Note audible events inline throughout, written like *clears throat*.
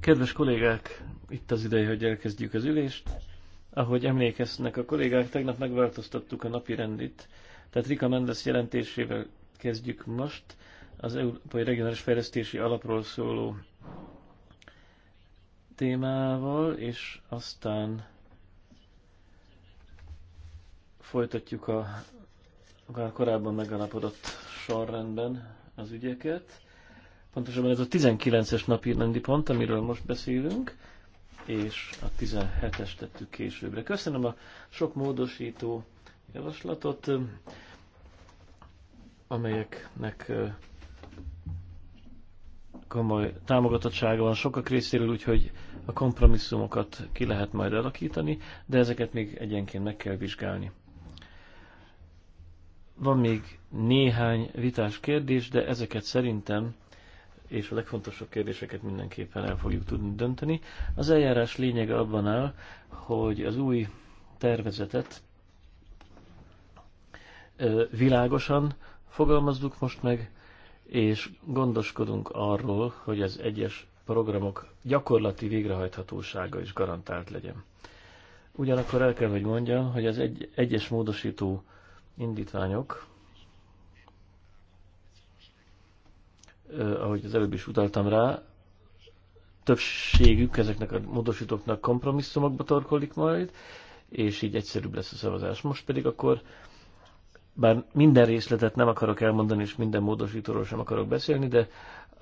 Kedves kollégák, itt az ideje, hogy elkezdjük az ülést. Ahogy emlékeznek a kollégák, tegnap megváltoztattuk a napi rendit, tehát Rika Mendes jelentésével kezdjük most az Európai Regionális Fejlesztési Alapról szóló témával, és aztán folytatjuk a korábban megalapodott sorrendben az ügyeket pontosabban ez a 19-es napi rendi pont, amiről most beszélünk, és a 17-es tettük későbbre. Köszönöm a sok módosító javaslatot, amelyeknek komoly támogatottsága van sokak részéről, úgyhogy a kompromisszumokat ki lehet majd alakítani, de ezeket még egyenként meg kell vizsgálni. Van még néhány vitás kérdés, de ezeket szerintem és a legfontosabb kérdéseket mindenképpen el fogjuk tudni dönteni. Az eljárás lényege abban áll, hogy az új tervezetet világosan fogalmazzuk most meg, és gondoskodunk arról, hogy az egyes programok gyakorlati végrehajthatósága is garantált legyen. Ugyanakkor el kell, hogy mondjam, hogy az egy, egyes módosító indítványok ahogy az előbb is utaltam rá, többségük ezeknek a módosítóknak kompromisszumokba torkolik majd, és így egyszerűbb lesz a szavazás. Most pedig akkor, bár minden részletet nem akarok elmondani, és minden módosítóról sem akarok beszélni, de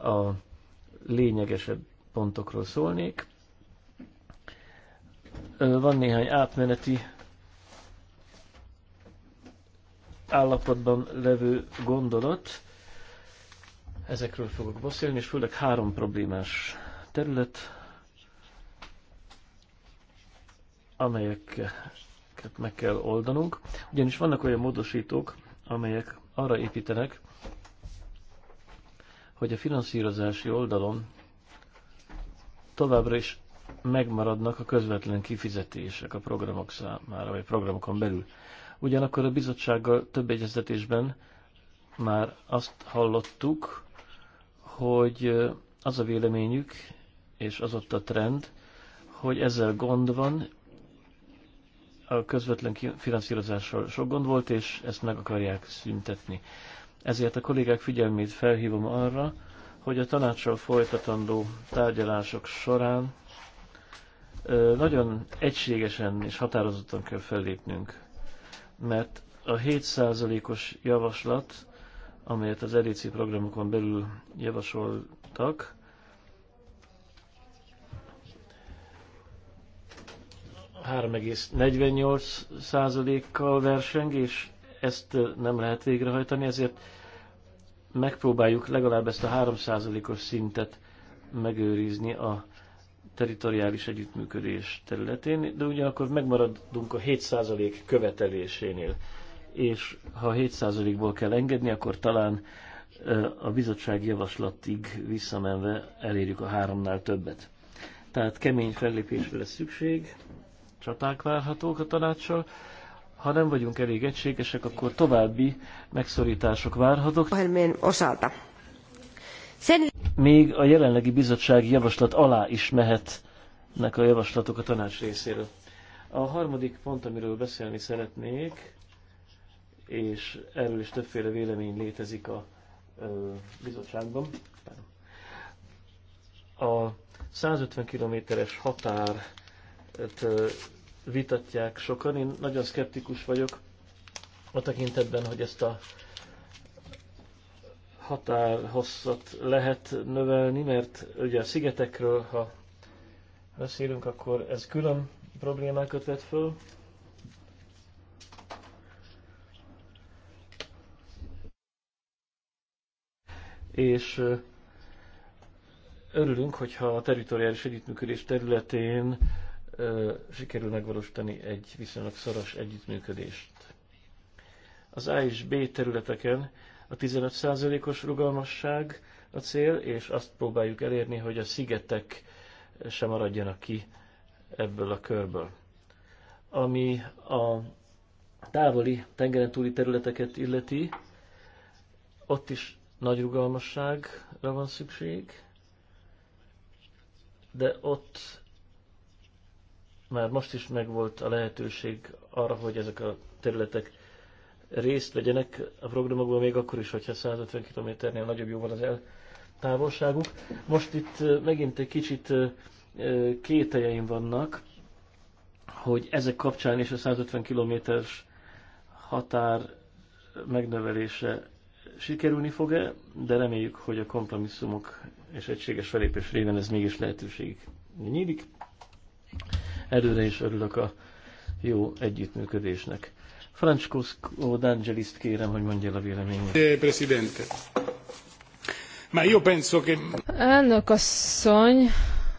a lényegesebb pontokról szólnék. Van néhány átmeneti állapotban levő gondolat, Ezekről fogok beszélni, és főleg három problémás terület, amelyeket meg kell oldanunk. Ugyanis vannak olyan módosítók, amelyek arra építenek, hogy a finanszírozási oldalon továbbra is megmaradnak a közvetlen kifizetések a programok számára, vagy programokon belül. Ugyanakkor a bizottsággal több egyeztetésben már azt hallottuk, hogy az a véleményük, és az ott a trend, hogy ezzel gond van, a közvetlen finanszírozással sok gond volt, és ezt meg akarják szüntetni. Ezért a kollégák figyelmét felhívom arra, hogy a tanácssal folytatandó tárgyalások során nagyon egységesen és határozottan kell fellépnünk, mert a 7%-os javaslat amelyet az EDC programokon belül javasoltak, százalékkal verseng, és ezt nem lehet végrehajtani, ezért megpróbáljuk legalább ezt a 3%-os szintet megőrizni a teritoriális együttműködés területén, de ugyanakkor megmaradunk a 7% követelésénél és ha 7%-ból kell engedni, akkor talán a bizottság javaslatig visszamenve elérjük a háromnál többet. Tehát kemény fellépésre lesz szükség, csaták várhatók a tanácssal. Ha nem vagyunk elég egységesek, akkor további megszorítások várhatók. osalta. Még a jelenlegi bizottsági javaslat alá is mehetnek a javaslatok a tanács részéről. A harmadik pont, amiről beszélni szeretnék, és erről is többféle vélemény létezik a bizottságban. A 150 kilométeres határ vitatják sokan. Én nagyon szkeptikus vagyok a tekintetben, hogy ezt a határhosszat lehet növelni, mert ugye a szigetekről, ha beszélünk, akkor ez külön problémákat vet föl. és örülünk, hogyha a teritoriális együttműködés területén sikerül megvalósítani egy viszonylag szoros együttműködést. Az A és B területeken a 15%-os rugalmasság a cél, és azt próbáljuk elérni, hogy a szigetek sem maradjanak ki ebből a körből. Ami a távoli tengeren túli területeket illeti, ott is nagy rugalmasságra van szükség, de ott már most is megvolt a lehetőség arra, hogy ezek a területek részt vegyenek a programokban, még akkor is, hogyha 150 kilométernél nagyobb jóval az eltávolságuk. Most itt megint egy kicsit kételjeim vannak, hogy ezek kapcsán és a 150 kilométeres határ megnövelése sikerülni fog-e, de reméljük, hogy a kompromisszumok és egységes felépés révén ez mégis lehetőség nyílik. Előre is örülök a jó együttműködésnek. Francesco dangelis kérem, hogy mondja el a véleményét. Eh, presidente. Ma io penso che... Elnök asszony,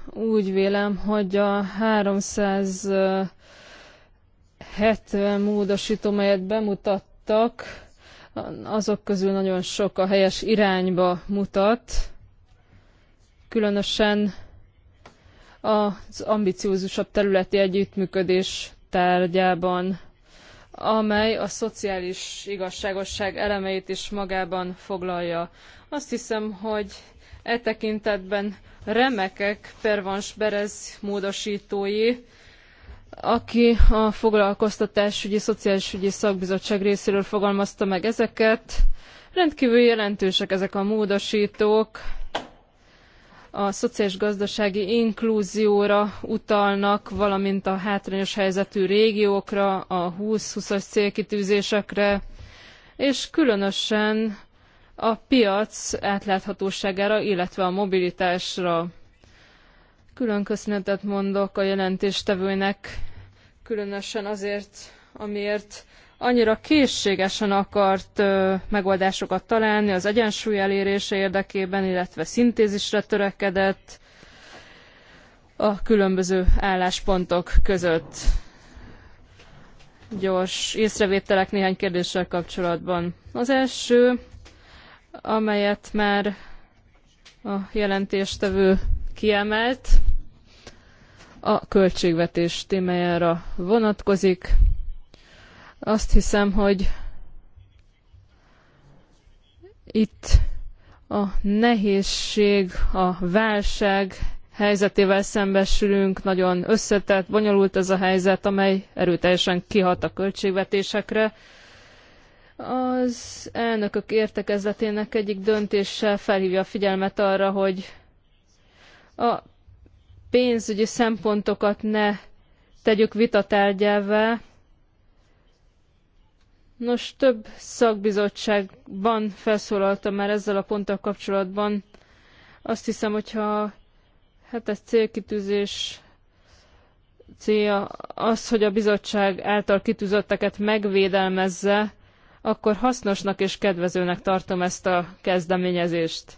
úgy vélem, hogy a 370 eh, módosító, melyet bemutattak, azok közül nagyon sok a helyes irányba mutat, különösen az ambiciózusabb területi együttműködés tárgyában, amely a szociális igazságosság elemeit is magában foglalja. Azt hiszem, hogy e tekintetben remekek Pervans Berez módosítói, aki a foglalkoztatásügyi, szociálisügyi szakbizottság részéről fogalmazta meg ezeket. Rendkívül jelentősek ezek a módosítók, a szociális gazdasági inklúzióra utalnak, valamint a hátrányos helyzetű régiókra, a 20-20-as célkitűzésekre, és különösen a piac átláthatóságára, illetve a mobilitásra. Külön köszönetet mondok a jelentéstevőnek, különösen azért, amiért annyira készségesen akart ö, megoldásokat találni az egyensúly elérése érdekében, illetve szintézisre törekedett a különböző álláspontok között. Gyors észrevételek néhány kérdéssel kapcsolatban. Az első, amelyet már a jelentéstevő kiemelt. A költségvetés témájára vonatkozik. Azt hiszem, hogy itt a nehézség, a válság helyzetével szembesülünk, nagyon összetett, bonyolult ez a helyzet, amely erőteljesen kihat a költségvetésekre. Az elnökök értekezletének egyik döntése felhívja a figyelmet arra, hogy a pénzügyi szempontokat ne tegyük vitatárgyává. Nos, több szakbizottságban felszólaltam már ezzel a ponttal kapcsolatban. Azt hiszem, hogyha hát ez célkitűzés célja az, hogy a bizottság által kitűzötteket megvédelmezze, akkor hasznosnak és kedvezőnek tartom ezt a kezdeményezést.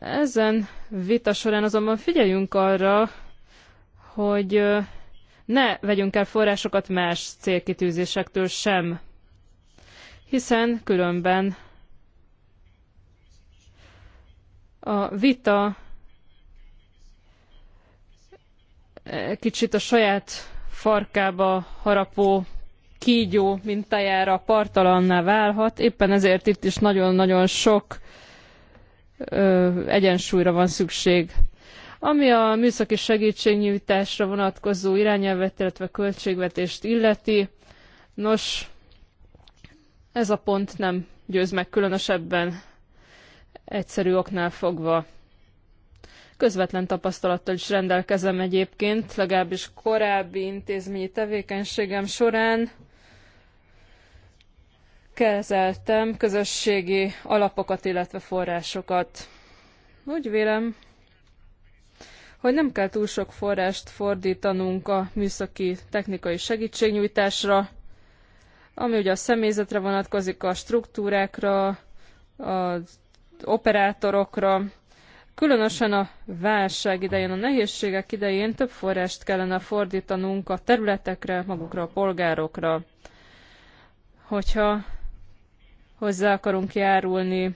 Ezen vita során azonban figyeljünk arra, hogy ne vegyünk el forrásokat más célkitűzésektől sem, hiszen különben a vita e, kicsit a saját farkába harapó kígyó mintájára partalanná válhat, éppen ezért itt is nagyon-nagyon sok egyensúlyra van szükség. Ami a műszaki segítségnyújtásra vonatkozó irányelvet, illetve költségvetést illeti, nos, ez a pont nem győz meg különösebben egyszerű oknál fogva. Közvetlen tapasztalattal is rendelkezem egyébként, legalábbis korábbi intézményi tevékenységem során kezeltem közösségi alapokat, illetve forrásokat. Úgy vélem, hogy nem kell túl sok forrást fordítanunk a műszaki technikai segítségnyújtásra, ami ugye a személyzetre vonatkozik, a struktúrákra, az operátorokra. Különösen a válság idején, a nehézségek idején több forrást kellene fordítanunk a területekre, magukra, a polgárokra. Hogyha hozzá akarunk járulni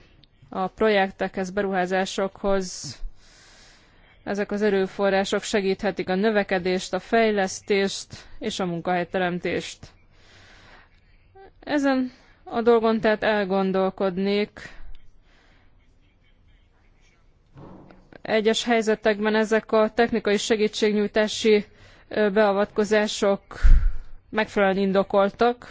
a projektekhez, beruházásokhoz, ezek az erőforrások segíthetik a növekedést, a fejlesztést és a munkahelyteremtést. Ezen a dolgon tehát elgondolkodnék. Egyes helyzetekben ezek a technikai segítségnyújtási beavatkozások megfelelően indokoltak,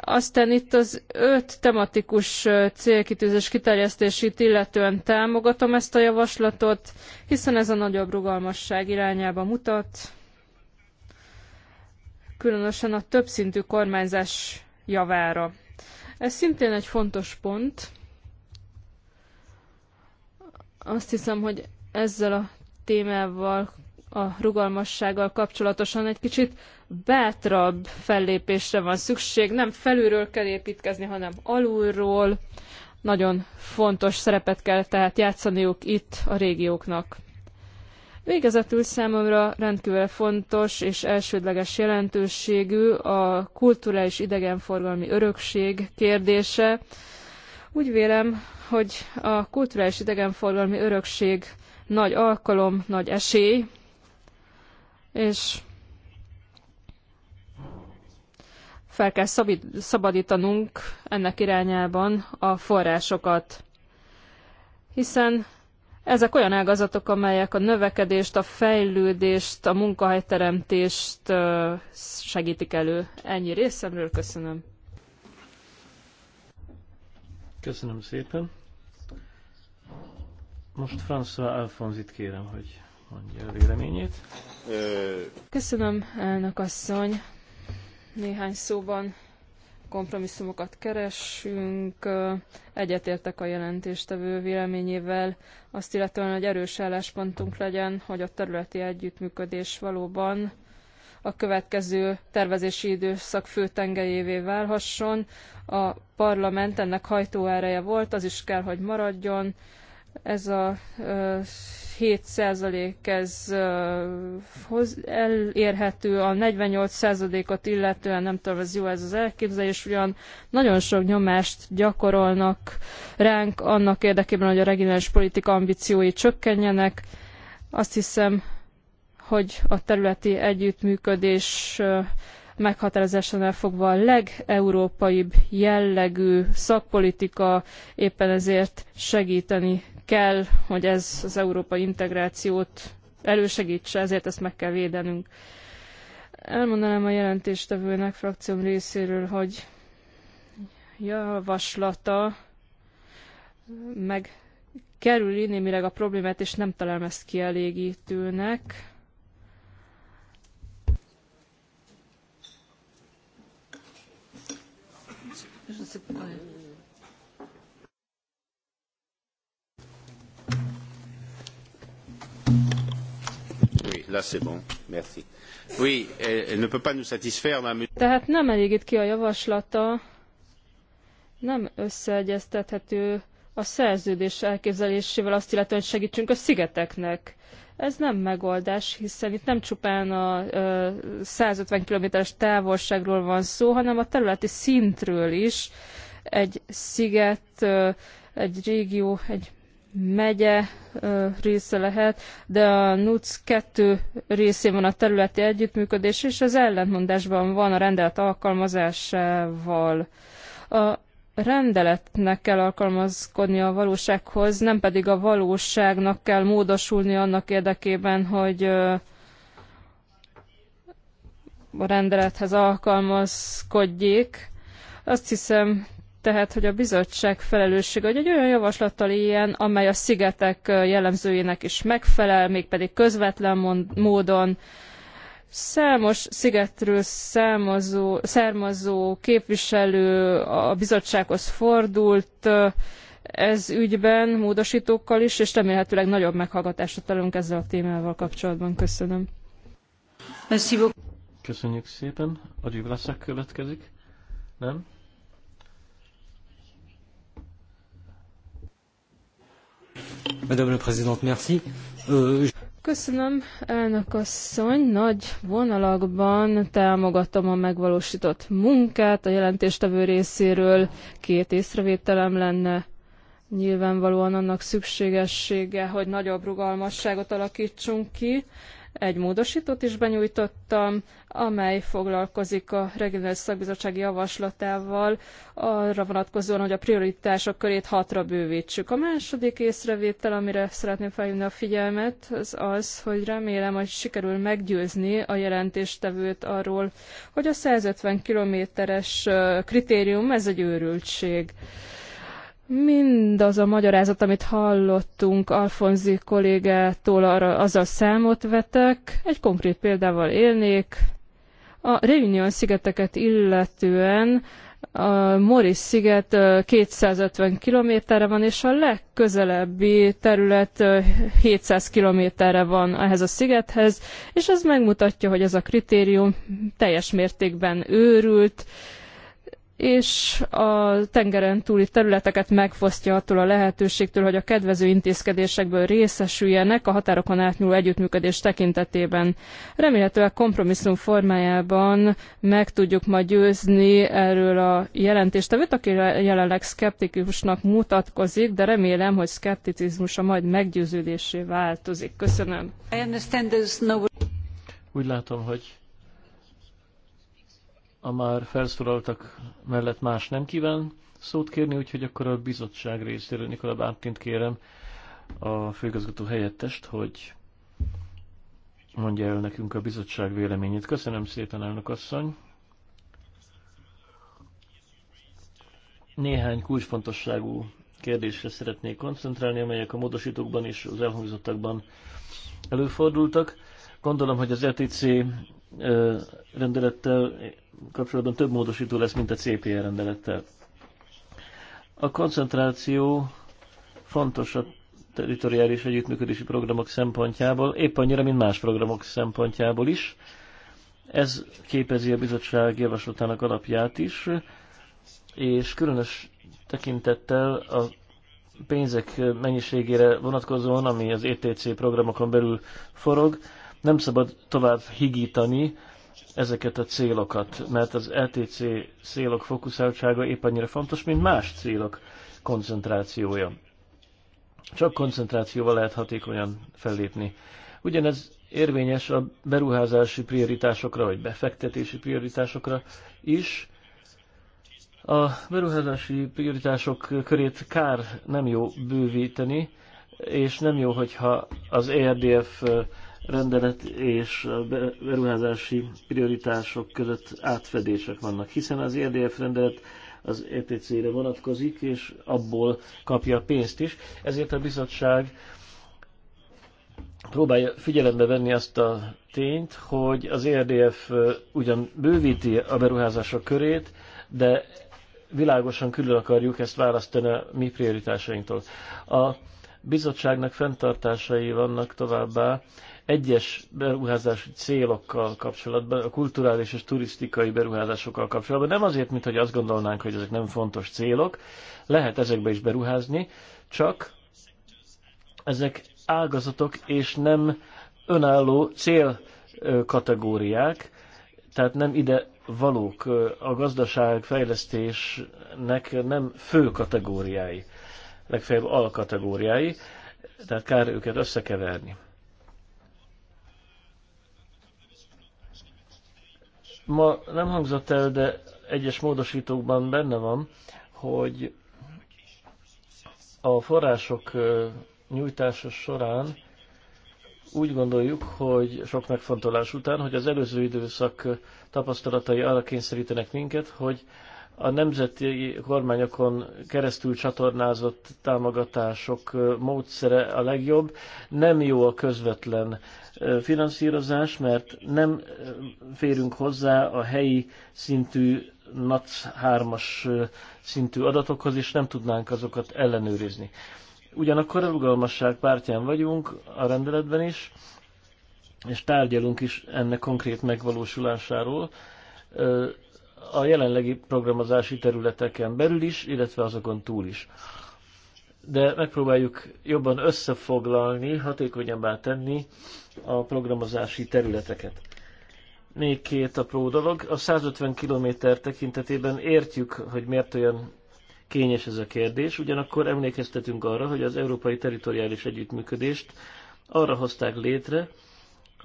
aztán itt az öt tematikus célkitűzés kiterjesztését illetően támogatom ezt a javaslatot, hiszen ez a nagyobb rugalmasság irányába mutat, különösen a többszintű kormányzás javára. Ez szintén egy fontos pont. Azt hiszem, hogy ezzel a témával a rugalmassággal kapcsolatosan egy kicsit bátrabb fellépésre van szükség. Nem felülről kell építkezni, hanem alulról. Nagyon fontos szerepet kell tehát játszaniuk itt a régióknak. Végezetül számomra rendkívül fontos és elsődleges jelentőségű a kulturális idegenforgalmi örökség kérdése. Úgy vélem, hogy a kulturális idegenforgalmi örökség nagy alkalom, nagy esély, és fel kell szabadítanunk ennek irányában a forrásokat, hiszen ezek olyan ágazatok, amelyek a növekedést, a fejlődést, a munkahelyteremtést segítik elő. Ennyi részemről köszönöm. Köszönöm szépen. Most François Alfonzit kérem, hogy mondja a véleményét. Köszönöm, elnök asszony. Néhány szóban kompromisszumokat keresünk, egyetértek a jelentéstevő véleményével, azt illetően, hogy erős álláspontunk legyen, hogy a területi együttműködés valóban a következő tervezési időszak főtengelyévé válhasson. A parlament ennek hajtóereje volt, az is kell, hogy maradjon. Ez a 7% ez elérhető, a 48%-ot illetően nem tudom, ez jó ez az elképzelés, ugyan nagyon sok nyomást gyakorolnak ránk annak érdekében, hogy a regionális politika ambíciói csökkenjenek. Azt hiszem, hogy a területi együttműködés meghatározásánál fogva a legeurópaibb jellegű szakpolitika éppen ezért segíteni kell, hogy ez az európai integrációt elősegítse, ezért ezt meg kell védenünk. Elmondanám a jelentéstevőnek frakcióm részéről, hogy javaslata meg kerüli némileg a problémát, és nem találom ezt kielégítőnek. Tehát nem elégít ki a javaslata, nem összeegyeztethető a szerződés elképzelésével azt illetően, hogy segítsünk a szigeteknek. Ez nem megoldás, hiszen itt nem csupán a ö, 150 kilométeres távolságról van szó, hanem a területi szintről is. Egy sziget, egy régió, egy megye része lehet, de a NUC 2 részén van a területi együttműködés, és az ellentmondásban van a rendelet alkalmazásával. A rendeletnek kell alkalmazkodni a valósághoz, nem pedig a valóságnak kell módosulni annak érdekében, hogy a rendelethez alkalmazkodjék. Azt hiszem, tehát, hogy a bizottság felelőssége, hogy egy olyan javaslattal ilyen, amely a szigetek jellemzőinek is megfelel, mégpedig közvetlen módon, számos szigetről számozó, származó képviselő a bizottsághoz fordult ez ügyben módosítókkal is, és remélhetőleg nagyobb meghallgatásra találunk ezzel a témával kapcsolatban. Köszönöm. Köszönjük szépen. a Vlaszak következik. Nem? Madame la Présidente, merci. Euh, Köszönöm, elnök asszony. Nagy vonalakban támogatom a megvalósított munkát a jelentéstevő részéről. Két észrevételem lenne nyilvánvalóan annak szükségessége, hogy nagyobb rugalmasságot alakítsunk ki egy módosítót is benyújtottam, amely foglalkozik a regionális szakbizottsági javaslatával arra vonatkozóan, hogy a prioritások körét hatra bővítsük. A második észrevétel, amire szeretném felhívni a figyelmet, az az, hogy remélem, hogy sikerül meggyőzni a jelentéstevőt arról, hogy a 150 kilométeres kritérium, ez egy őrültség. Mindaz a magyarázat, amit hallottunk Alfonzi kollégától, arra azzal számot vetek. Egy konkrét példával élnék. A Réunion szigeteket illetően a Moris sziget 250 kilométerre van, és a legközelebbi terület 700 kilométerre van ehhez a szigethez, és ez megmutatja, hogy ez a kritérium teljes mértékben őrült, és a tengeren túli területeket megfosztja attól a lehetőségtől, hogy a kedvező intézkedésekből részesüljenek a határokon átnyúló együttműködés tekintetében. Remélhetőleg kompromisszum formájában meg tudjuk majd győzni erről a jelentéstevőt, aki jelenleg szkeptikusnak mutatkozik, de remélem, hogy szkepticizmusa majd meggyőződésé változik. Köszönöm. No... Úgy látom, hogy a már felszólaltak mellett más nem kíván szót kérni, úgyhogy akkor a bizottság részéről Nikola Bártint kérem a főigazgató helyettest, hogy mondja el nekünk a bizottság véleményét. Köszönöm szépen, elnök asszony! Néhány kulcsfontosságú kérdésre szeretnék koncentrálni, amelyek a módosítókban és az elhangzottakban előfordultak. Gondolom, hogy az ETC rendelettel kapcsolatban több módosító lesz, mint a CPR e rendelettel. A koncentráció fontos a teritoriális együttműködési programok szempontjából, épp annyira, mint más programok szempontjából is. Ez képezi a bizottság javaslatának alapját is, és különös tekintettel a pénzek mennyiségére vonatkozóan, ami az ETC programokon belül forog, nem szabad tovább higítani ezeket a célokat, mert az LTC e célok fókuszáltsága épp annyira fontos, mint más célok koncentrációja. Csak koncentrációval lehet hatékonyan fellépni. Ugyanez érvényes a beruházási prioritásokra, vagy befektetési prioritásokra is. A beruházási prioritások körét kár nem jó bővíteni, és nem jó, hogyha az ERDF rendelet és a beruházási prioritások között átfedések vannak, hiszen az EDF rendelet az ETC-re vonatkozik, és abból kapja a pénzt is. Ezért a bizottság próbálja figyelembe venni azt a tényt, hogy az ERDF ugyan bővíti a beruházások körét, de világosan külön akarjuk ezt választani a mi prioritásainktól. A bizottságnak fenntartásai vannak továbbá egyes beruházási célokkal kapcsolatban, a kulturális és turisztikai beruházásokkal kapcsolatban. Nem azért, mint hogy azt gondolnánk, hogy ezek nem fontos célok, lehet ezekbe is beruházni, csak ezek ágazatok és nem önálló célkategóriák, tehát nem ide valók, a gazdaság fejlesztésnek nem fő kategóriái, legfeljebb alkategóriái, tehát kár őket összekeverni. ma nem hangzott el, de egyes módosítókban benne van, hogy a források nyújtása során úgy gondoljuk, hogy sok megfontolás után, hogy az előző időszak tapasztalatai arra kényszerítenek minket, hogy a nemzeti kormányokon keresztül csatornázott támogatások módszere a legjobb. Nem jó a közvetlen finanszírozás, mert nem férünk hozzá a helyi szintű NAC 3-as szintű adatokhoz, és nem tudnánk azokat ellenőrizni. Ugyanakkor a rugalmasság pártján vagyunk a rendeletben is, és tárgyalunk is ennek konkrét megvalósulásáról a jelenlegi programozási területeken belül is, illetve azokon túl is. De megpróbáljuk jobban összefoglalni, hatékonyabbá tenni a programozási területeket. Még két apró dolog. A 150 km tekintetében értjük, hogy miért olyan kényes ez a kérdés, ugyanakkor emlékeztetünk arra, hogy az európai teritoriális együttműködést arra hozták létre,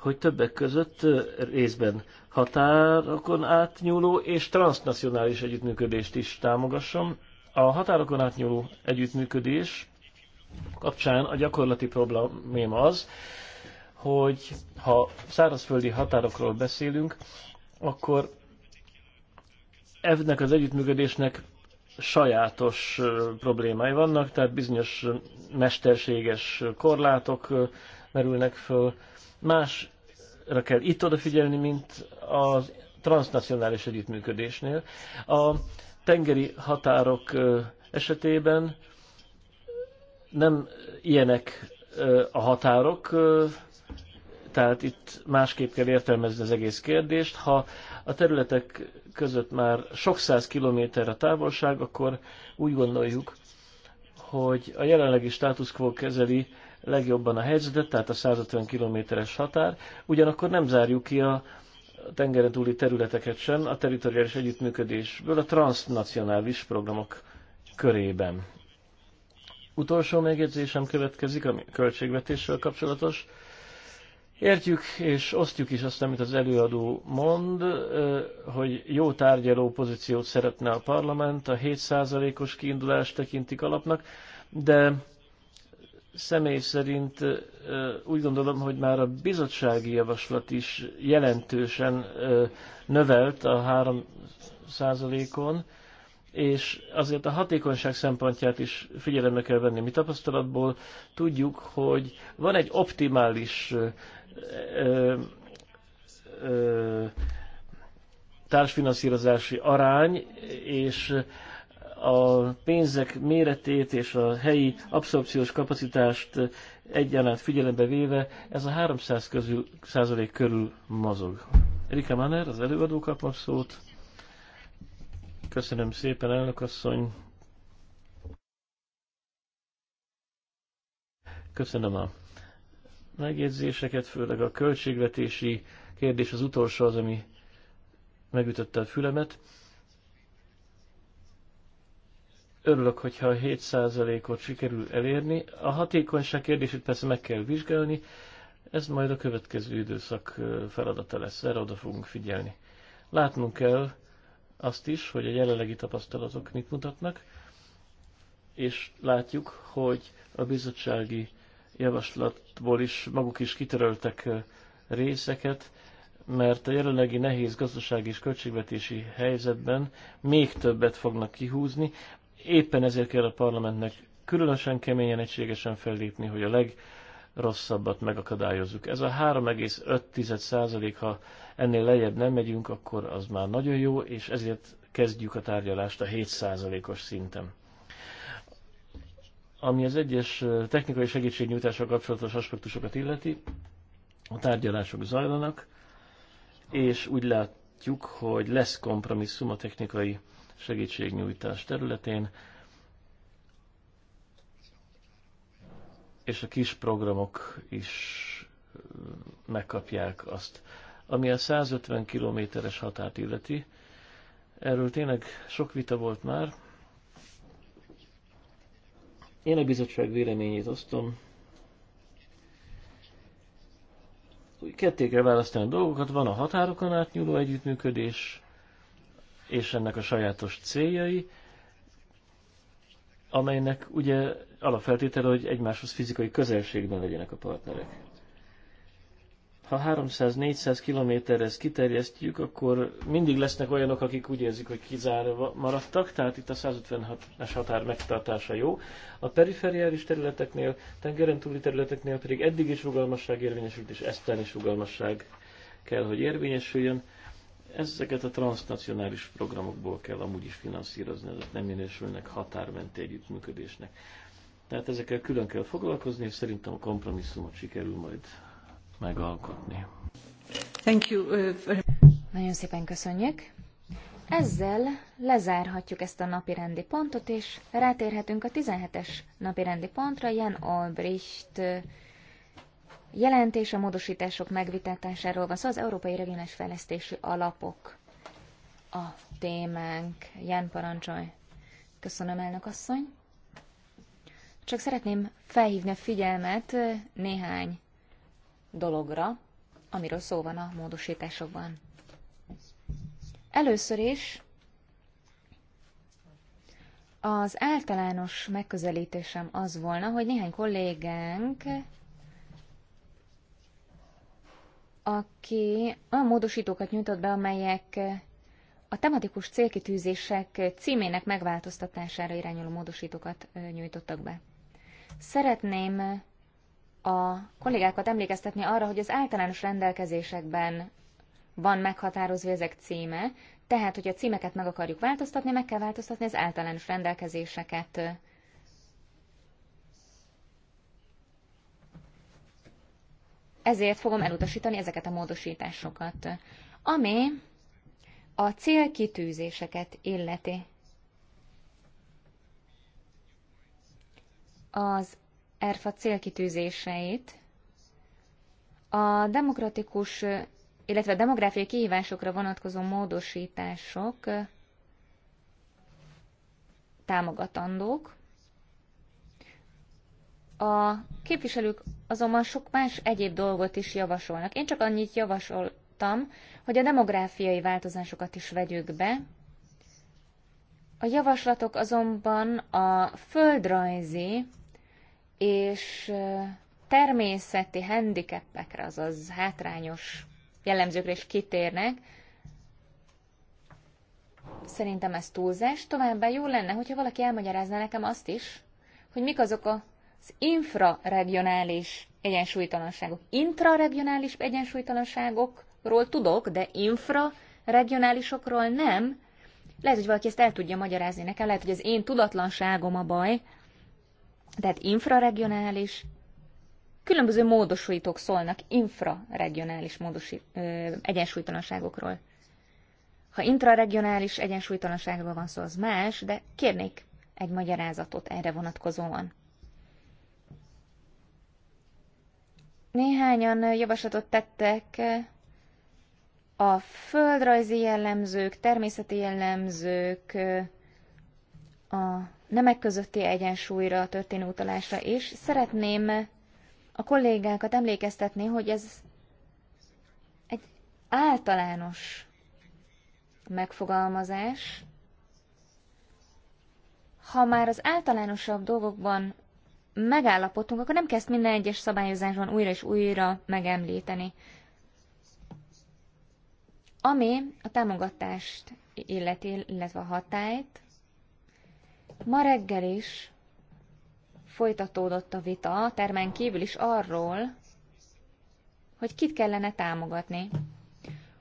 hogy többek között részben határokon átnyúló és transnacionális együttműködést is támogassam. A határokon átnyúló együttműködés kapcsán a gyakorlati problémám az, hogy ha szárazföldi határokról beszélünk, akkor ennek az együttműködésnek sajátos problémái vannak, tehát bizonyos mesterséges korlátok, merülnek föl. Másra kell itt odafigyelni, mint a transnacionális együttműködésnél. A tengeri határok esetében nem ilyenek a határok, tehát itt másképp kell értelmezni az egész kérdést. Ha a területek között már sok száz kilométer a távolság, akkor úgy gondoljuk, hogy a jelenlegi status quo kezeli legjobban a helyzetet, tehát a 150 kilométeres határ. Ugyanakkor nem zárjuk ki a tengeren túli területeket sem a teritoriális együttműködésből a transnacionális programok körében. Utolsó megjegyzésem következik, ami költségvetéssel kapcsolatos. Értjük és osztjuk is azt, amit az előadó mond, hogy jó tárgyaló pozíciót szeretne a parlament, a 7%-os kiindulást tekintik alapnak, de személy szerint úgy gondolom, hogy már a bizottsági javaslat is jelentősen növelt a 3 százalékon, és azért a hatékonyság szempontját is figyelembe kell venni. Mi tapasztalatból tudjuk, hogy van egy optimális társfinanszírozási arány, és a pénzek méretét és a helyi abszorpciós kapacitást egyaránt figyelembe véve ez a 300 közül, százalék körül mozog. Erika Manner, az előadó kap szót. Köszönöm szépen, elnökasszony. Köszönöm a megjegyzéseket, főleg a költségvetési kérdés az utolsó az, ami megütötte a fülemet örülök, hogyha a 7%-ot sikerül elérni. A hatékonyság kérdését persze meg kell vizsgálni, ez majd a következő időszak feladata lesz, erre oda fogunk figyelni. Látnunk kell azt is, hogy a jelenlegi tapasztalatok mit mutatnak, és látjuk, hogy a bizottsági javaslatból is maguk is kitöröltek részeket, mert a jelenlegi nehéz gazdasági és költségvetési helyzetben még többet fognak kihúzni, Éppen ezért kell a parlamentnek különösen keményen, egységesen fellépni, hogy a legrosszabbat megakadályozzuk. Ez a 3,5% ha ennél lejjebb nem megyünk, akkor az már nagyon jó, és ezért kezdjük a tárgyalást a 7%-os szinten. Ami az egyes technikai segítségnyújtással kapcsolatos aspektusokat illeti, a tárgyalások zajlanak, és úgy látjuk, hogy lesz kompromisszum a technikai segítségnyújtás területén, és a kis programok is megkapják azt. Ami a 150 kilométeres határt illeti, erről tényleg sok vita volt már. Én a bizottság véleményét osztom. Úgy ketté kell választani a dolgokat, van a határokon átnyúló együttműködés, és ennek a sajátos céljai, amelynek ugye alapfeltétele, hogy egymáshoz fizikai közelségben legyenek a partnerek. Ha 300-400 kilométerre ezt kiterjesztjük, akkor mindig lesznek olyanok, akik úgy érzik, hogy kizárva maradtak, tehát itt a 156-es határ megtartása jó. A perifériális területeknél, tengeren túli területeknél pedig eddig is rugalmasság érvényesült, és eztán is rugalmasság kell, hogy érvényesüljön Ezeket a transnacionális programokból kell amúgy is finanszírozni, ezek nem minősülnek határmenti együttműködésnek. Tehát ezekkel külön kell foglalkozni, és szerintem a kompromisszumot sikerül majd megalkotni. Thank you. Uh, Nagyon szépen köszönjük. Ezzel lezárhatjuk ezt a napi rendi pontot, és rátérhetünk a 17-es napi rendi pontra. Jan Albrecht uh, jelentés a módosítások megvitatásáról van szó, szóval az Európai Regionális Fejlesztési Alapok a témánk. Ján parancsolj. Köszönöm, elnök asszony. Csak szeretném felhívni a figyelmet néhány dologra, amiről szó van a módosításokban. Először is az általános megközelítésem az volna, hogy néhány kollégánk aki olyan módosítókat nyújtott be, amelyek a tematikus célkitűzések címének megváltoztatására irányuló módosítókat nyújtottak be. Szeretném a kollégákat emlékeztetni arra, hogy az általános rendelkezésekben van meghatározva ezek címe, tehát, hogy a címeket meg akarjuk változtatni, meg kell változtatni az általános rendelkezéseket ezért fogom elutasítani ezeket a módosításokat. Ami a célkitűzéseket illeti. Az ERFA célkitűzéseit a demokratikus, illetve a demográfiai kihívásokra vonatkozó módosítások támogatandók, a képviselők azonban sok más egyéb dolgot is javasolnak. Én csak annyit javasoltam, hogy a demográfiai változásokat is vegyük be. A javaslatok azonban a földrajzi és természeti handicapekre, azaz hátrányos jellemzőkre is kitérnek. Szerintem ez túlzás. Továbbá jó lenne, hogyha valaki elmagyarázná nekem azt is, hogy mik azok a az infraregionális egyensúlytalanságok. Intraregionális egyensúlytalanságokról tudok, de infraregionálisokról nem. Lehet, hogy valaki ezt el tudja magyarázni nekem, lehet, hogy az én tudatlanságom a baj. Tehát infraregionális, különböző módosítók szólnak infraregionális módosi, ö, egyensúlytalanságokról. Ha intraregionális egyensúlytalanságról van szó, az más, de kérnék egy magyarázatot erre vonatkozóan. Néhányan javaslatot tettek a földrajzi jellemzők, természeti jellemzők, a nemek közötti egyensúlyra történő utalásra is. Szeretném a kollégákat emlékeztetni, hogy ez egy általános megfogalmazás. Ha már az általánosabb dolgokban megállapodtunk, akkor nem kezd minden egyes szabályozásban újra és újra megemlíteni. Ami a támogatást illeti, illetve a hatályt, ma reggel is folytatódott a vita a termen kívül is arról, hogy kit kellene támogatni.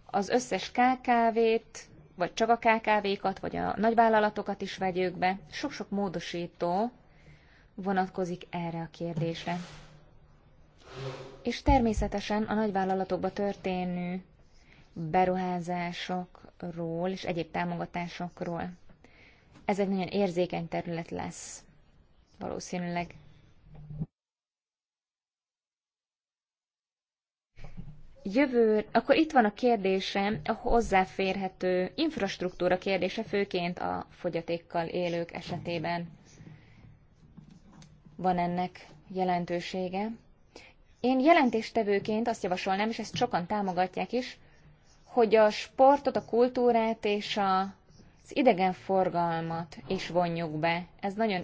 Az összes KKV-t, vagy csak a KKV-kat, vagy a nagyvállalatokat is vegyük be. Sok-sok módosító vonatkozik erre a kérdésre. És természetesen a nagyvállalatokba történő beruházásokról és egyéb támogatásokról. Ez egy nagyon érzékeny terület lesz, valószínűleg. Jövő, akkor itt van a kérdése, a hozzáférhető infrastruktúra kérdése, főként a fogyatékkal élők esetében van ennek jelentősége. Én jelentéstevőként azt javasolnám, és ezt sokan támogatják is, hogy a sportot, a kultúrát és a, az idegenforgalmat is vonjuk be. Ez nagyon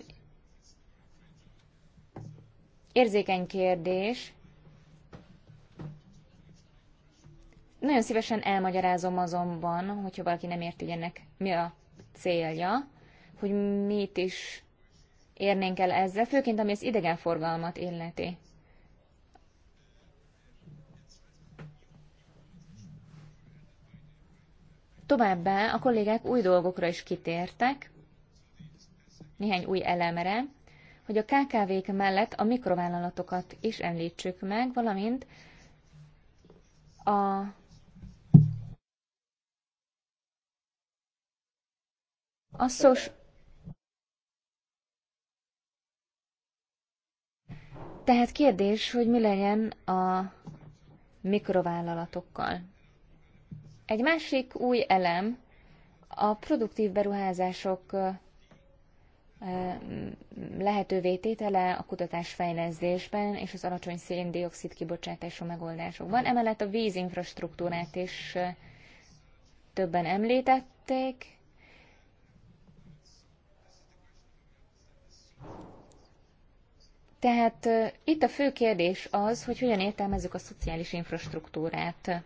érzékeny kérdés. Nagyon szívesen elmagyarázom azonban, hogyha valaki nem érti, hogy ennek mi a célja, hogy mit is érnénk el ezzel, főként ami az idegenforgalmat illeti. Továbbá a kollégák új dolgokra is kitértek, néhány új elemre, hogy a KKV-k mellett a mikrovállalatokat is említsük meg, valamint a a szos, Tehát kérdés, hogy mi legyen a mikrovállalatokkal. Egy másik új elem a produktív beruházások lehetővé tétele a kutatásfejlesztésben és az alacsony széndiokszid kibocsátású megoldásokban. Emellett a vízinfrastruktúrát is többen említették, Tehát itt a fő kérdés az, hogy hogyan értelmezzük a szociális infrastruktúrát.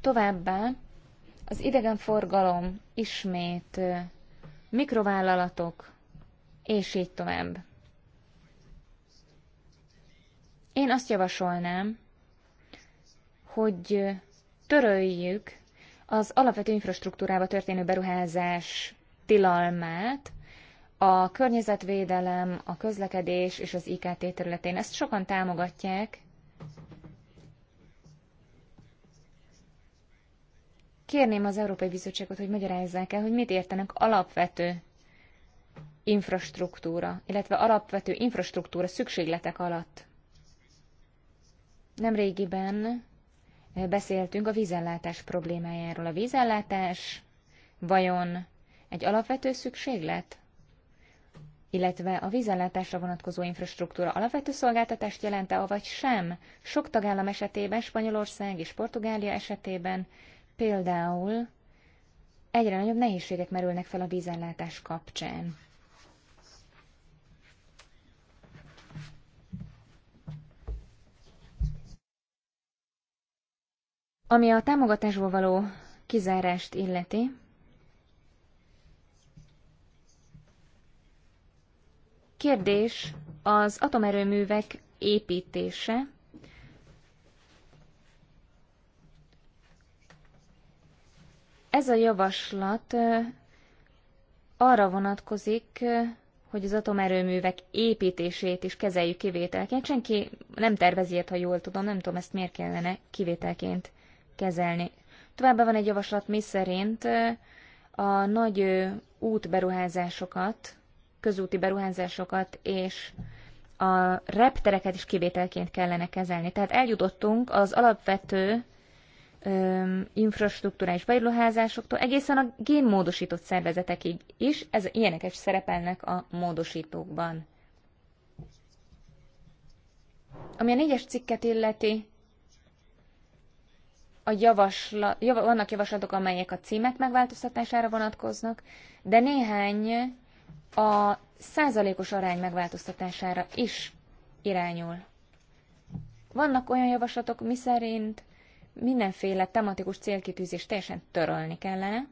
Továbbá az idegenforgalom ismét mikrovállalatok, és így tovább. Én azt javasolnám, hogy töröljük az alapvető infrastruktúrába történő beruházás tilalmát, a környezetvédelem, a közlekedés és az IKT területén. Ezt sokan támogatják. Kérném az Európai Bizottságot, hogy magyarázzák el, hogy mit értenek alapvető infrastruktúra, illetve alapvető infrastruktúra szükségletek alatt. Nemrégiben eh, beszéltünk a vízellátás problémájáról. A vízellátás vajon egy alapvető szükséglet? illetve a vízellátásra vonatkozó infrastruktúra alapvető szolgáltatást jelente, avagy sem. Sok tagállam esetében, Spanyolország és Portugália esetében például egyre nagyobb nehézségek merülnek fel a vízellátás kapcsán. Ami a támogatásból való kizárást illeti, Kérdés az atomerőművek építése. Ez a javaslat arra vonatkozik, hogy az atomerőművek építését is kezeljük kivételként. Senki nem tervezi ilyet, ha jól tudom, nem tudom ezt miért kellene kivételként kezelni. Továbbá van egy javaslat, mi szerint a nagy útberuházásokat közúti beruházásokat és a reptereket is kivételként kellene kezelni. Tehát eljutottunk az alapvető öm, infrastruktúrális beruházásoktól egészen a génmódosított szervezetekig is, ez, ilyenek is szerepelnek a módosítókban. Ami a négyes cikket illeti, a javasla, jav, vannak javaslatok, amelyek a címek megváltoztatására vonatkoznak, de néhány a százalékos arány megváltoztatására is irányul. Vannak olyan javaslatok, miszerint mindenféle tematikus célkitűzést teljesen törölni kellene,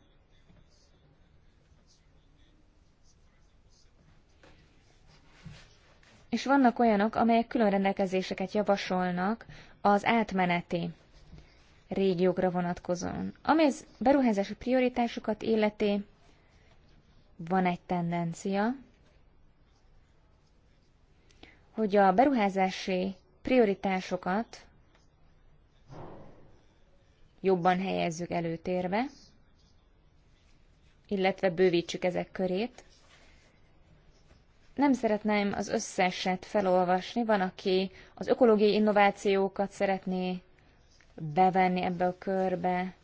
És vannak olyanok, amelyek külön rendelkezéseket javasolnak az átmeneti régiókra vonatkozóan. Ami az beruházási prioritásokat illeti, van egy tendencia, hogy a beruházási prioritásokat jobban helyezzük előtérbe, illetve bővítsük ezek körét. Nem szeretném az összeset felolvasni, van, aki az ökológiai innovációkat szeretné bevenni ebbe a körbe,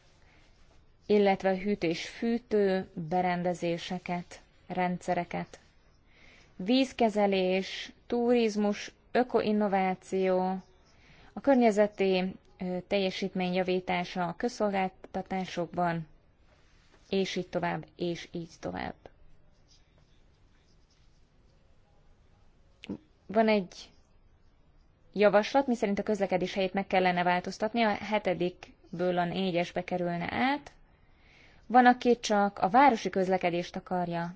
illetve hűtés-fűtő berendezéseket, rendszereket. Vízkezelés, turizmus, ökoinnováció, a környezeti teljesítmény javítása a közszolgáltatásokban, és így tovább, és így tovább. Van egy javaslat, miszerint a közlekedés helyét meg kellene változtatni, a hetedikből a négyesbe kerülne át, van, aki csak a városi közlekedést akarja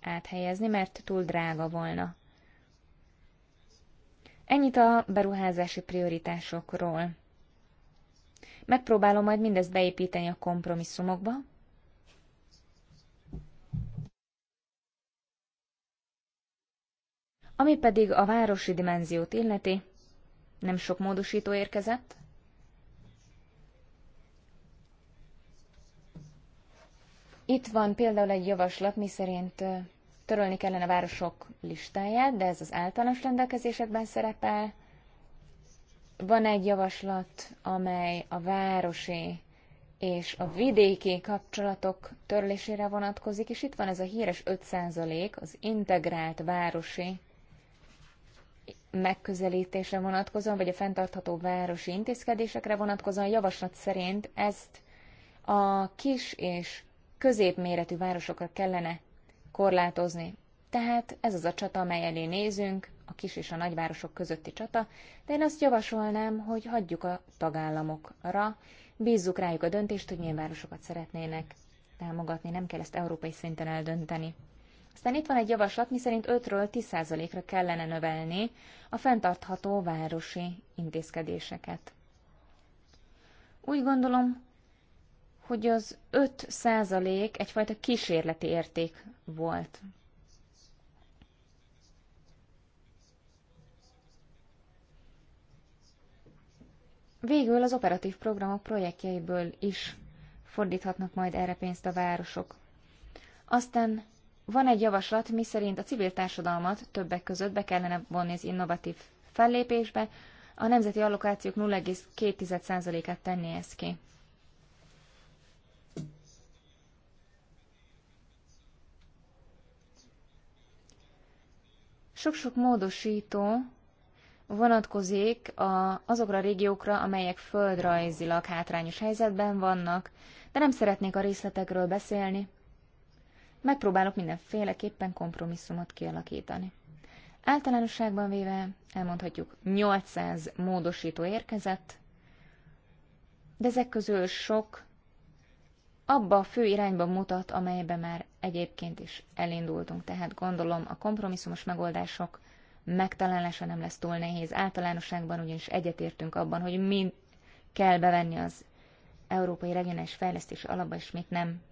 áthelyezni, mert túl drága volna. Ennyit a beruházási prioritásokról. Megpróbálom majd mindezt beépíteni a kompromisszumokba. Ami pedig a városi dimenziót illeti, nem sok módosító érkezett, Itt van például egy javaslat, miszerint törölni kellene a városok listáját, de ez az általános rendelkezésekben szerepel. Van egy javaslat, amely a városi és a vidéki kapcsolatok törlésére vonatkozik, és itt van ez a híres 5% az integrált városi megközelítésre vonatkozóan, vagy a fenntartható városi intézkedésekre vonatkozóan javaslat szerint ezt a kis és középméretű városokra kellene korlátozni. Tehát ez az a csata, amely elé nézünk, a kis és a nagyvárosok közötti csata, de én azt javasolnám, hogy hagyjuk a tagállamokra, bízzuk rájuk a döntést, hogy milyen városokat szeretnének támogatni, nem kell ezt európai szinten eldönteni. Aztán itt van egy javaslat, miszerint 5-ről 10%-ra kellene növelni a fenntartható városi intézkedéseket. Úgy gondolom, hogy az 5 százalék egyfajta kísérleti érték volt. Végül az operatív programok projektjeiből is fordíthatnak majd erre pénzt a városok. Aztán van egy javaslat, miszerint a civil társadalmat többek között be kellene vonni az innovatív fellépésbe, a nemzeti allokációk 0,2%-át tenné ezt ki. Sok-sok módosító vonatkozik a, azokra a régiókra, amelyek földrajzilag hátrányos helyzetben vannak, de nem szeretnék a részletekről beszélni. Megpróbálok mindenféleképpen kompromisszumot kialakítani. Általánosságban véve elmondhatjuk 800 módosító érkezett, de ezek közül sok abba a fő irányba mutat, amelybe már egyébként is elindultunk, tehát gondolom a kompromisszumos megoldások megtalálása nem lesz túl nehéz. Általánosságban ugyanis egyetértünk abban, hogy mi kell bevenni az Európai Regionális fejlesztés Alapba, és mit nem.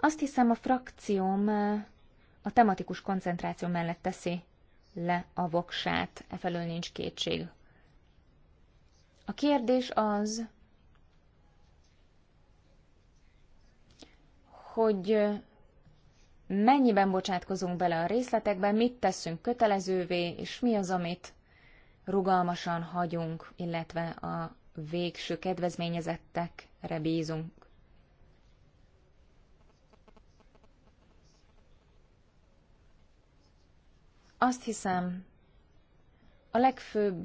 Azt hiszem, a frakcióm a tematikus koncentráció mellett teszi le a voksát, efelől nincs kétség. A kérdés az, hogy mennyiben bocsátkozunk bele a részletekbe, mit teszünk kötelezővé, és mi az, amit rugalmasan hagyunk, illetve a végső kedvezményezettekre bízunk. Azt hiszem, a legfőbb,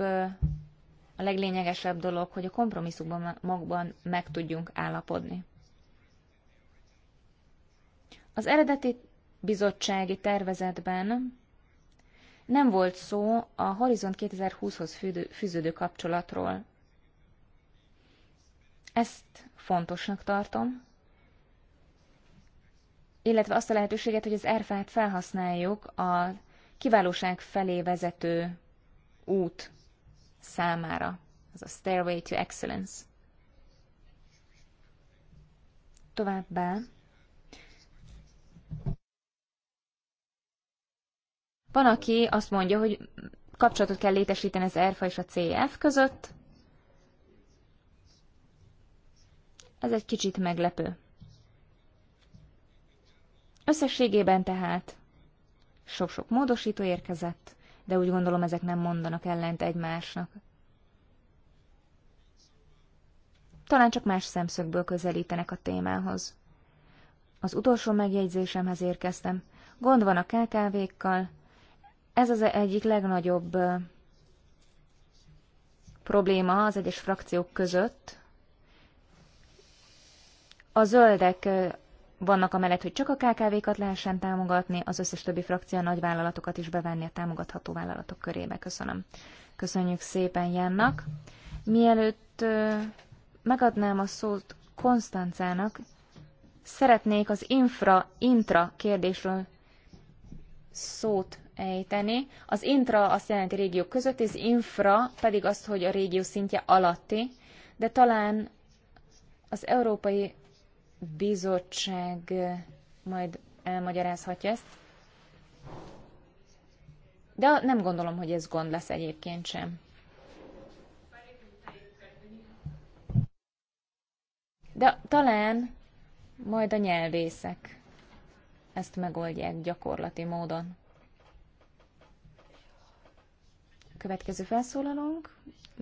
a leglényegesebb dolog, hogy a kompromisszumokban meg tudjunk állapodni. Az eredeti bizottsági tervezetben nem volt szó a Horizont 2020-hoz fűződő kapcsolatról. Ezt fontosnak tartom, illetve azt a lehetőséget, hogy az erfát felhasználjuk a kiválóság felé vezető út számára, az a Stairway to Excellence. Továbbá Van, aki azt mondja, hogy kapcsolatot kell létesíteni az ERFA és a CF között. Ez egy kicsit meglepő. Összességében tehát sok-sok módosító érkezett, de úgy gondolom ezek nem mondanak ellent egymásnak. Talán csak más szemszögből közelítenek a témához. Az utolsó megjegyzésemhez érkeztem. Gond van a KKV-kkal, ez az egyik legnagyobb probléma az egyes frakciók között. A zöldek vannak amellett, hogy csak a KKV-kat lehessen támogatni, az összes többi frakció nagy nagyvállalatokat is bevenni a támogatható vállalatok körébe. Köszönöm. Köszönjük szépen Jánnak. Mielőtt megadnám a szót Konstancának, szeretnék az infra-intra kérdésről szót ejteni. Az intra azt jelenti régiók között, és infra pedig azt, hogy a régió szintje alatti, de talán az Európai Bizottság majd elmagyarázhatja ezt. De nem gondolom, hogy ez gond lesz egyébként sem. De talán majd a nyelvészek ezt megoldják gyakorlati módon. Következő felszólalónk.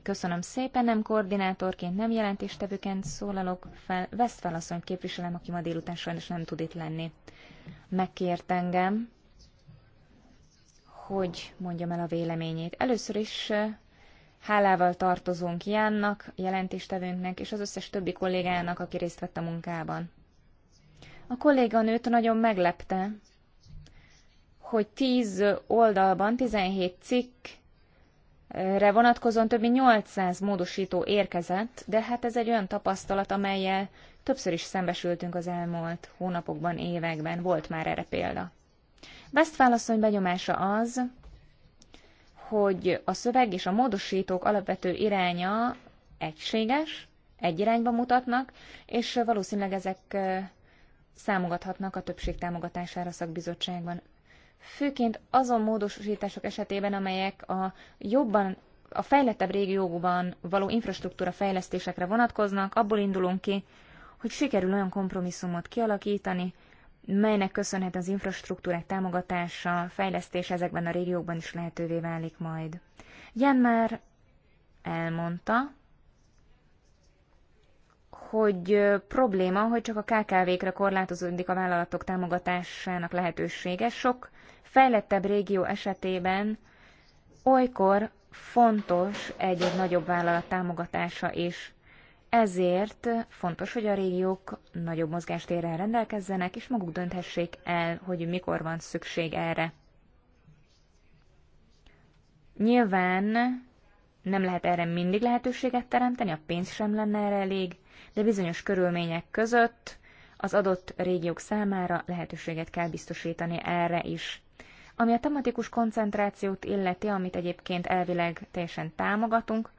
Köszönöm szépen, nem koordinátorként, nem jelentéstevőként szólalok fel. Westphal asszonyt képviselem, aki ma délután sajnos nem tud itt lenni. Megkért engem, hogy mondjam el a véleményét. Először is hálával tartozunk Jánnak, jelentéstevőnknek és az összes többi kollégának, aki részt vett a munkában. A kolléganőt nagyon meglepte, hogy 10 oldalban 17 cikk re vonatkozóan több mint 800 módosító érkezett, de hát ez egy olyan tapasztalat, amelyel többször is szembesültünk az elmúlt hónapokban, években, volt már erre példa. Westfálasszony benyomása az, hogy a szöveg és a módosítók alapvető iránya egységes, egy irányba mutatnak, és valószínűleg ezek számogathatnak a többség támogatására a szakbizottságban főként azon módosítások esetében, amelyek a jobban a fejlettebb régiókban való infrastruktúra fejlesztésekre vonatkoznak, abból indulunk ki, hogy sikerül olyan kompromisszumot kialakítani, melynek köszönhet az infrastruktúrák támogatása, fejlesztés ezekben a régiókban is lehetővé válik majd. Jen már elmondta, hogy probléma, hogy csak a KKV-kre korlátozódik a vállalatok támogatásának lehetősége. Sok fejlettebb régió esetében olykor fontos egy-egy nagyobb vállalat támogatása is. Ezért fontos, hogy a régiók nagyobb mozgástérrel rendelkezzenek, és maguk dönthessék el, hogy mikor van szükség erre. Nyilván nem lehet erre mindig lehetőséget teremteni, a pénz sem lenne erre elég, de bizonyos körülmények között az adott régiók számára lehetőséget kell biztosítani erre is. Ami a tematikus koncentrációt illeti, amit egyébként elvileg teljesen támogatunk,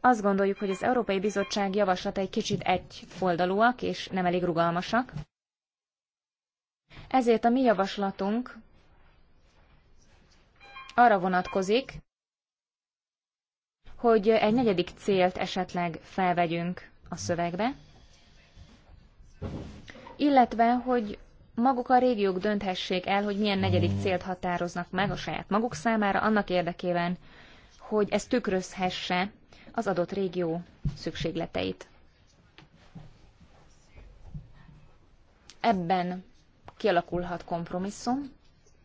azt gondoljuk, hogy az Európai Bizottság javaslata egy kicsit egyoldalúak és nem elég rugalmasak. Ezért a mi javaslatunk arra vonatkozik, hogy egy negyedik célt esetleg felvegyünk a szövegbe, illetve, hogy maguk a régiók dönthessék el, hogy milyen negyedik célt határoznak meg a saját maguk számára, annak érdekében, hogy ez tükrözhesse az adott régió szükségleteit. Ebben kialakulhat kompromisszum,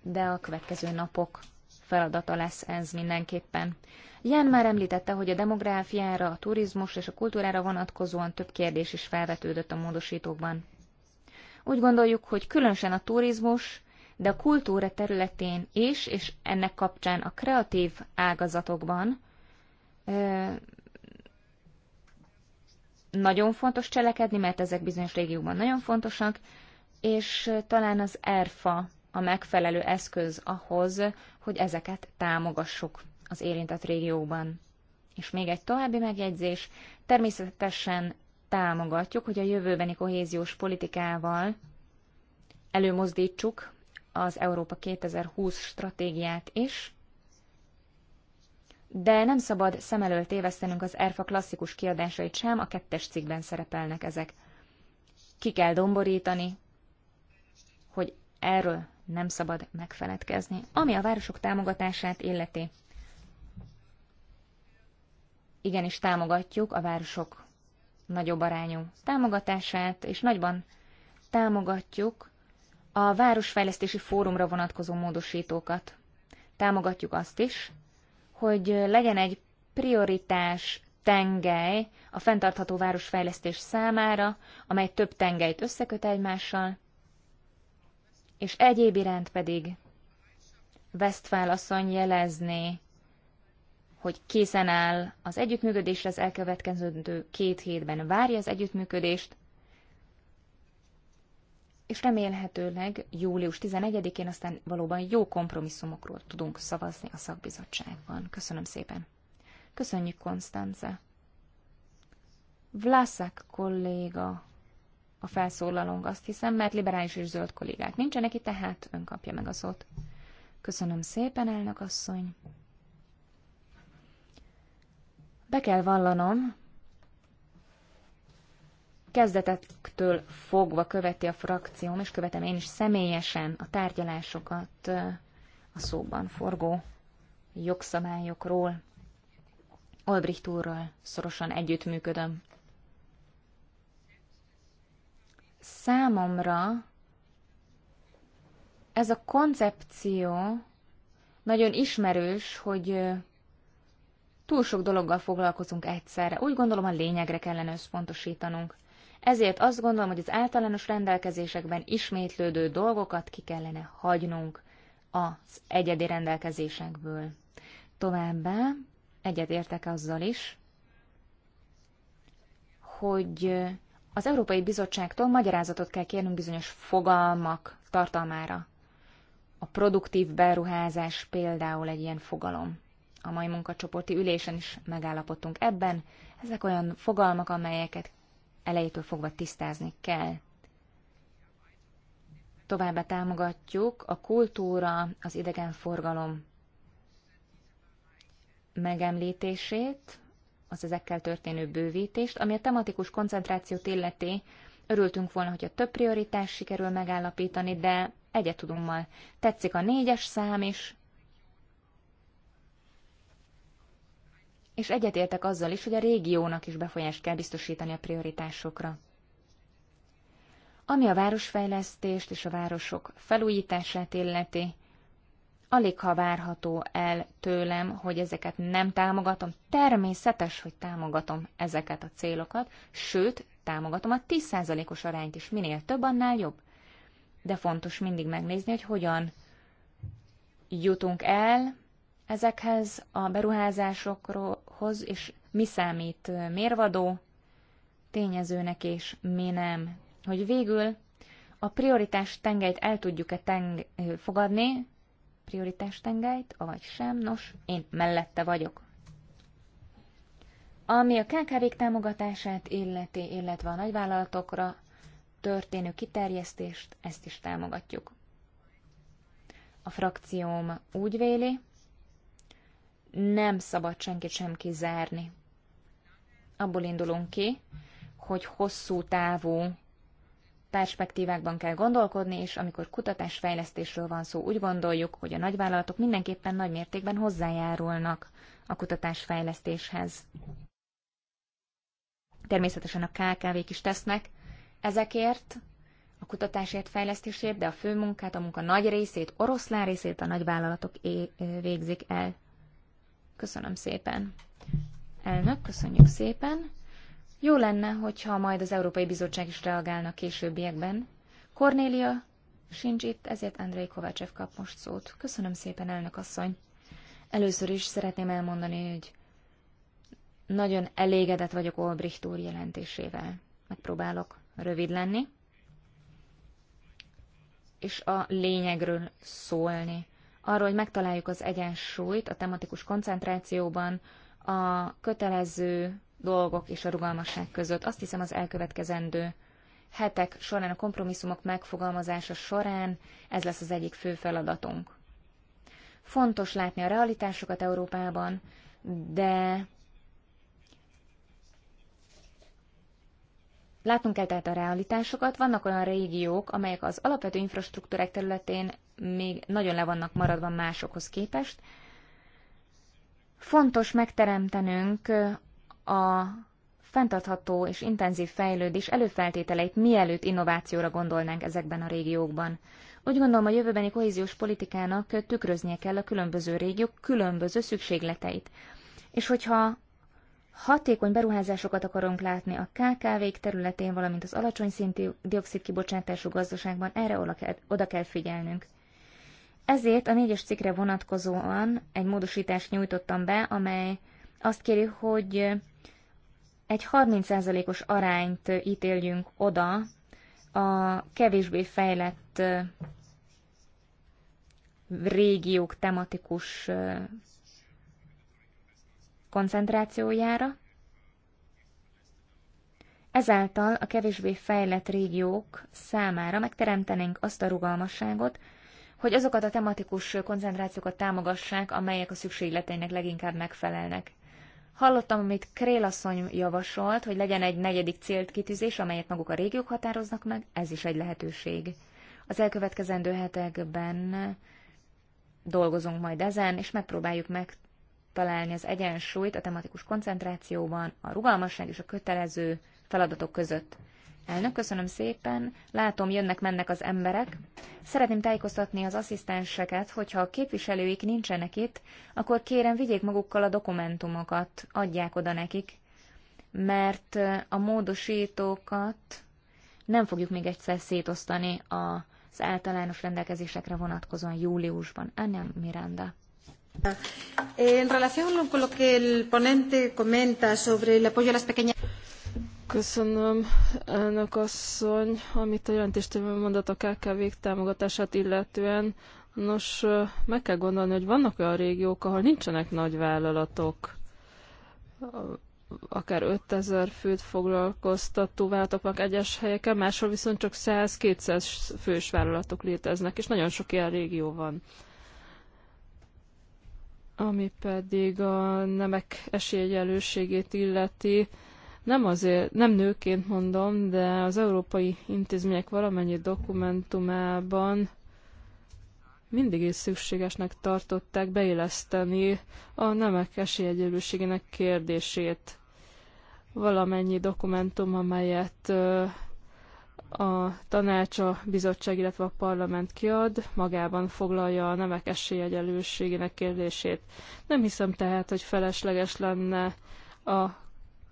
de a következő napok feladata lesz ez mindenképpen. Jan már említette, hogy a demográfiára, a turizmus és a kultúrára vonatkozóan több kérdés is felvetődött a módosítókban. Úgy gondoljuk, hogy különösen a turizmus, de a kultúra területén is, és ennek kapcsán a kreatív ágazatokban nagyon fontos cselekedni, mert ezek bizonyos régióban nagyon fontosak, és talán az ERFA a megfelelő eszköz ahhoz, hogy ezeket támogassuk az érintett régióban. És még egy további megjegyzés, természetesen támogatjuk, hogy a jövőbeni kohéziós politikával előmozdítsuk az Európa 2020 stratégiát is, de nem szabad szem elől tévesztenünk az ERFA klasszikus kiadásait sem, a kettes cikkben szerepelnek ezek. Ki kell domborítani, hogy erről nem szabad megfeledkezni, ami a városok támogatását illeti. Igenis támogatjuk a városok nagyobb arányú támogatását, és nagyban támogatjuk a Városfejlesztési Fórumra vonatkozó módosítókat. Támogatjuk azt is, hogy legyen egy prioritás tengely a fenntartható városfejlesztés számára, amely több tengelyt összeköt egymással, és egyéb iránt pedig Westphal asszony jelezné hogy készen áll az együttműködésre az elkövetkező két hétben, várja az együttműködést, és remélhetőleg július 11-én aztán valóban jó kompromisszumokról tudunk szavazni a szakbizottságban. Köszönöm szépen. Köszönjük, Konstance. Vlaszak kolléga a felszólalónk, azt hiszem, mert liberális és zöld kollégák nincsenek itt, tehát ön kapja meg a szót. Köszönöm szépen, elnök asszony. Be kell vallanom, kezdetektől fogva követi a frakcióm, és követem én is személyesen a tárgyalásokat a szóban forgó jogszabályokról. Olbricht úrral szorosan együttműködöm. Számomra ez a koncepció nagyon ismerős, hogy Túl sok dologgal foglalkozunk egyszerre, úgy gondolom a lényegre kellene összpontosítanunk. Ezért azt gondolom, hogy az általános rendelkezésekben ismétlődő dolgokat ki kellene hagynunk az egyedi rendelkezésekből. Továbbá egyetértek azzal is, hogy az Európai Bizottságtól magyarázatot kell kérnünk bizonyos fogalmak tartalmára. A produktív beruházás például egy ilyen fogalom a mai munkacsoporti ülésen is megállapodtunk ebben. Ezek olyan fogalmak, amelyeket elejétől fogva tisztázni kell. Továbbá támogatjuk a kultúra, az idegenforgalom megemlítését, az ezekkel történő bővítést, ami a tematikus koncentrációt illeti, örültünk volna, hogy a több prioritás sikerül megállapítani, de egyet tudommal. Tetszik a négyes szám is, és egyetértek azzal is, hogy a régiónak is befolyást kell biztosítani a prioritásokra. Ami a városfejlesztést és a városok felújítását illeti, alig ha várható el tőlem, hogy ezeket nem támogatom. Természetes, hogy támogatom ezeket a célokat, sőt, támogatom a 10%-os arányt is. Minél több, annál jobb. De fontos mindig megnézni, hogy hogyan jutunk el ezekhez a beruházásokról, dolgokhoz, és mi számít mérvadó tényezőnek, és mi nem. Hogy végül a prioritás tengelyt el tudjuk-e teng- fogadni, prioritás tengelyt, vagy sem, nos, én mellette vagyok. Ami a kkv támogatását illeti, illetve a nagyvállalatokra történő kiterjesztést, ezt is támogatjuk. A frakcióm úgy véli, nem szabad senkit sem kizárni. Abból indulunk ki, hogy hosszú távú perspektívákban kell gondolkodni, és amikor kutatásfejlesztésről van szó, úgy gondoljuk, hogy a nagyvállalatok mindenképpen nagy mértékben hozzájárulnak a kutatásfejlesztéshez. Természetesen a KKV-k is tesznek ezekért, a kutatásért, fejlesztésért, de a főmunkát, a munka nagy részét, oroszlán részét a nagyvállalatok é- végzik el. Köszönöm szépen. Elnök, köszönjük szépen. Jó lenne, hogyha majd az Európai Bizottság is reagálna későbbiekben. Kornélia sincs itt, ezért Andrei Kovácsev kap most szót. Köszönöm szépen, elnök asszony. Először is szeretném elmondani, hogy nagyon elégedett vagyok Olbricht úr jelentésével. Megpróbálok rövid lenni, és a lényegről szólni arról, hogy megtaláljuk az egyensúlyt a tematikus koncentrációban, a kötelező dolgok és a rugalmasság között. Azt hiszem az elkövetkezendő hetek során, a kompromisszumok megfogalmazása során ez lesz az egyik fő feladatunk. Fontos látni a realitásokat Európában, de Látnunk kell tehát a realitásokat, vannak olyan régiók, amelyek az alapvető infrastruktúrák területén még nagyon le vannak maradva másokhoz képest. Fontos megteremtenünk a fenntartható és intenzív fejlődés előfeltételeit, mielőtt innovációra gondolnánk ezekben a régiókban. Úgy gondolom, a jövőbeni kohéziós politikának tükröznie kell a különböző régiók különböző szükségleteit. És hogyha hatékony beruházásokat akarunk látni a KKV-k területén, valamint az alacsony szintű dioxidkibocsátású kibocsátású gazdaságban, erre oda kell, oda kell figyelnünk. Ezért a négyes cikkre vonatkozóan egy módosítást nyújtottam be, amely azt kéri, hogy egy 30%-os arányt ítéljünk oda a kevésbé fejlett régiók tematikus koncentrációjára. Ezáltal a kevésbé fejlett régiók számára megteremtenénk azt a rugalmasságot, hogy azokat a tematikus koncentrációkat támogassák, amelyek a szükségleteinek leginkább megfelelnek. Hallottam, amit Krélasszony javasolt, hogy legyen egy negyedik célt kitűzés, amelyet maguk a régiók határoznak meg, ez is egy lehetőség. Az elkövetkezendő hetekben dolgozunk majd ezen, és megpróbáljuk megtalálni az egyensúlyt a tematikus koncentrációban, a rugalmasság és a kötelező feladatok között. Elnök, köszönöm szépen. Látom, jönnek-mennek az emberek. Szeretném tájékoztatni az asszisztenseket, hogyha a képviselőik nincsenek itt, akkor kérem vigyék magukkal a dokumentumokat, adják oda nekik, mert a módosítókat nem fogjuk még egyszer szétosztani az általános rendelkezésekre vonatkozóan júliusban. Anna Miranda. En relación con lo que el ponente comenta sobre el apoyo a las pequeñas... Köszönöm, elnök asszony, amit a jelentéstevő mondott a kkv támogatását illetően. Nos, meg kell gondolni, hogy vannak olyan régiók, ahol nincsenek nagy vállalatok, akár 5000 főt foglalkoztató vállalatoknak egyes helyeken, máshol viszont csak 100-200 fős vállalatok léteznek, és nagyon sok ilyen régió van. Ami pedig a nemek esélyegyenlőségét illeti, nem azért, nem nőként mondom, de az európai intézmények valamennyi dokumentumában mindig is szükségesnek tartották beilleszteni a nemek esélyegyelőségének kérdését. Valamennyi dokumentum, amelyet a tanács, a bizottság, illetve a parlament kiad, magában foglalja a nemek esélyegyelőségének kérdését. Nem hiszem tehát, hogy felesleges lenne a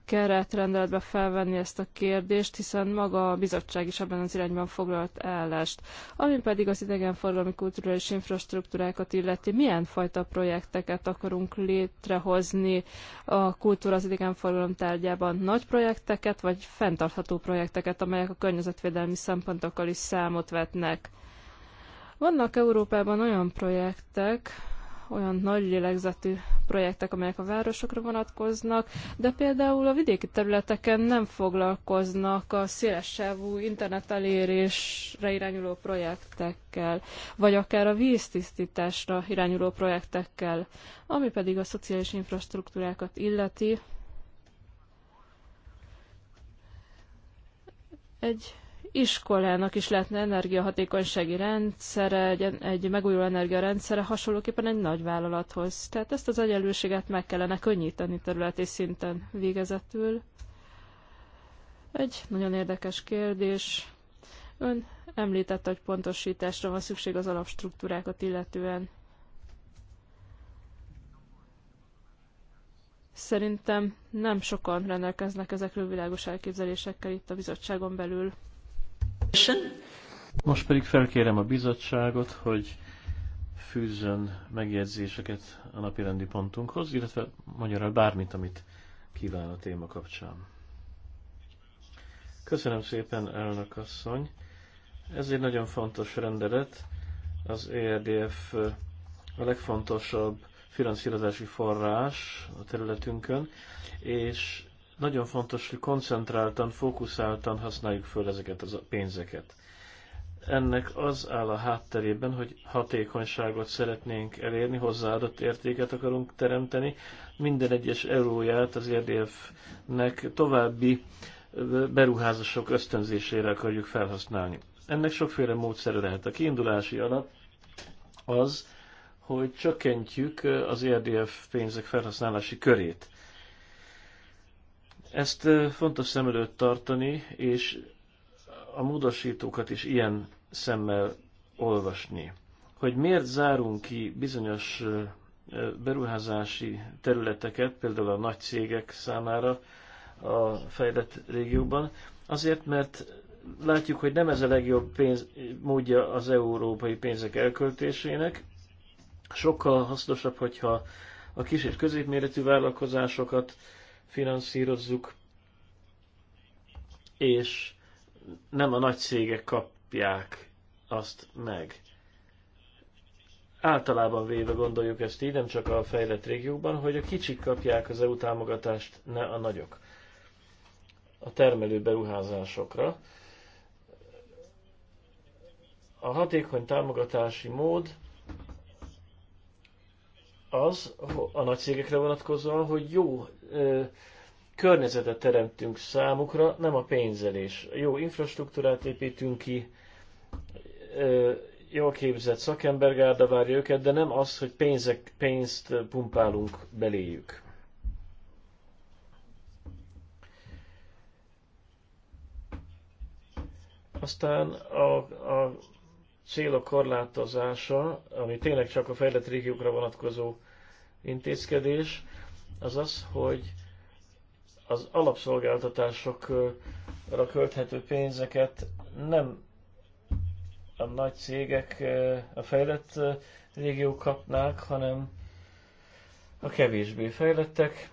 keretrendeletbe felvenni ezt a kérdést, hiszen maga a bizottság is ebben az irányban foglalt állást. Ami pedig az idegenforgalmi kulturális infrastruktúrákat illeti, milyen fajta projekteket akarunk létrehozni a kultúra az idegenforgalom tárgyában? Nagy projekteket, vagy fenntartható projekteket, amelyek a környezetvédelmi szempontokkal is számot vetnek? Vannak Európában olyan projektek, olyan nagy lélegzetű projektek, amelyek a városokra vonatkoznak, de például a vidéki területeken nem foglalkoznak a szélessávú internet elérésre irányuló projektekkel, vagy akár a víztisztításra irányuló projektekkel, ami pedig a szociális infrastruktúrákat illeti. Egy iskolának is lehetne energiahatékonysági rendszere, egy, egy megújuló energiarendszere, hasonlóképpen egy nagy vállalathoz. Tehát ezt az egyenlőséget meg kellene könnyíteni területi szinten végezetül. Egy nagyon érdekes kérdés. Ön említette, hogy pontosításra van szükség az alapstruktúrákat illetően. Szerintem nem sokan rendelkeznek ezekről világos elképzelésekkel itt a bizottságon belül. Most pedig felkérem a bizottságot, hogy fűzzön megjegyzéseket a napirendi pontunkhoz, illetve magyarul bármit, amit kíván a téma kapcsán. Köszönöm szépen, elnök asszony. Ez egy nagyon fontos rendelet. Az ERDF a legfontosabb finanszírozási forrás a területünkön, és nagyon fontos, hogy koncentráltan, fókuszáltan használjuk föl ezeket a pénzeket. Ennek az áll a hátterében, hogy hatékonyságot szeretnénk elérni, hozzáadott értéket akarunk teremteni. Minden egyes euróját az EDF-nek további beruházások ösztönzésére akarjuk felhasználni. Ennek sokféle módszere lehet. A kiindulási alap az, hogy csökkentjük az RDF e pénzek felhasználási körét. Ezt fontos szem előtt tartani, és a módosítókat is ilyen szemmel olvasni. Hogy miért zárunk ki bizonyos beruházási területeket, például a nagy cégek számára a fejlett régióban, azért, mert látjuk, hogy nem ez a legjobb pénz, módja az európai pénzek elköltésének. Sokkal hasznosabb, hogyha a kis és középméretű vállalkozásokat finanszírozzuk, és nem a nagy cégek kapják azt meg. Általában véve gondoljuk ezt így, nem csak a fejlett régiókban, hogy a kicsik kapják az EU támogatást, ne a nagyok. A termelő beruházásokra. A hatékony támogatási mód az a nagy cégekre vonatkozóan, hogy jó ö, környezetet teremtünk számukra, nem a pénzelés. Jó infrastruktúrát építünk ki, ö, jól képzett szakembergárda várja őket, de nem az, hogy pénzek, pénzt pumpálunk beléjük. Aztán a, a célok korlátozása, ami tényleg csak a fejlett régiókra vonatkozó intézkedés, az az, hogy az alapszolgáltatásokra költhető pénzeket nem a nagy cégek, a fejlett régiók kapnák, hanem a kevésbé fejlettek,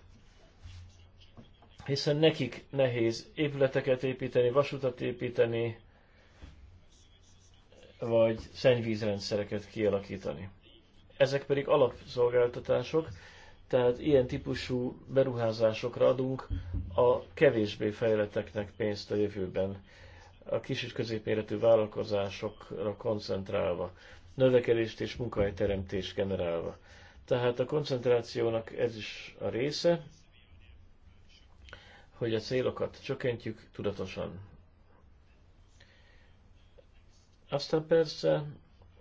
hiszen nekik nehéz épületeket építeni, vasutat építeni, vagy szennyvízrendszereket kialakítani. Ezek pedig alapszolgáltatások, tehát ilyen típusú beruházásokra adunk a kevésbé fejleteknek pénzt a jövőben, a kis és középméretű vállalkozásokra koncentrálva, növekedést és munkahelyteremtést generálva. Tehát a koncentrációnak ez is a része, hogy a célokat csökkentjük tudatosan, aztán persze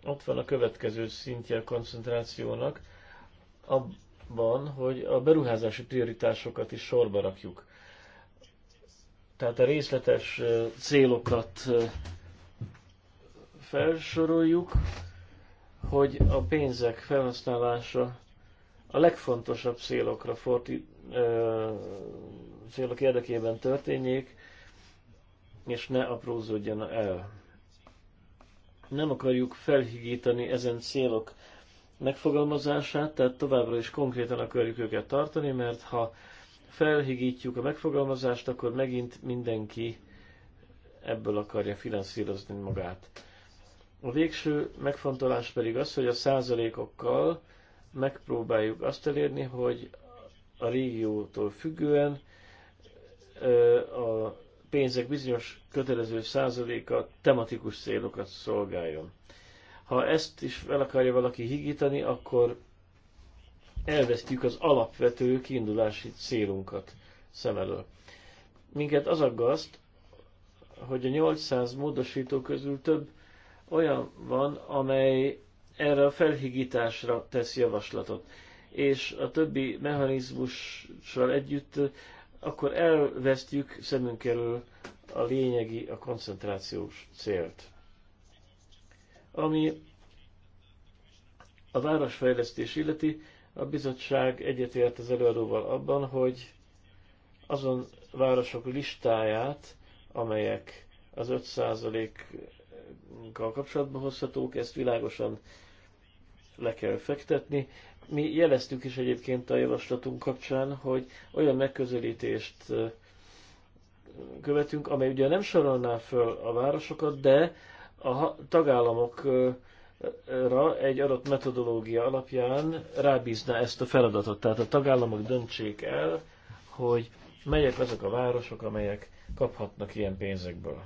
ott van a következő szintje a koncentrációnak, abban, hogy a beruházási prioritásokat is sorba rakjuk. Tehát a részletes célokat felsoroljuk, hogy a pénzek felhasználása a legfontosabb célokra, forti, célok érdekében történjék, és ne aprózódjon el nem akarjuk felhigítani ezen célok megfogalmazását, tehát továbbra is konkrétan akarjuk őket tartani, mert ha felhigítjuk a megfogalmazást, akkor megint mindenki ebből akarja finanszírozni magát. A végső megfontolás pedig az, hogy a százalékokkal megpróbáljuk azt elérni, hogy a régiótól függően a pénzek bizonyos kötelező százaléka tematikus célokat szolgáljon. Ha ezt is fel akarja valaki higítani, akkor elvesztjük az alapvető kiindulási célunkat szem elől. Minket az aggaszt, hogy a 800 módosító közül több olyan van, amely erre a felhigításra tesz javaslatot. És a többi mechanizmussal együtt akkor elvesztjük szemünk elől a lényegi, a koncentrációs célt. Ami a városfejlesztés illeti, a bizottság egyetért az előadóval abban, hogy azon városok listáját, amelyek az 5%-kal kapcsolatban hozhatók, ezt világosan le kell fektetni. Mi jeleztük is egyébként a javaslatunk kapcsán, hogy olyan megközelítést követünk, amely ugye nem sorolná föl a városokat, de a tagállamokra egy adott metodológia alapján rábízná ezt a feladatot. Tehát a tagállamok döntsék el, hogy melyek azok a városok, amelyek kaphatnak ilyen pénzekből.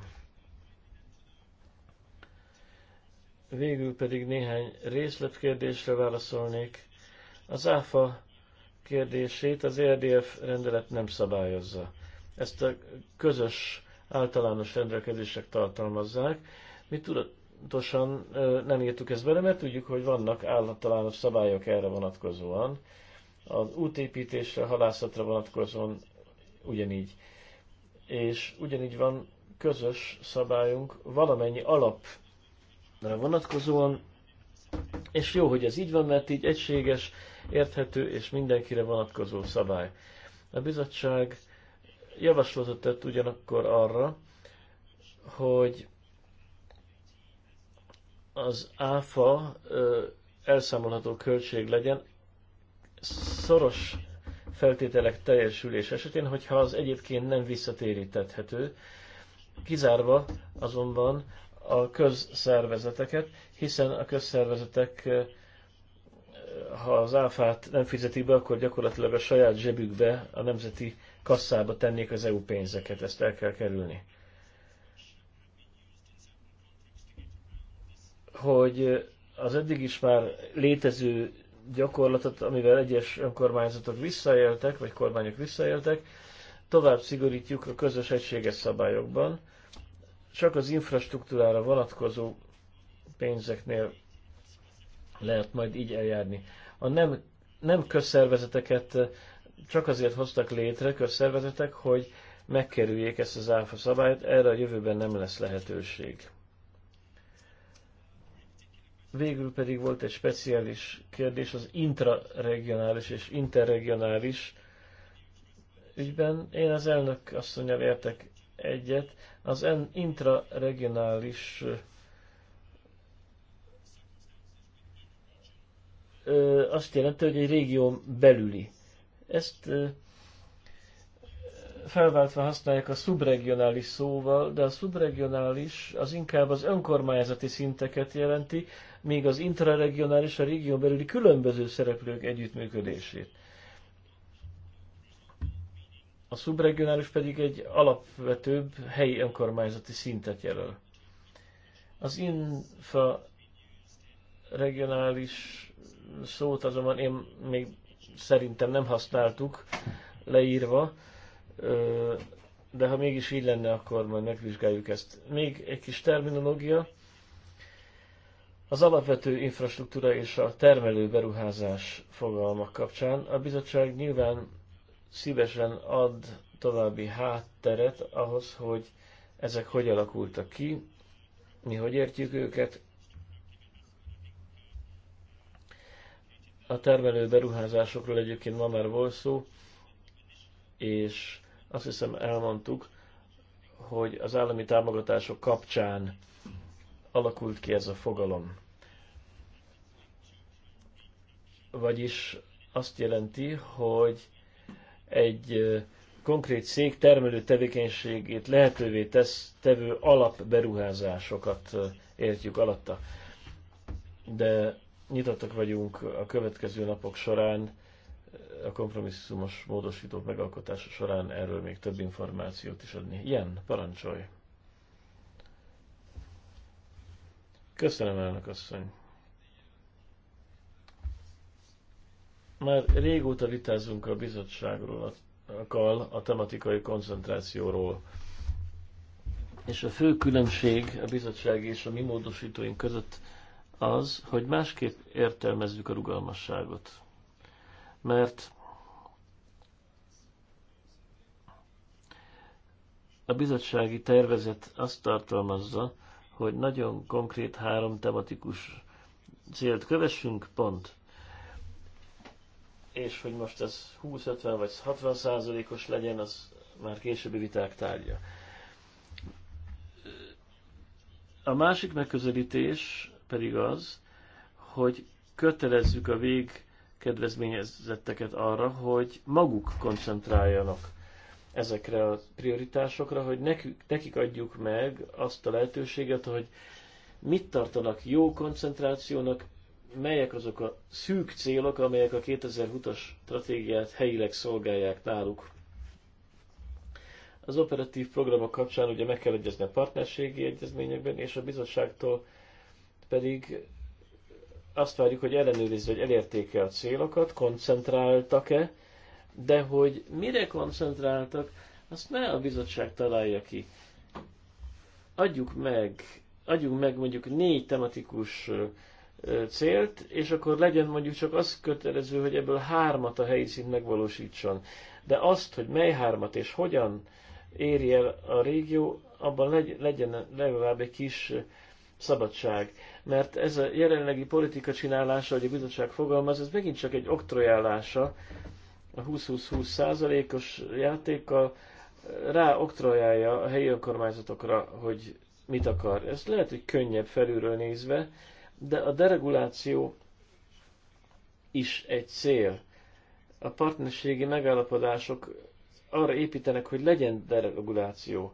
Végül pedig néhány részletkérdésre válaszolnék. Az áfa kérdését az ERDF rendelet nem szabályozza. Ezt a közös általános rendelkezések tartalmazzák. Mi tudatosan nem írtuk ezt bele, mert tudjuk, hogy vannak általános szabályok erre vonatkozóan. Az útépítésre, halászatra vonatkozóan ugyanígy. És ugyanígy van közös szabályunk valamennyi alapra vonatkozóan, és jó, hogy ez így van, mert így egységes, érthető és mindenkire vonatkozó szabály. A bizottság javaslatot tett ugyanakkor arra, hogy az áfa elszámolható költség legyen szoros feltételek teljesülés esetén, hogyha az egyébként nem visszatérítethető, kizárva azonban a közszervezeteket, hiszen a közszervezetek ha az áfát nem fizetik be, akkor gyakorlatilag a saját zsebükbe, a nemzeti kasszába tennék az EU pénzeket, ezt el kell kerülni. Hogy az eddig is már létező gyakorlatot, amivel egyes önkormányzatok visszaéltek, vagy kormányok visszaéltek, tovább szigorítjuk a közös egységes szabályokban, csak az infrastruktúrára vonatkozó pénzeknél lehet majd így eljárni. A nem, nem közszervezeteket csak azért hoztak létre közszervezetek, hogy megkerüljék ezt az áfa szabályt, erre a jövőben nem lesz lehetőség. Végül pedig volt egy speciális kérdés az intraregionális és interregionális ügyben. Én az elnök asszonyjal értek egyet. Az intraregionális azt jelenti, hogy egy régió belüli. Ezt felváltva használják a szubregionális szóval, de a szubregionális az inkább az önkormányzati szinteket jelenti, míg az intraregionális a régió belüli különböző szereplők együttműködését. A szubregionális pedig egy alapvetőbb helyi önkormányzati szintet jelöl. Az infra regionális szót azonban én még szerintem nem használtuk leírva, de ha mégis így lenne, akkor majd megvizsgáljuk ezt. Még egy kis terminológia. Az alapvető infrastruktúra és a termelő beruházás fogalmak kapcsán a bizottság nyilván szívesen ad további hátteret ahhoz, hogy ezek hogy alakultak ki, mi hogy értjük őket, A termelő beruházásokról egyébként ma már volt szó, és azt hiszem elmondtuk, hogy az állami támogatások kapcsán alakult ki ez a fogalom. Vagyis azt jelenti, hogy egy konkrét cég termelő tevékenységét lehetővé tesz, tevő alapberuházásokat értjük alatta. De nyitottak vagyunk a következő napok során, a kompromisszumos módosítók megalkotása során erről még több információt is adni. Ilyen, parancsolj! Köszönöm, elnök asszony! Már régóta vitázunk a bizottságról, a, a tematikai koncentrációról. És a fő különbség a bizottság és a mi módosítóink között az, hogy másképp értelmezzük a rugalmasságot. Mert a bizottsági tervezet azt tartalmazza, hogy nagyon konkrét három tematikus célt kövessünk, pont. És hogy most ez 20-50 vagy 60 százalékos legyen, az már későbbi viták tárgya. A másik megközelítés pedig az, hogy kötelezzük a vég kedvezményezetteket arra, hogy maguk koncentráljanak ezekre a prioritásokra, hogy nekik, nekik adjuk meg azt a lehetőséget, hogy mit tartanak jó koncentrációnak, melyek azok a szűk célok, amelyek a 2020-as stratégiát helyileg szolgálják náluk. Az operatív programok kapcsán ugye meg kell egyezni a partnerségi egyezményekben, és a bizottságtól pedig azt várjuk, hogy ellenőrizze, hogy elérték-e a célokat, koncentráltak-e, de hogy mire koncentráltak, azt ne a bizottság találja ki. Adjuk meg, adjuk meg mondjuk négy tematikus célt, és akkor legyen mondjuk csak az kötelező, hogy ebből hármat a helyi szint megvalósítson. De azt, hogy mely hármat és hogyan éri el a régió, abban legyen legalább egy kis szabadság. Mert ez a jelenlegi politika csinálása, hogy a bizottság fogalmaz, ez megint csak egy oktrojálása a 20-20-20 százalékos -20 játékkal eh, oktrojálja a helyi önkormányzatokra, hogy mit akar. Ez lehet, hogy könnyebb felülről nézve, de a dereguláció is egy cél. A partnerségi megállapodások arra építenek, hogy legyen dereguláció.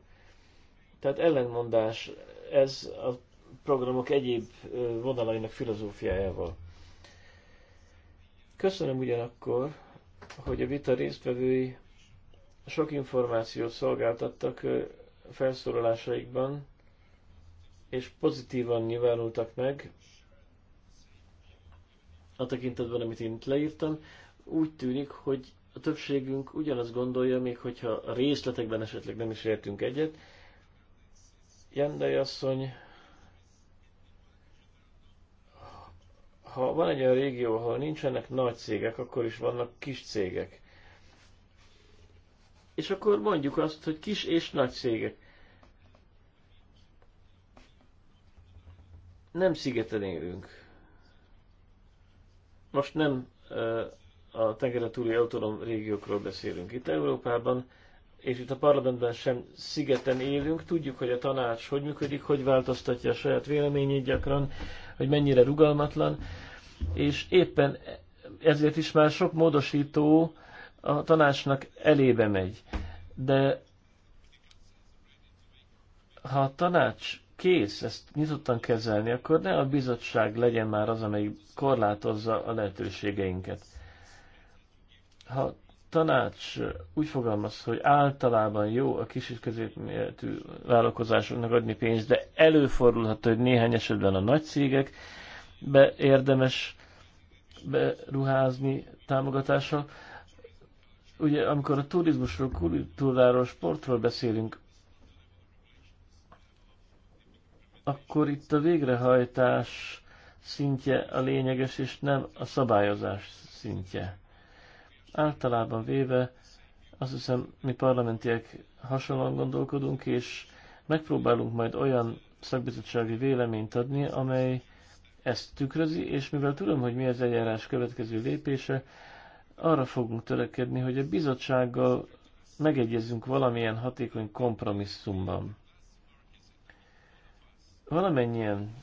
Tehát ellenmondás ez a programok egyéb vonalainak filozófiájával. Köszönöm ugyanakkor, hogy a vita résztvevői sok információt szolgáltattak felszólalásaikban, és pozitívan nyilvánultak meg a tekintetben, amit én itt leírtam. Úgy tűnik, hogy a többségünk ugyanazt gondolja, még hogyha a részletekben esetleg nem is értünk egyet. Jendei asszony ha van egy olyan régió, ahol nincsenek nagy cégek, akkor is vannak kis cégek. És akkor mondjuk azt, hogy kis és nagy cégek. Nem szigeten élünk. Most nem a tengeren túli autonóm régiókról beszélünk. Itt Európában és itt a parlamentben sem szigeten élünk, tudjuk, hogy a tanács hogy működik, hogy változtatja a saját véleményét gyakran, hogy mennyire rugalmatlan, és éppen ezért is már sok módosító a tanácsnak elébe megy. De ha a tanács kész ezt nyitottan kezelni, akkor ne a bizottság legyen már az, amely korlátozza a lehetőségeinket. Ha tanács úgy fogalmaz, hogy általában jó a kis és középméretű vállalkozásoknak adni pénzt, de előfordulhat, hogy néhány esetben a nagy cégek be érdemes beruházni támogatása. Ugye amikor a turizmusról, kultúráról, sportról beszélünk, akkor itt a végrehajtás szintje a lényeges, és nem a szabályozás szintje. Általában véve azt hiszem, mi parlamentiek hasonlóan gondolkodunk, és megpróbálunk majd olyan szakbizottsági véleményt adni, amely ezt tükrözi, és mivel tudom, hogy mi az eljárás következő lépése, arra fogunk törekedni, hogy a bizottsággal megegyezzünk valamilyen hatékony kompromisszumban. Valamennyien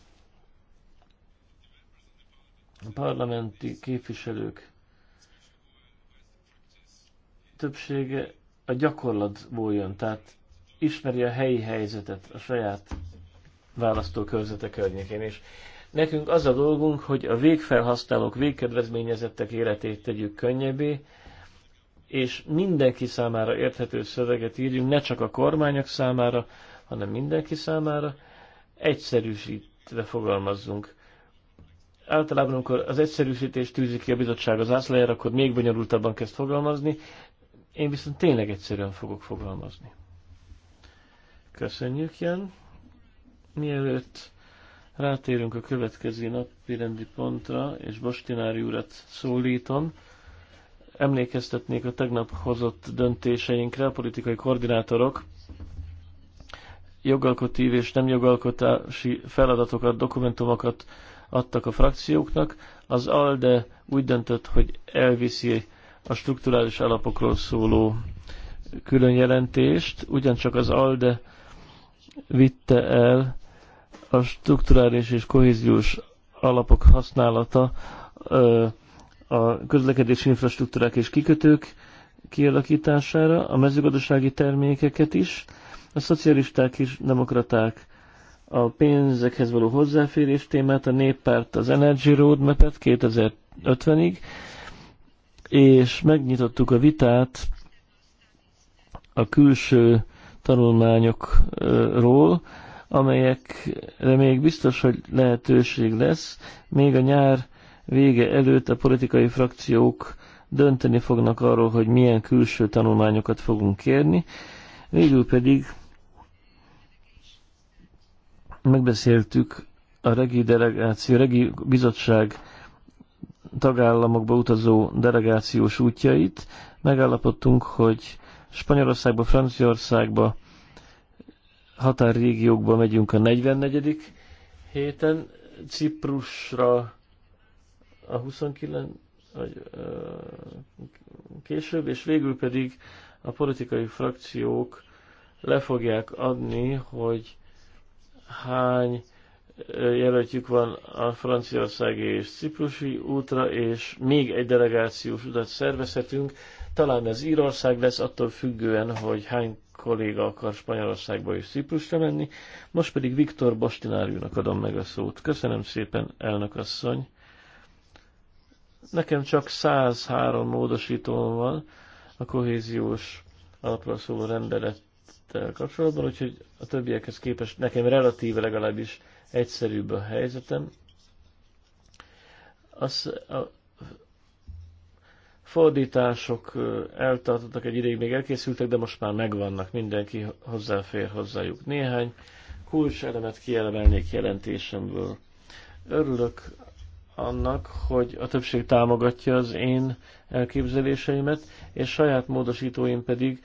a parlamenti képviselők többsége a gyakorlatból jön, tehát ismeri a helyi helyzetet a saját választókörzete környékén, és nekünk az a dolgunk, hogy a végfelhasználók, végkedvezményezettek életét tegyük könnyebbé, és mindenki számára érthető szöveget írjunk, ne csak a kormányok számára, hanem mindenki számára, egyszerűsítve fogalmazzunk. Általában, amikor az egyszerűsítés tűzi ki a bizottság az ászlajára, akkor még bonyolultabban kezd fogalmazni, én viszont tényleg egyszerűen fogok fogalmazni. Köszönjük, Jan. Mielőtt rátérünk a következő napi rendi pontra, és Bostinári urat szólítom, emlékeztetnék a tegnap hozott döntéseinkre a politikai koordinátorok, jogalkotív és nem jogalkotási feladatokat, dokumentumokat adtak a frakcióknak. Az ALDE úgy döntött, hogy elviszi a strukturális alapokról szóló külön jelentést, ugyancsak az ALDE vitte el a strukturális és kohéziós alapok használata a közlekedési infrastruktúrák és kikötők kialakítására, a mezőgazdasági termékeket is, a szocialisták és demokraták a pénzekhez való hozzáférés témát, a néppárt az Energy Roadmap-et 2050-ig, és megnyitottuk a vitát a külső tanulmányokról, amelyekre még biztos, hogy lehetőség lesz. Még a nyár vége előtt a politikai frakciók dönteni fognak arról, hogy milyen külső tanulmányokat fogunk kérni. Végül pedig megbeszéltük a regi delegáció, regi bizottság tagállamokba utazó delegációs útjait. Megállapodtunk, hogy Spanyolországba, Franciaországba, határrégiókba megyünk a 44. héten, Ciprusra a 29 vagy, ö, később, és végül pedig a politikai frakciók le fogják adni, hogy hány jelöltjük van a franciaországi és ciprusi útra, és még egy delegációs utat szervezhetünk. Talán ez Írország lesz, attól függően, hogy hány kolléga akar Spanyolországba és Ciprusra menni. Most pedig Viktor Bostináriúnak adom meg a szót. Köszönöm szépen, elnök asszony. Nekem csak 103 módosítóm van a kohéziós alapra szóló rendelettel kapcsolatban, úgyhogy a többiekhez képest nekem relatíve legalábbis egyszerűbb a helyzetem. Az, a fordítások eltartottak egy ideig, még elkészültek, de most már megvannak, mindenki hozzáfér hozzájuk. Néhány elemet kielemelnék jelentésemből. Örülök annak, hogy a többség támogatja az én elképzeléseimet, és saját módosítóim pedig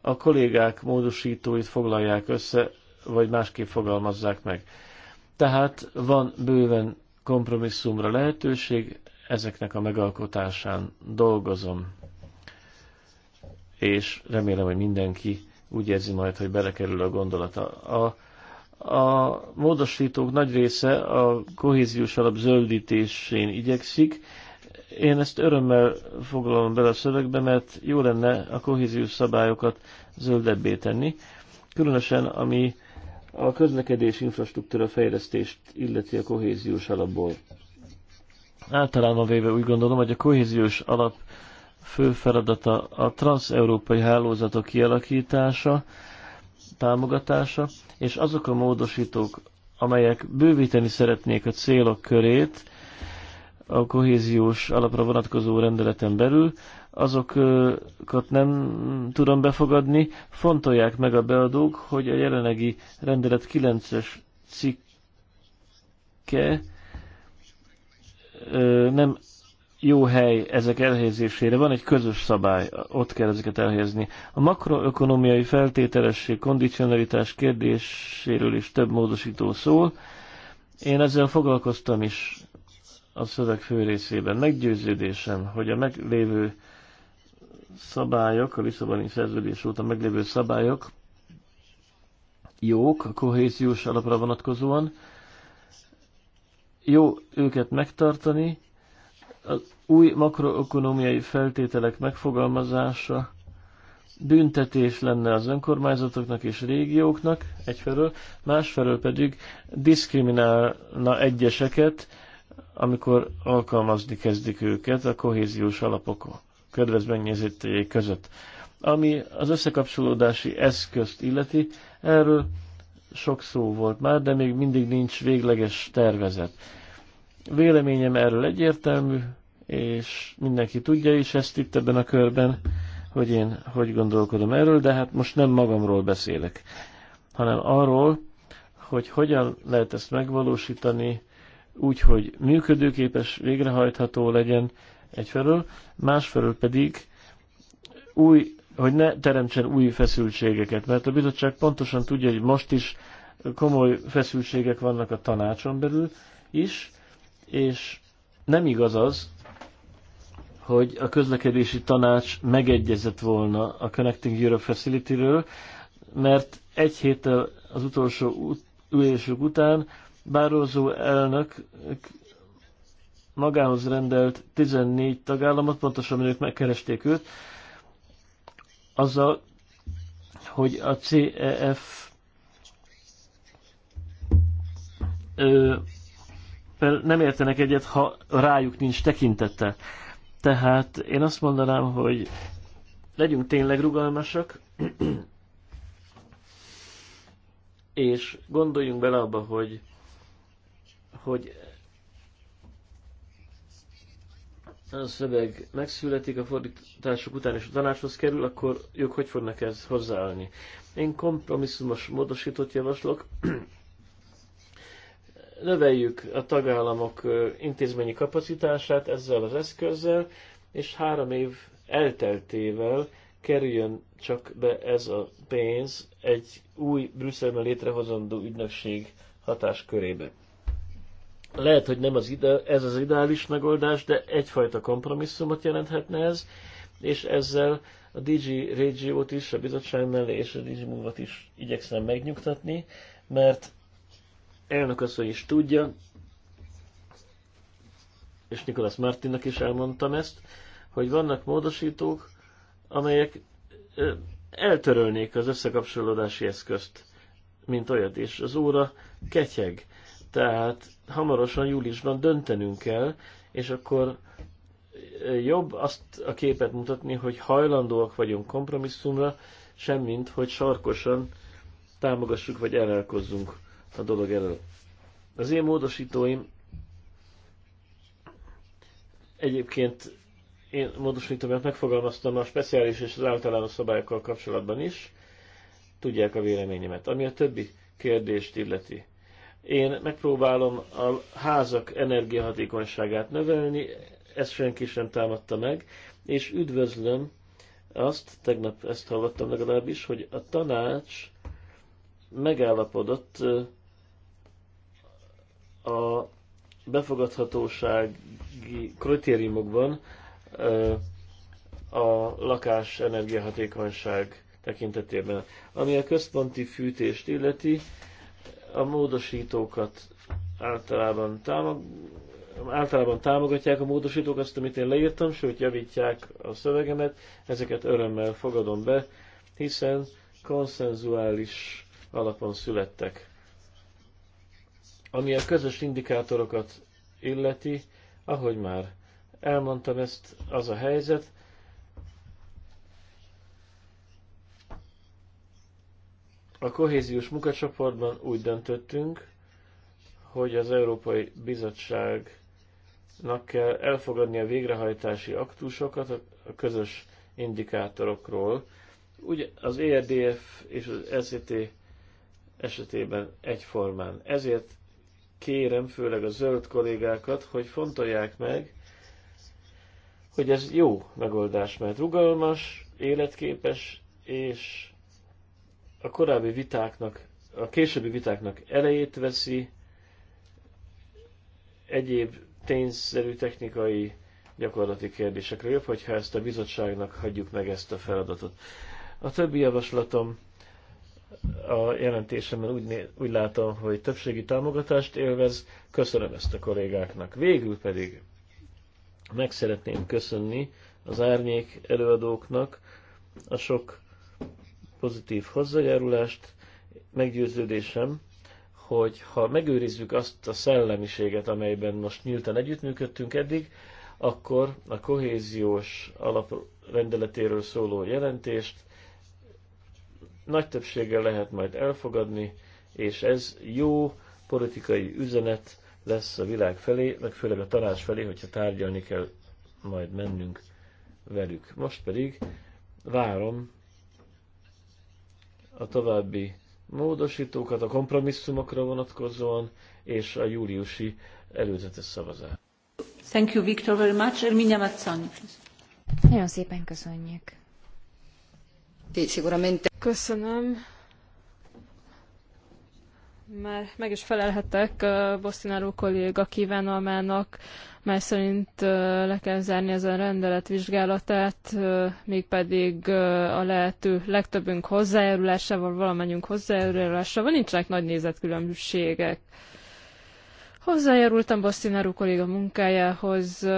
a kollégák módosítóit foglalják össze, vagy másképp fogalmazzák meg. Tehát van bőven kompromisszumra lehetőség, ezeknek a megalkotásán dolgozom. És remélem, hogy mindenki úgy érzi majd, hogy belekerül a gondolata. A, a módosítók nagy része a kohéziós alap zöldítésén igyekszik. Én ezt örömmel foglalom bele a szövegbe, mert jó lenne a kohéziós szabályokat zöldebbé tenni, különösen ami a közlekedés infrastruktúra fejlesztést illeti a kohéziós alapból. Általában véve úgy gondolom, hogy a kohéziós alap fő feladata a transeurópai hálózatok kialakítása, támogatása, és azok a módosítók, amelyek bővíteni szeretnék a célok körét a kohéziós alapra vonatkozó rendeleten belül, azokat nem tudom befogadni. Fontolják meg a beadók, hogy a jelenlegi rendelet 9-es cikke nem jó hely ezek elhelyezésére. Van egy közös szabály, ott kell ezeket elhelyezni. A makroökonomiai feltételesség, kondicionalitás kérdéséről is több módosító szól. Én ezzel foglalkoztam is a szöveg fő részében. Meggyőződésem, hogy a meglévő szabályok, a Lisszaboni szerződés óta meglévő szabályok jók a kohéziós alapra vonatkozóan. Jó őket megtartani, az új makroökonomiai feltételek megfogalmazása büntetés lenne az önkormányzatoknak és régióknak egyfelől, másfelől pedig diszkriminálna egyeseket, amikor alkalmazni kezdik őket a kohéziós alapokon kedvezményezőtőjé között. Ami az összekapcsolódási eszközt illeti, erről sok szó volt már, de még mindig nincs végleges tervezet. Véleményem erről egyértelmű, és mindenki tudja is ezt itt ebben a körben, hogy én hogy gondolkodom erről, de hát most nem magamról beszélek, hanem arról, hogy hogyan lehet ezt megvalósítani úgy, hogy működőképes, végrehajtható legyen, egyfelől, másfelől pedig új, hogy ne teremtsen új feszültségeket, mert a bizottság pontosan tudja, hogy most is komoly feszültségek vannak a tanácson belül is, és nem igaz az, hogy a közlekedési tanács megegyezett volna a Connecting Europe Facility-ről, mert egy héttel az utolsó ülésük után Bározó elnök magához rendelt 14 tagállamot, pontosabban ők megkeresték őt, azzal, hogy a CEF ö, nem értenek egyet, ha rájuk nincs tekintete. Tehát én azt mondanám, hogy legyünk tényleg rugalmasak, és gondoljunk bele abba, hogy, hogy a szöveg megszületik, a fordítások után és a tanácshoz kerül, akkor ők hogy fognak ez hozzáállni? Én kompromisszumos módosítót javaslok. *clears throat* Növeljük a tagállamok intézményi kapacitását ezzel az eszközzel, és három év elteltével kerüljön csak be ez a pénz egy új Brüsszelben létrehozandó ügynökség hatáskörébe. Lehet, hogy nem az ide, ez az ideális megoldás, de egyfajta kompromisszumot jelenthetne ez, és ezzel a DG Régiót is, a bizottság mellé és a DG Move-ot is igyekszem megnyugtatni, mert elnök asszony is tudja, és Nikolas Martinnak is elmondtam ezt, hogy vannak módosítók, amelyek eltörölnék az összekapcsolódási eszközt, mint olyat, és az óra ketyeg. Tehát hamarosan júliusban döntenünk kell, és akkor jobb azt a képet mutatni, hogy hajlandóak vagyunk kompromisszumra, semmint, hogy sarkosan támogassuk vagy elrelkozzunk a dolog elől. Az én módosítóim egyébként én módosítómat megfogalmaztam a speciális és az általános szabályokkal kapcsolatban is. Tudják a véleményemet. Ami a többi kérdést illeti. Én megpróbálom a házak energiahatékonyságát növelni, ezt senki sem támadta meg, és üdvözlöm azt, tegnap ezt hallottam legalábbis, hogy a tanács megállapodott a befogadhatósági kritériumokban a lakás energiahatékonyság tekintetében. Ami a központi fűtést illeti, a módosítókat általában, támog, általában támogatják a módosítók azt, amit én leírtam, sőt javítják a szövegemet, ezeket örömmel fogadom be, hiszen konszenzuális alapon születtek. Ami a közös indikátorokat illeti, ahogy már elmondtam, ezt az a helyzet, A kohéziós munkacsoportban úgy döntöttünk, hogy az Európai Bizottságnak kell elfogadni a végrehajtási aktusokat a közös indikátorokról. Ugye az ERDF és az SZT esetében egyformán. Ezért kérem főleg a zöld kollégákat, hogy fontolják meg, hogy ez jó megoldás, mert rugalmas, életképes és a korábbi vitáknak, a későbbi vitáknak elejét veszi, egyéb tényszerű technikai gyakorlati kérdésekre jobb, hogyha ezt a bizottságnak hagyjuk meg ezt a feladatot. A többi javaslatom a jelentésemben úgy, úgy látom, hogy többségi támogatást élvez. Köszönöm ezt a kollégáknak. Végül pedig meg szeretném köszönni az árnyék előadóknak a sok pozitív hozzájárulást. Meggyőződésem, hogy ha megőrizzük azt a szellemiséget, amelyben most nyíltan együttműködtünk eddig, akkor a kohéziós alaprendeletéről szóló jelentést nagy többséggel lehet majd elfogadni, és ez jó politikai üzenet lesz a világ felé, meg főleg a tanács felé, hogyha tárgyalni kell majd mennünk velük. Most pedig várom a további módosítókat a kompromisszumokra vonatkozóan és a júliusi előzetes szavazást. Thank you, Viktor, very much. Erminia Mazzoni, Nagyon szépen köszönjük. Köszönöm. Már meg is felelhetek uh, Bosztináró kolléga kívánalmának mely szerint le kell zárni ezen rendelet vizsgálatát, mégpedig a lehető legtöbbünk hozzájárulásával, valamennyünk hozzájárulásával nincsenek nagy nézetkülönbségek. Hozzájárultam Bosszinárú kolléga munkájához,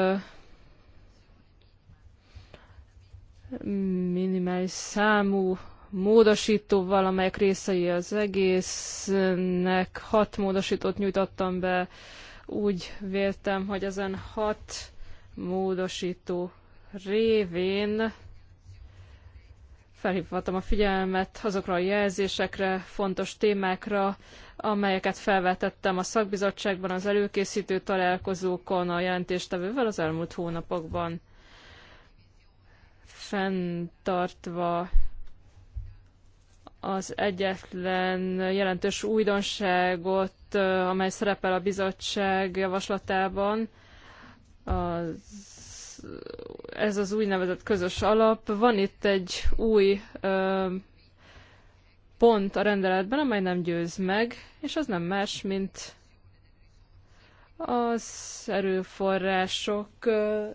minimális számú módosítóval, amelyek részei az egésznek. Hat módosítót nyújtottam be, úgy véltem, hogy ezen hat módosító révén felhívhatom a figyelmet azokra a jelzésekre, fontos témákra, amelyeket felvetettem a szakbizottságban, az előkészítő találkozókon, a jelentéstevővel az elmúlt hónapokban fenntartva az egyetlen jelentős újdonságot, amely szerepel a bizottság javaslatában, az ez az úgynevezett közös alap. Van itt egy új ö, pont a rendeletben, amely nem győz meg, és az nem más, mint az erőforrások ö,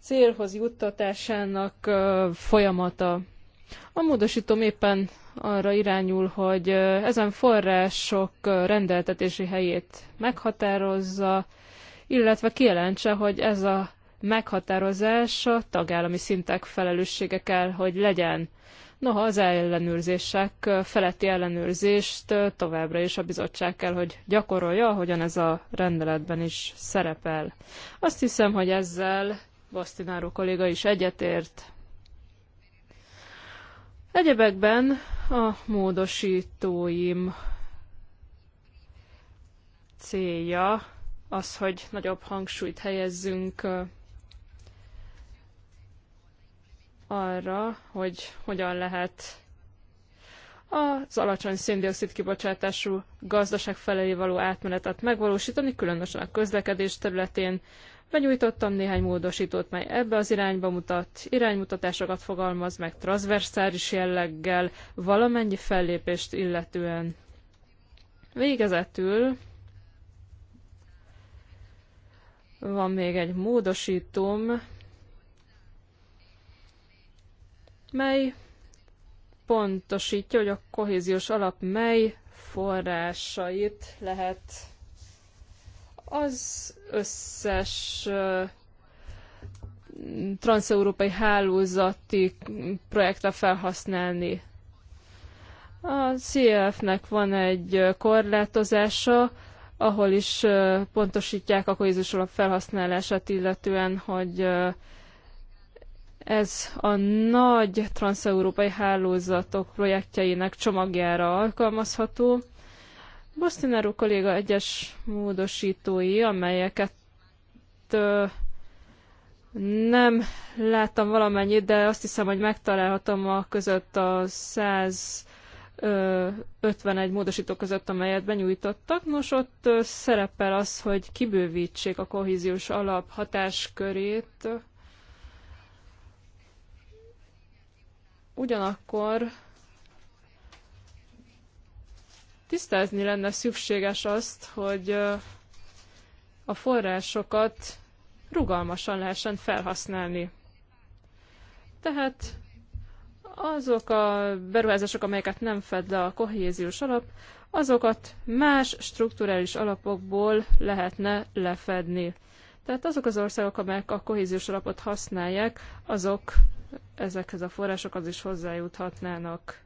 célhoz juttatásának ö, folyamata. A módosítom éppen arra irányul, hogy ezen források rendeltetési helyét meghatározza, illetve kijelentse, hogy ez a meghatározás a tagállami szintek felelőssége kell, hogy legyen. Noha az ellenőrzések, feletti ellenőrzést továbbra is a bizottság kell, hogy gyakorolja, ahogyan ez a rendeletben is szerepel. Azt hiszem, hogy ezzel Basztináró kolléga is egyetért. Egyebekben a módosítóim célja az, hogy nagyobb hangsúlyt helyezzünk arra, hogy hogyan lehet az alacsony széndiokszid kibocsátású gazdaság felé való átmenetet megvalósítani, különösen a közlekedés területén, Benyújtottam néhány módosítót, mely ebbe az irányba mutat, iránymutatásokat fogalmaz meg transzverszális jelleggel, valamennyi fellépést illetően. Végezetül van még egy módosítóm, mely pontosítja, hogy a kohéziós alap mely forrásait lehet az összes transeurópai hálózati projektre felhasználni. A CEF-nek van egy korlátozása, ahol is pontosítják a kohézus alap felhasználását, illetően, hogy ez a nagy transeurópai hálózatok projektjeinek csomagjára alkalmazható. Bosztináró kolléga egyes módosítói, amelyeket ö, nem láttam valamennyit, de azt hiszem, hogy megtalálhatom a között a 151 módosító között, amelyet benyújtottak. Nos, ott szerepel az, hogy kibővítsék a kohéziós alap hatáskörét. Ugyanakkor tisztázni lenne szükséges azt, hogy a forrásokat rugalmasan lehessen felhasználni. Tehát azok a beruházások, amelyeket nem fed le a kohéziós alap, azokat más strukturális alapokból lehetne lefedni. Tehát azok az országok, amelyek a kohéziós alapot használják, azok ezekhez a forrásokhoz is hozzájuthatnának.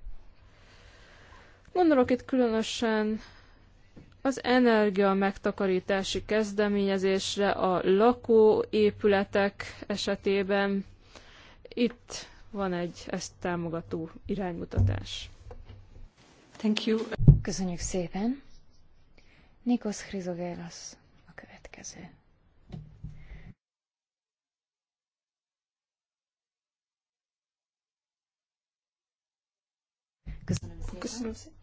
Gondolok itt különösen az energia megtakarítási kezdeményezésre a lakóépületek esetében. Itt van egy ezt támogató iránymutatás. Thank you. Köszönjük szépen. Nikos Chryzogélos a következő. Köszönöm szépen. Köszönöm szépen.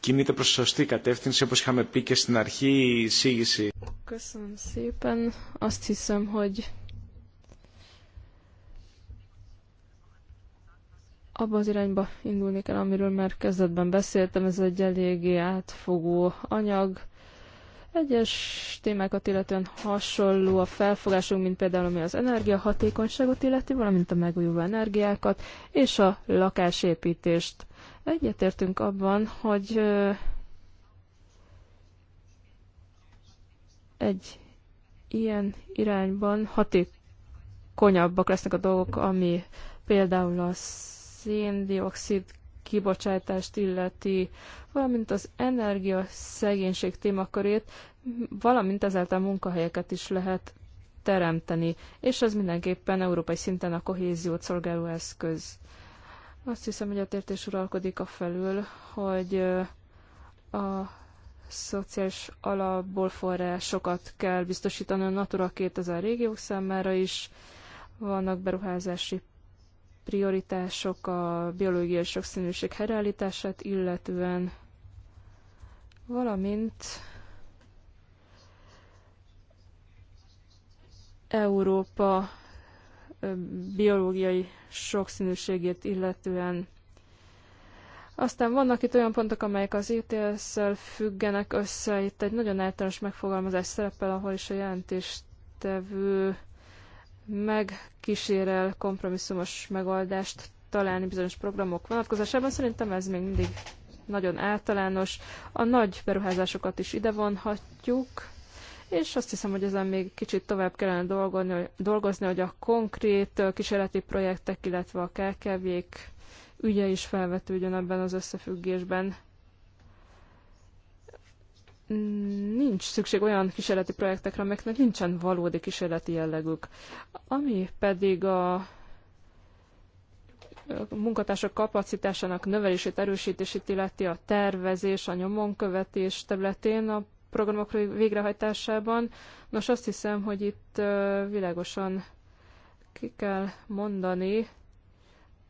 Κινείται προς σωστή κατεύθυνση, όπως είχαμε πει και στην αρχή η εισήγηση. Köszönöm szépen. Azt hiszem, hogy abba az irányba indulni kell, amiről már kezdetben beszéltem, ez egy eléggé átfogó anyag. Egyes témákat illetően hasonló a felfogásunk, mint például ami az energiahatékonyságot illeti, valamint a megújuló energiákat és a lakásépítést. Egyetértünk abban, hogy egy ilyen irányban hatékonyabbak lesznek a dolgok, ami például a széndiokszid kibocsátást illeti, valamint az energia szegénység témakörét, valamint ezáltal munkahelyeket is lehet teremteni, és ez mindenképpen európai szinten a kohéziót szolgáló eszköz. Azt hiszem, hogy a tértés uralkodik a felül, hogy a szociális alapból forrásokat kell biztosítani a Natura 2000 régiók számára is, vannak beruházási prioritások a biológiai sokszínűség helyreállítását illetően, valamint Európa biológiai sokszínűségét illetően. Aztán vannak itt olyan pontok, amelyek az ITS-szel e függenek össze. Itt egy nagyon általános megfogalmazás szerepel, ahol is a jelentéstevő megkísérel kompromisszumos megoldást találni bizonyos programok vonatkozásában. Szerintem ez még mindig nagyon általános. A nagy beruházásokat is ide vonhatjuk, és azt hiszem, hogy ezen még kicsit tovább kellene dolgozni, dolgozni hogy a konkrét kísérleti projektek, illetve a kkv ügye is felvetődjön ebben az összefüggésben. Nincs szükség olyan kísérleti projektekre, amiknek nincsen valódi kísérleti jellegük. Ami pedig a munkatársak kapacitásának növelését, erősítését illeti a tervezés, a nyomonkövetés területén a programok végrehajtásában. Nos, azt hiszem, hogy itt világosan ki kell mondani,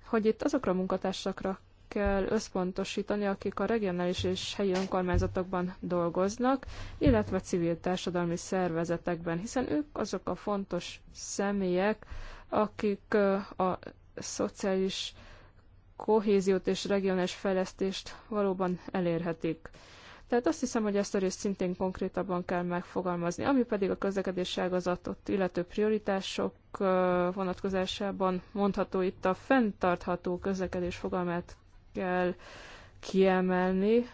hogy itt azokra a munkatársakra kell összpontosítani, akik a regionális és helyi önkormányzatokban dolgoznak, illetve civil társadalmi szervezetekben, hiszen ők azok a fontos személyek, akik a szociális kohéziót és regionális fejlesztést valóban elérhetik. Tehát azt hiszem, hogy ezt a részt szintén konkrétabban kell megfogalmazni. Ami pedig a közlekedési ágazatot illető prioritások vonatkozásában mondható itt a fenntartható közlekedés fogalmát kell kiemelni.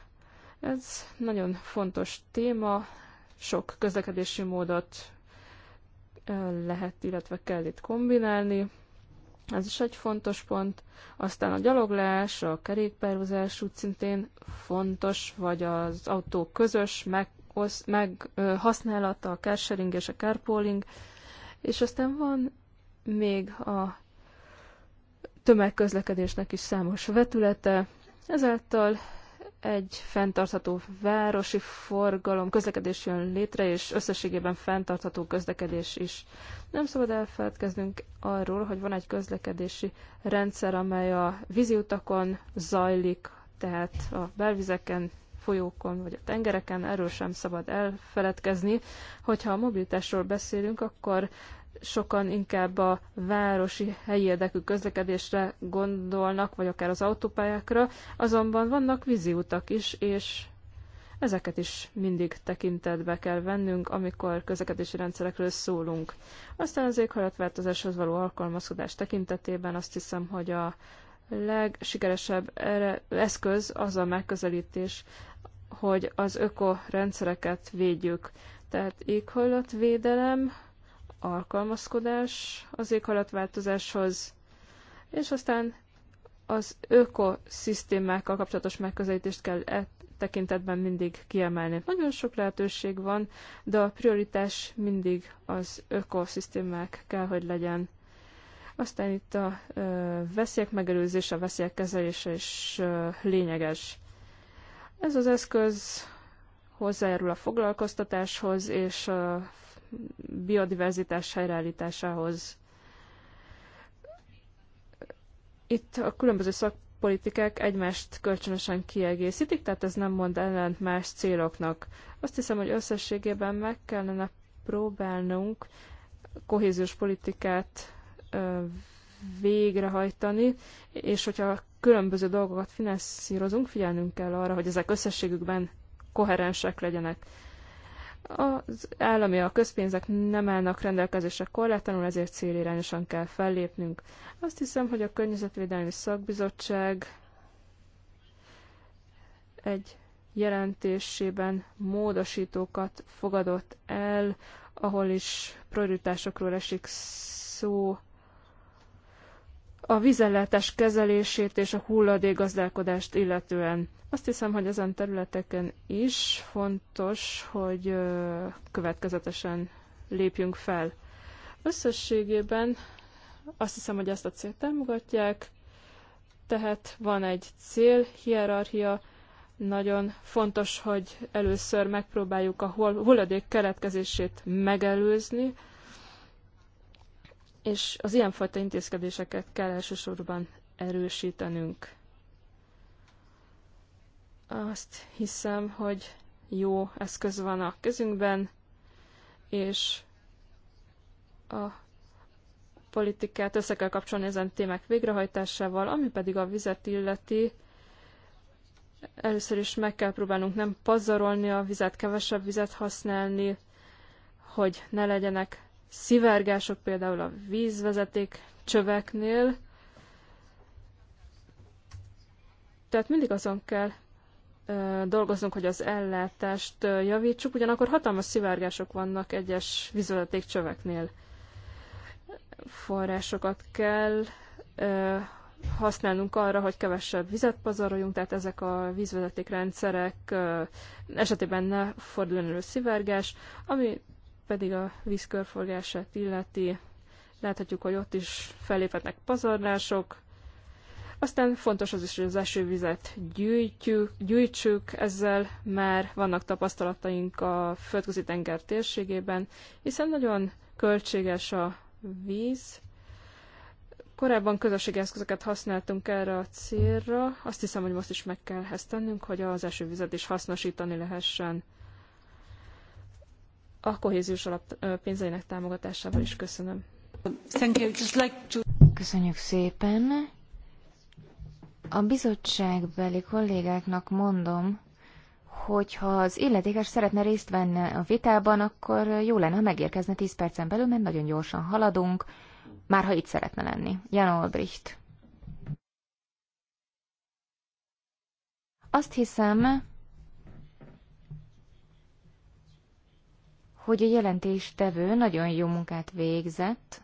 Ez nagyon fontos téma, sok közlekedési módot lehet, illetve kell itt kombinálni. Ez is egy fontos pont. Aztán a gyaloglás, a kerékpározás úgy szintén fontos, vagy az autó közös meg, osz, meg ö, használata, a carsharing és a carpooling. És aztán van még a tömegközlekedésnek is számos vetülete. Ezáltal egy fenntartható városi forgalom, közlekedés jön létre, és összességében fenntartható közlekedés is. Nem szabad elfeledkeznünk arról, hogy van egy közlekedési rendszer, amely a víziutakon zajlik, tehát a belvizeken, folyókon vagy a tengereken, erről sem szabad elfeledkezni. Hogyha a mobilitásról beszélünk, akkor sokan inkább a városi helyi érdekű közlekedésre gondolnak, vagy akár az autópályákra, azonban vannak víziutak is, és ezeket is mindig tekintetbe kell vennünk, amikor közlekedési rendszerekről szólunk. Aztán az éghajlatváltozáshoz való alkalmazkodás tekintetében azt hiszem, hogy a legsikeresebb eszköz az a megközelítés, hogy az ökorendszereket védjük. Tehát éghajlatvédelem, alkalmazkodás az éghajlatváltozáshoz, és aztán az ökoszisztémákkal kapcsolatos megközelítést kell e tekintetben mindig kiemelni. Nagyon sok lehetőség van, de a prioritás mindig az ökoszisztémák kell, hogy legyen. Aztán itt a ö, veszélyek megelőzése, a veszélyek kezelése is ö, lényeges. Ez az eszköz hozzájárul a foglalkoztatáshoz és a biodiverzitás helyreállításához. Itt a különböző szakpolitikák egymást kölcsönösen kiegészítik, tehát ez nem mond ellent más céloknak. Azt hiszem, hogy összességében meg kellene próbálnunk kohéziós politikát végrehajtani, és hogyha különböző dolgokat finanszírozunk, figyelnünk kell arra, hogy ezek összességükben koherensek legyenek. Az állami a közpénzek nem állnak rendelkezésre korlátlanul, ezért célirányosan kell fellépnünk. Azt hiszem, hogy a Környezetvédelmi Szakbizottság egy jelentésében módosítókat fogadott el, ahol is prioritásokról esik szó, a vizeletes kezelését és a hulladékgazdálkodást illetően. Azt hiszem, hogy ezen területeken is fontos, hogy következetesen lépjünk fel. Összességében azt hiszem, hogy ezt a célt támogatják, tehát van egy cél, hierarchia, nagyon fontos, hogy először megpróbáljuk a hulladék keletkezését megelőzni, és az ilyenfajta intézkedéseket kell elsősorban erősítenünk. Azt hiszem, hogy jó eszköz van a kezünkben, és a politikát össze kell kapcsolni ezen témák végrehajtásával, ami pedig a vizet illeti, először is meg kell próbálnunk nem pazarolni a vizet, kevesebb vizet használni, hogy ne legyenek szivárgások például a vízvezeték csöveknél. Tehát mindig azon kell dolgoznunk, hogy az ellátást javítsuk, ugyanakkor hatalmas szivárgások vannak egyes vízvezeték csöveknél. Forrásokat kell használnunk arra, hogy kevesebb vizet pazaroljunk, tehát ezek a vízvezeték vízvezetékrendszerek esetében ne forduljon elő szivárgás, ami pedig a víz illeti, láthatjuk, hogy ott is felléphetnek pazarlások. Aztán fontos az is, hogy az esővizet gyűjtjük, gyűjtsük, ezzel már vannak tapasztalataink a földközi tenger térségében, hiszen nagyon költséges a víz. Korábban közösségi eszközöket használtunk erre a célra, azt hiszem, hogy most is meg kell ezt tennünk, hogy az esővizet is hasznosítani lehessen a kohéziós alap pénzeinek támogatásával is köszönöm. Köszönjük szépen. A bizottságbeli kollégáknak mondom, hogy ha az illetékes szeretne részt venni a vitában, akkor jó lenne, ha megérkezne 10 percen belül, mert nagyon gyorsan haladunk, már ha itt szeretne lenni. Jan Olbricht. Azt hiszem, hogy a jelentéstevő nagyon jó munkát végzett,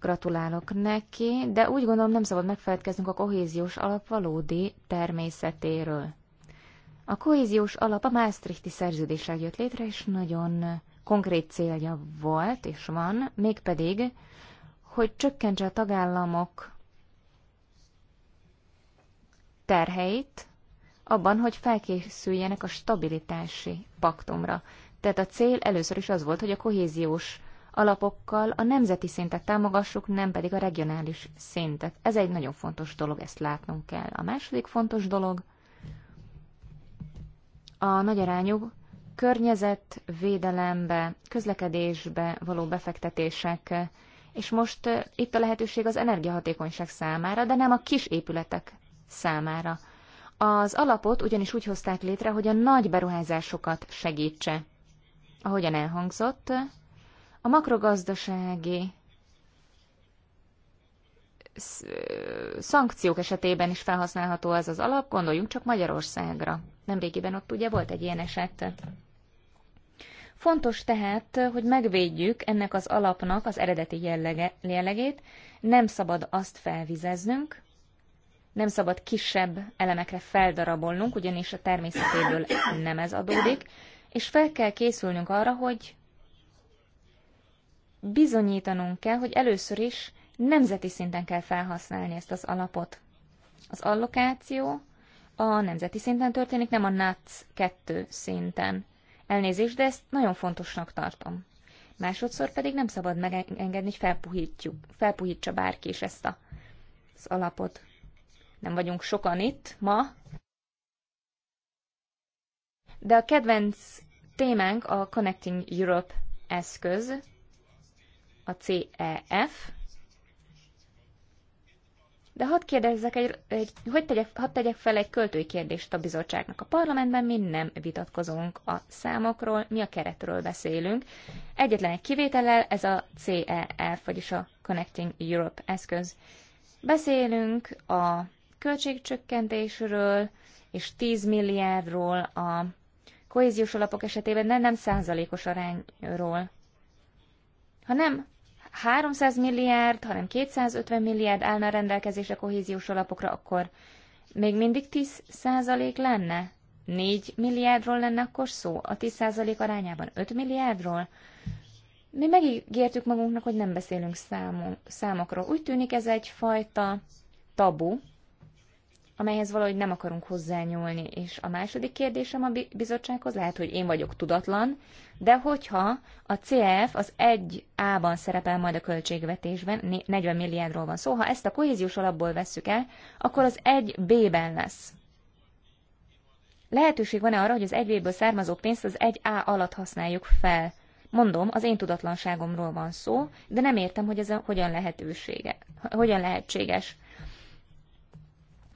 gratulálok neki, de úgy gondolom nem szabad megfeledkeznünk a kohéziós alap valódi természetéről. A kohéziós alap a Maastrichti szerződéssel jött létre, és nagyon konkrét célja volt, és van, mégpedig, hogy csökkentse a tagállamok terheit abban, hogy felkészüljenek a stabilitási paktumra. Tehát a cél először is az volt, hogy a kohéziós alapokkal a nemzeti szintet támogassuk, nem pedig a regionális szintet. Ez egy nagyon fontos dolog, ezt látnunk kell. A második fontos dolog a nagyarányú környezetvédelembe, közlekedésbe való befektetések, és most eh, itt a lehetőség az energiahatékonyság számára, de nem a kis épületek számára. Az alapot ugyanis úgy hozták létre, hogy a nagy beruházásokat segítse ahogyan elhangzott, a makrogazdasági szankciók esetében is felhasználható ez az alap, gondoljunk csak Magyarországra. Nemrégiben ott ugye volt egy ilyen eset. Fontos tehát, hogy megvédjük ennek az alapnak az eredeti jellege, jellegét, nem szabad azt felvizeznünk, nem szabad kisebb elemekre feldarabolnunk, ugyanis a természetéből nem ez adódik, és fel kell készülnünk arra, hogy bizonyítanunk kell, hogy először is nemzeti szinten kell felhasználni ezt az alapot. Az allokáció a nemzeti szinten történik, nem a NATS 2 szinten. Elnézést, de ezt nagyon fontosnak tartom. Másodszor pedig nem szabad megengedni, hogy felpuhítjuk, felpuhítsa bárki is ezt a, az alapot. Nem vagyunk sokan itt ma, de a kedvenc témánk a Connecting Europe eszköz, a CEF. De hadd kérdezzek, egy, egy, hogy tegyek, hadd tegyek fel egy költői kérdést a bizottságnak. A parlamentben mi nem vitatkozunk a számokról, mi a keretről beszélünk. Egyetlen egy kivétellel ez a CEF, vagyis a Connecting Europe eszköz. Beszélünk a költségcsökkentésről és 10 milliárdról a kohéziós alapok esetében, nem nem százalékos arányról, hanem 300 milliárd, hanem 250 milliárd állna rendelkezésre kohéziós alapokra, akkor még mindig 10 százalék lenne? 4 milliárdról lenne akkor szó? A 10 százalék arányában 5 milliárdról? Mi megígértük magunknak, hogy nem beszélünk számokról. Úgy tűnik ez egyfajta tabu, amelyhez valahogy nem akarunk hozzányúlni. És a második kérdésem a bizottsághoz, lehet, hogy én vagyok tudatlan, de hogyha a CF az 1A-ban szerepel majd a költségvetésben, 40 milliárdról van szó, ha ezt a kohéziós alapból vesszük el, akkor az 1B-ben lesz. Lehetőség van-e arra, hogy az 1B-ből származó pénzt az 1A alatt használjuk fel? Mondom, az én tudatlanságomról van szó, de nem értem, hogy ez a, hogyan, lehetősége, hogyan lehetséges.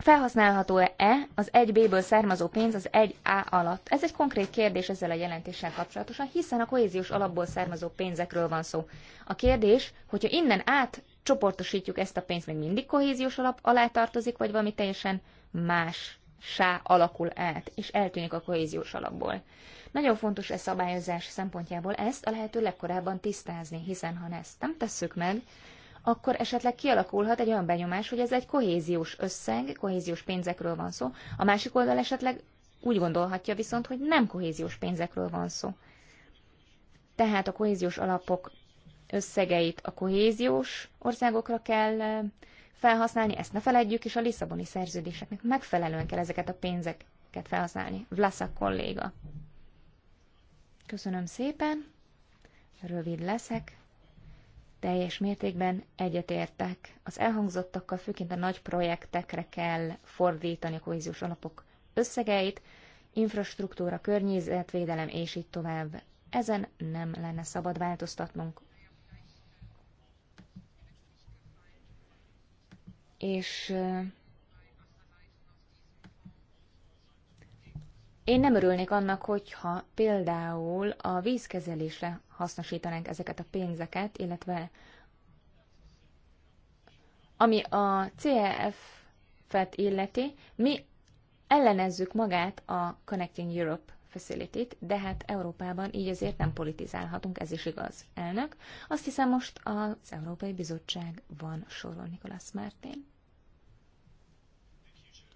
Felhasználható-e az 1B-ből származó pénz az 1A alatt? Ez egy konkrét kérdés ezzel a jelentéssel kapcsolatosan, hiszen a kohéziós alapból származó pénzekről van szó. A kérdés, hogyha innen át csoportosítjuk ezt a pénzt, még mindig kohéziós alap alá tartozik, vagy valami teljesen más sá alakul át, és eltűnik a kohéziós alapból. Nagyon fontos e szabályozás szempontjából ezt a lehető legkorábban tisztázni, hiszen ha ezt nem tesszük meg, akkor esetleg kialakulhat egy olyan benyomás, hogy ez egy kohéziós összeg, kohéziós pénzekről van szó, a másik oldal esetleg úgy gondolhatja viszont, hogy nem kohéziós pénzekről van szó. Tehát a kohéziós alapok összegeit a kohéziós országokra kell eh, felhasználni, ezt ne feledjük, és a Lisszaboni szerződéseknek megfelelően kell ezeket a pénzeket felhasználni. Vlasza kolléga. Köszönöm szépen, rövid leszek teljes mértékben egyetértek. Az elhangzottakkal főként a nagy projektekre kell fordítani a kohéziós alapok összegeit, infrastruktúra, környezetvédelem és így tovább. Ezen nem lenne szabad változtatnunk. És Én nem örülnék annak, hogyha például a vízkezelésre hasznosítanánk ezeket a pénzeket, illetve ami a CEF-et illeti, mi ellenezzük magát a Connecting Europe facility de hát Európában így azért nem politizálhatunk, ez is igaz, elnök. Azt hiszem most az Európai Bizottság van soron Nikolász Mártén.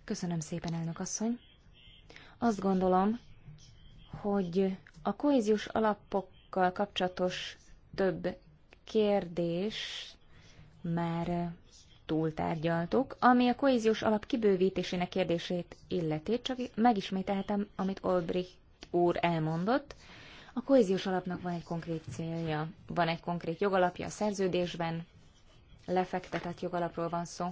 Köszönöm szépen, elnök asszony. Azt gondolom, hogy a kohéziós alapokkal kapcsolatos több kérdés már túltárgyaltuk, ami a kohéziós alap kibővítésének kérdését illeti, csak megismételhetem, amit Olbricht úr elmondott. A kohéziós alapnak van egy konkrét célja, van egy konkrét jogalapja a szerződésben, lefektetett jogalapról van szó.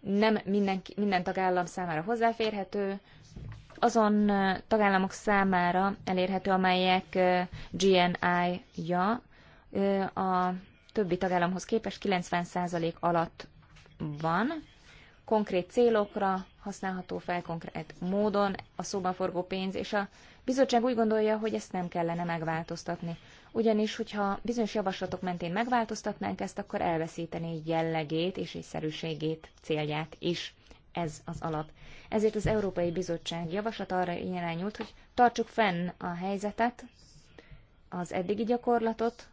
Nem mindenki, minden tagállam számára hozzáférhető, azon tagállamok számára elérhető, amelyek GNI-ja a többi tagállamhoz képest 90% alatt van. Konkrét célokra használható fel konkrét módon a szóban forgó pénz, és a bizottság úgy gondolja, hogy ezt nem kellene megváltoztatni. Ugyanis, hogyha bizonyos javaslatok mentén megváltoztatnánk ezt, akkor elveszítené jellegét és észszerűségét, célját is ez az alap. Ezért az Európai Bizottság javaslat arra irányult, hogy tartsuk fenn a helyzetet, az eddigi gyakorlatot,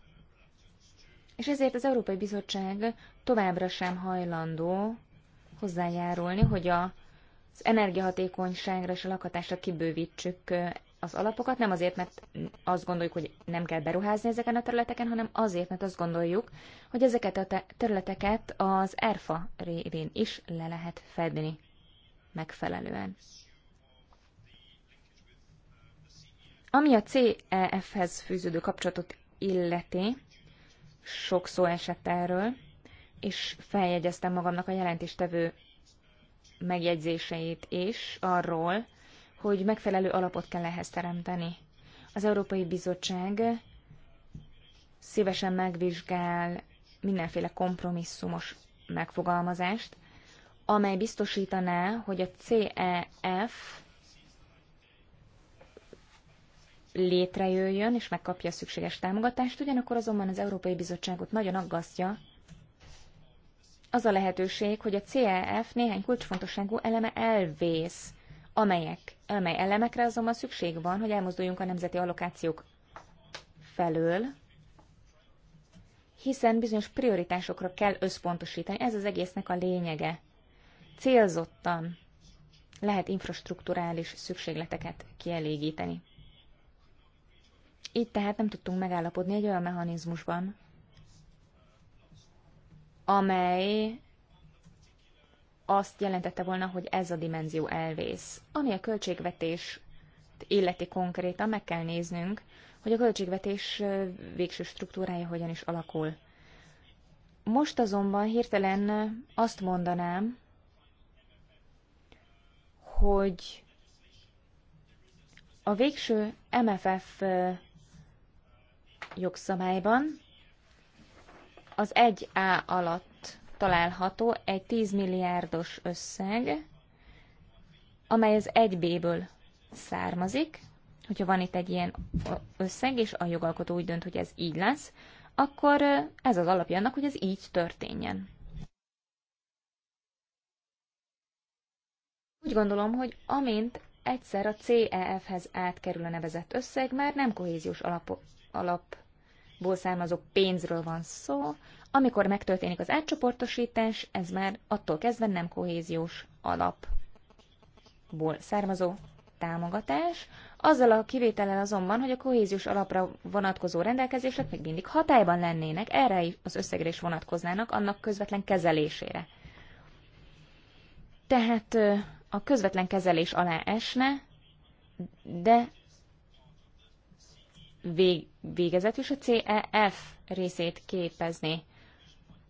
és ezért az Európai Bizottság továbbra sem hajlandó hozzájárulni, hogy a, az energiahatékonyságra és a lakhatásra kibővítsük az alapokat, nem azért, mert azt gondoljuk, hogy nem kell beruházni ezeken a területeken, hanem azért, mert azt gondoljuk, hogy ezeket a területeket az ERFA révén is le lehet fedni megfelelően. Ami a CEF-hez fűződő kapcsolatot illeti, sok szó esett erről, és feljegyeztem magamnak a jelentéstevő megjegyzéseit is arról, hogy megfelelő alapot kell ehhez teremteni. Az Európai Bizottság szívesen megvizsgál mindenféle kompromisszumos megfogalmazást, amely biztosítaná, hogy a CEF létrejöjjön és megkapja a szükséges támogatást, ugyanakkor azonban az Európai Bizottságot nagyon aggasztja az a lehetőség, hogy a CEF néhány kulcsfontosságú eleme elvész amelyek, amely elemekre azonban szükség van, hogy elmozduljunk a nemzeti allokációk felől, hiszen bizonyos prioritásokra kell összpontosítani, ez az egésznek a lényege. Célzottan lehet infrastruktúrális szükségleteket kielégíteni. Így tehát nem tudtunk megállapodni egy olyan mechanizmusban, amely azt jelentette volna, hogy ez a dimenzió elvész. Ami a költségvetés illeti konkrétan, meg kell néznünk, hogy a költségvetés végső struktúrája hogyan is alakul. Most azonban hirtelen azt mondanám, hogy a végső MFF jogszabályban az 1A alatt található egy 10 milliárdos összeg, amely az 1B-ből származik, hogyha van itt egy ilyen összeg, és a jogalkotó úgy dönt, hogy ez így lesz, akkor ez az alapja annak, hogy ez így történjen. Úgy gondolom, hogy amint egyszer a CEF-hez átkerül a nevezett összeg, már nem kohéziós alap, alap ból származó pénzről van szó. Amikor megtörténik az átcsoportosítás, ez már attól kezdve nem kohéziós alapból származó támogatás. Azzal a kivétellel azonban, hogy a kohéziós alapra vonatkozó rendelkezések még mindig hatályban lennének, erre az összegre is vonatkoznának, annak közvetlen kezelésére. Tehát a közvetlen kezelés alá esne, de végezet is a CEF részét képezni.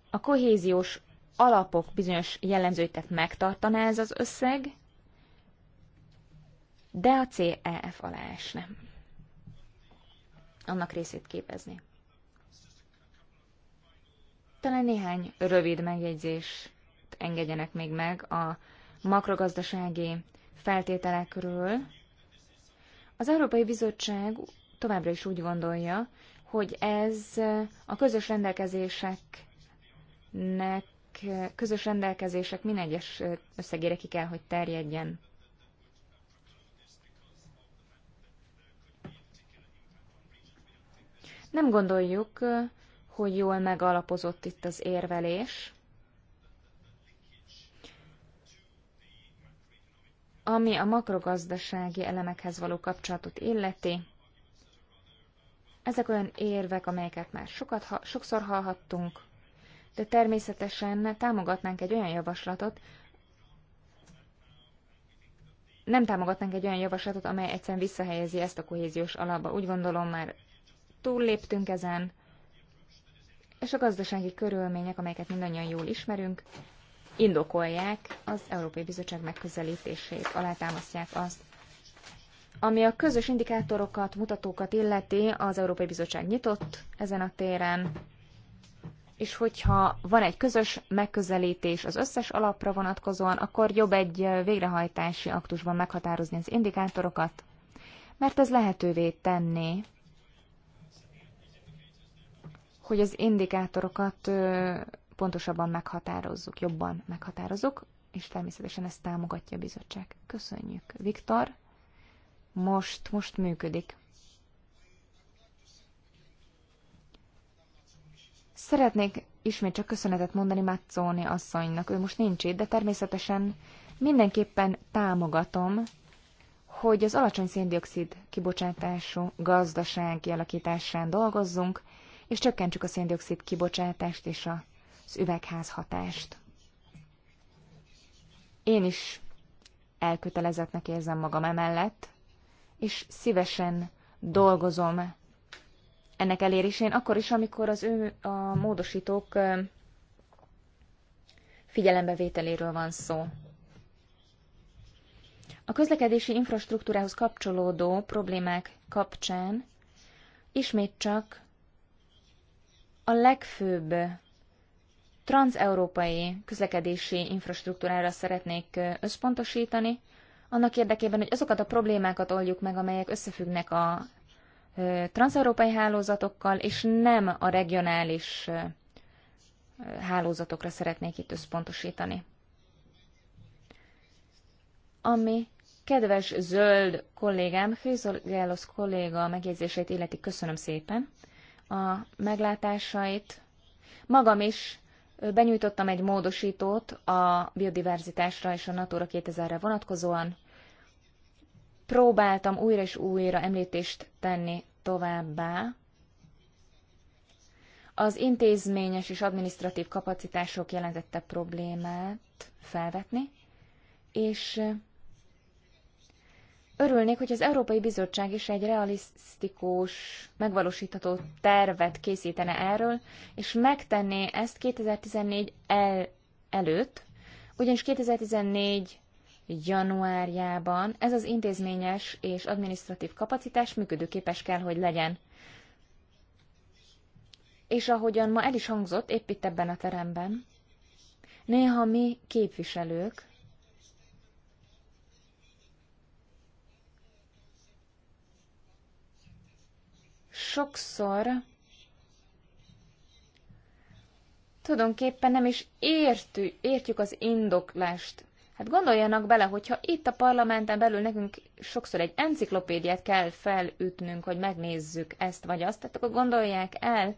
A kohéziós alapok bizonyos jellemzőitek megtartaná ez az összeg, de a CEF alá esne. Annak részét képezni. Talán néhány rövid megjegyzést engedjenek még meg a makrogazdasági feltételekről. Az Európai Bizottság továbbra is úgy gondolja, hogy ez a közös rendelkezéseknek, közös rendelkezések mindegyes összegére ki kell, hogy terjedjen. Nem gondoljuk, hogy jól megalapozott itt az érvelés, ami a makrogazdasági elemekhez való kapcsolatot illeti. Ezek olyan érvek, amelyeket már sokat, ha, sokszor hallhattunk, de természetesen támogatnánk egy olyan javaslatot, nem támogatnánk egy olyan javaslatot, amely egyszerűen visszahelyezi ezt a kohéziós alapba. Úgy gondolom, már túlléptünk ezen, és a gazdasági körülmények, amelyeket mindannyian jól ismerünk, indokolják az Európai Bizottság megközelítését, alátámasztják azt, ami a közös indikátorokat, mutatókat illeti, az Európai Bizottság nyitott ezen a téren, és hogyha van egy közös megközelítés az összes alapra vonatkozóan, akkor jobb egy végrehajtási aktusban meghatározni az indikátorokat, mert ez lehetővé tenné, hogy az indikátorokat pontosabban meghatározzuk, jobban meghatározzuk, és természetesen ezt támogatja a bizottság. Köszönjük. Viktor? most, most működik. Szeretnék ismét csak köszönetet mondani Mazzoni asszonynak. Ő most nincs itt, de természetesen mindenképpen támogatom, hogy az alacsony széndiokszid kibocsátású gazdaság kialakításán dolgozzunk, és csökkentsük a széndiokszid kibocsátást és az üvegház hatást. Én is elkötelezettnek érzem magam emellett, és szívesen dolgozom ennek elérésén, akkor is, amikor az ő a módosítók figyelembevételéről van szó. A közlekedési infrastruktúrához kapcsolódó problémák kapcsán ismét csak a legfőbb transeurópai közlekedési infrastruktúrára szeretnék összpontosítani, annak érdekében, hogy azokat a problémákat oldjuk meg, amelyek összefüggnek a transzeurópai hálózatokkal, és nem a regionális hálózatokra szeretnék itt összpontosítani. Ami kedves zöld kollégám, Hrizolgálos kolléga megjegyzéseit illeti, köszönöm szépen a meglátásait. Magam is Benyújtottam egy módosítót a biodiverzitásra és a Natura 2000-re vonatkozóan. Próbáltam újra és újra említést tenni továbbá az intézményes és adminisztratív kapacitások jelentette problémát felvetni, és Örülnék, hogy az Európai Bizottság is egy realisztikus, megvalósítható tervet készítene erről, és megtenné ezt 2014 el, előtt, ugyanis 2014 januárjában ez az intézményes és adminisztratív kapacitás működőképes kell, hogy legyen. És ahogyan ma el is hangzott, épp itt ebben a teremben, néha mi képviselők sokszor tulajdonképpen nem is értő, értjük az indoklást. Hát gondoljanak bele, hogyha itt a parlamenten belül nekünk sokszor egy enciklopédiát kell felütnünk, hogy megnézzük ezt vagy azt, tehát akkor gondolják el,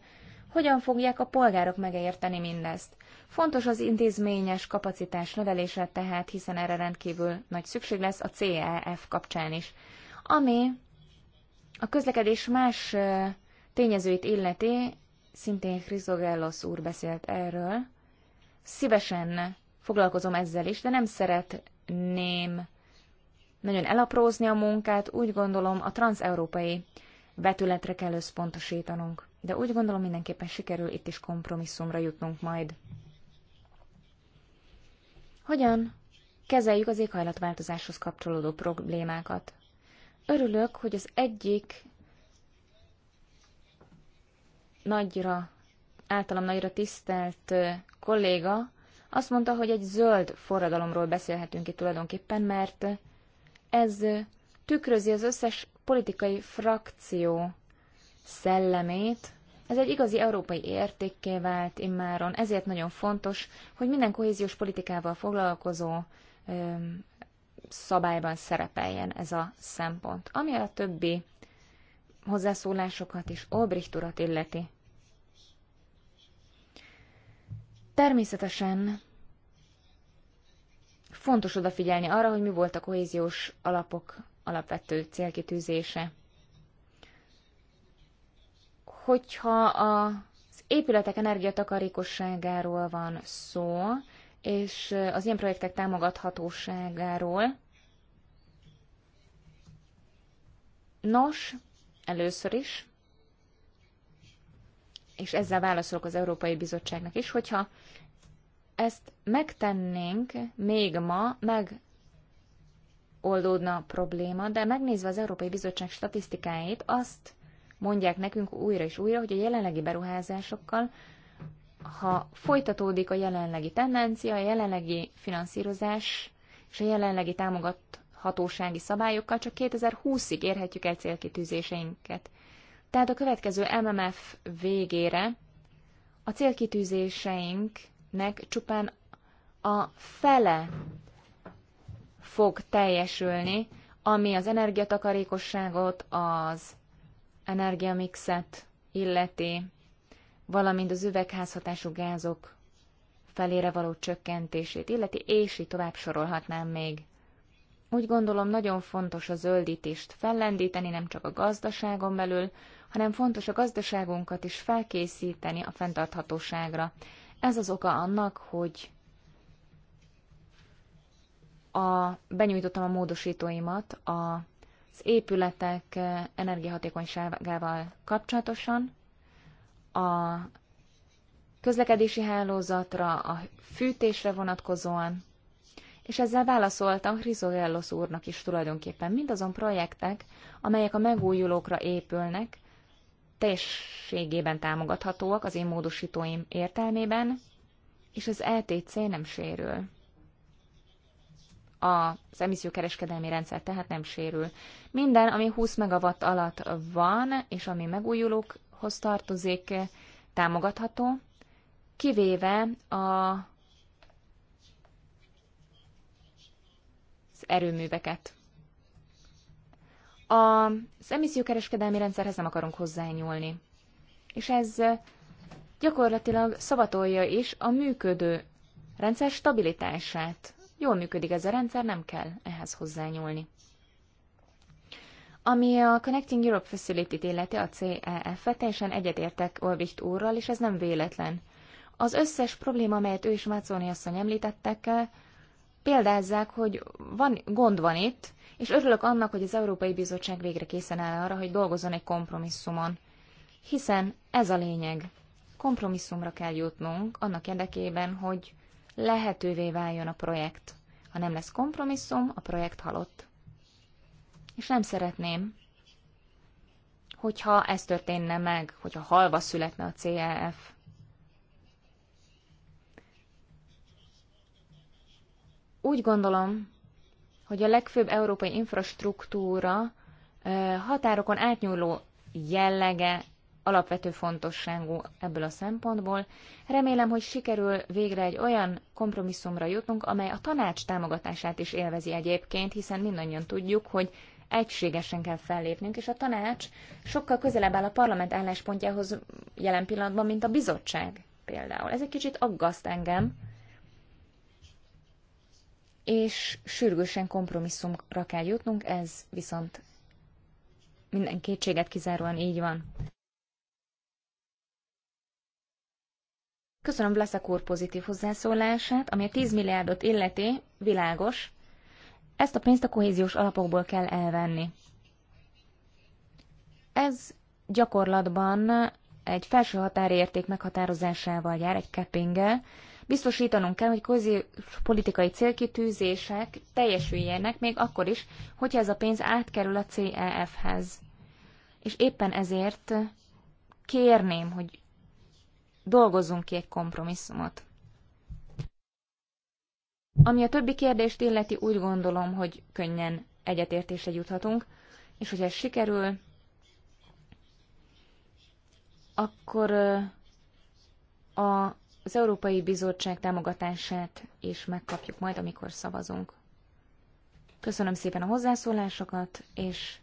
hogyan fogják a polgárok megérteni mindezt. Fontos az intézményes kapacitás növelése tehát, hiszen erre rendkívül nagy szükség lesz a CEF kapcsán is. Ami a közlekedés más tényezőit illeti, szintén Chrysogellos úr beszélt erről. Szívesen foglalkozom ezzel is, de nem szeretném nagyon elaprózni a munkát, úgy gondolom a transeurópai vetületre kell összpontosítanunk. De úgy gondolom mindenképpen sikerül itt is kompromisszumra jutnunk majd. Hogyan kezeljük az éghajlatváltozáshoz kapcsolódó problémákat? Örülök, hogy az egyik nagyra, általam nagyra tisztelt kolléga azt mondta, hogy egy zöld forradalomról beszélhetünk itt tulajdonképpen, mert ez tükrözi az összes politikai frakció szellemét, ez egy igazi európai értékké vált immáron, ezért nagyon fontos, hogy minden kohéziós politikával foglalkozó szabályban szerepeljen ez a szempont. Ami a többi hozzászólásokat is Olbricht urat illeti. Természetesen fontos odafigyelni arra, hogy mi volt a kohéziós alapok alapvető célkitűzése. Hogyha az épületek energiatakarékosságáról van szó, és az ilyen projektek támogathatóságáról. Nos, először is, és ezzel válaszolok az Európai Bizottságnak is, hogyha ezt megtennénk még ma, meg oldódna a probléma, de megnézve az Európai Bizottság statisztikáit, azt mondják nekünk újra és újra, hogy a jelenlegi beruházásokkal ha folytatódik a jelenlegi tendencia, a jelenlegi finanszírozás és a jelenlegi támogathatósági szabályokkal csak 2020-ig érhetjük el célkitűzéseinket. Tehát a következő MMF végére a célkitűzéseinknek csupán a fele fog teljesülni, ami az energiatakarékosságot, az energiamixet illeti, valamint az üvegházhatású gázok felére való csökkentését illeti, és így tovább sorolhatnám még. Úgy gondolom, nagyon fontos a zöldítést fellendíteni nem csak a gazdaságon belül, hanem fontos a gazdaságunkat is felkészíteni a fenntarthatóságra. Ez az oka annak, hogy a, benyújtottam a módosítóimat az épületek energiahatékonyságával kapcsolatosan, a közlekedési hálózatra, a fűtésre vonatkozóan, és ezzel válaszoltam Chrysogellos úrnak is tulajdonképpen mindazon projektek, amelyek a megújulókra épülnek, teljességében támogathatóak az én módosítóim értelmében, és az LTC nem sérül. Az emissziókereskedelmi rendszer tehát nem sérül. Minden, ami 20 megawatt alatt van, és ami megújulók hoz tartozik, eh, támogatható, kivéve a, az erőműveket. Az emissziókereskedelmi rendszerhez nem akarunk hozzányúlni. És ez eh, gyakorlatilag szavatolja is a működő rendszer stabilitását. Jól működik ez a rendszer, nem kell ehhez hozzányúlni. Ami a Connecting Europe Facility-t illeti a CEF-et, teljesen egyetértek Olvicht úrral, és ez nem véletlen. Az összes probléma, amelyet ő és Mácóni asszony említettek, példázzák, hogy van, gond van itt, és örülök annak, hogy az Európai Bizottság végre készen áll arra, hogy dolgozzon egy kompromisszumon. Hiszen ez a lényeg. Kompromisszumra kell jutnunk annak érdekében, hogy lehetővé váljon a projekt. Ha nem lesz kompromisszum, a projekt halott. És nem szeretném, hogyha ez történne meg, hogyha halva születne a CEF. Úgy gondolom, hogy a legfőbb európai infrastruktúra határokon átnyúló jellege alapvető fontosságú ebből a szempontból. Remélem, hogy sikerül végre egy olyan kompromisszumra jutnunk, amely a tanács támogatását is élvezi egyébként, hiszen mindannyian tudjuk, hogy egységesen kell fellépnünk, és a tanács sokkal közelebb áll a parlament álláspontjához jelen pillanatban, mint a bizottság például. Ez egy kicsit aggaszt engem, és sürgősen kompromisszumra kell jutnunk, ez viszont minden kétséget kizáróan így van. Köszönöm Blaszak úr pozitív hozzászólását, ami a 10 milliárdot illeti, világos, ezt a pénzt a kohéziós alapokból kell elvenni. Ez gyakorlatban egy felső határérték meghatározásával jár, egy keppinggel. Biztosítanunk kell, hogy közé politikai célkitűzések teljesüljenek, még akkor is, hogyha ez a pénz átkerül a CEF-hez. És éppen ezért kérném, hogy dolgozzunk ki egy kompromisszumot. Ami a többi kérdést illeti, úgy gondolom, hogy könnyen egyetértésre juthatunk, és hogy ez sikerül, akkor az Európai Bizottság támogatását is megkapjuk majd, amikor szavazunk. Köszönöm szépen a hozzászólásokat, és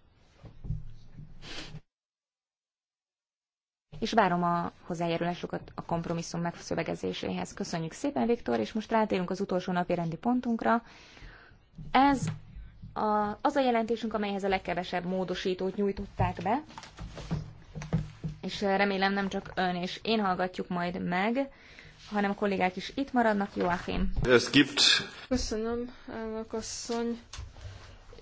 és várom a hozzájárulásokat a kompromisszum megszövegezéséhez. Köszönjük szépen, Viktor, és most rátérünk az utolsó napi rendi pontunkra. Ez a, az a jelentésünk, amelyhez a legkevesebb módosítót nyújtották be, és remélem nem csak ön és én hallgatjuk majd meg, hanem a kollégák is itt maradnak. Joachim. Ez Köszönöm, elnök asszony.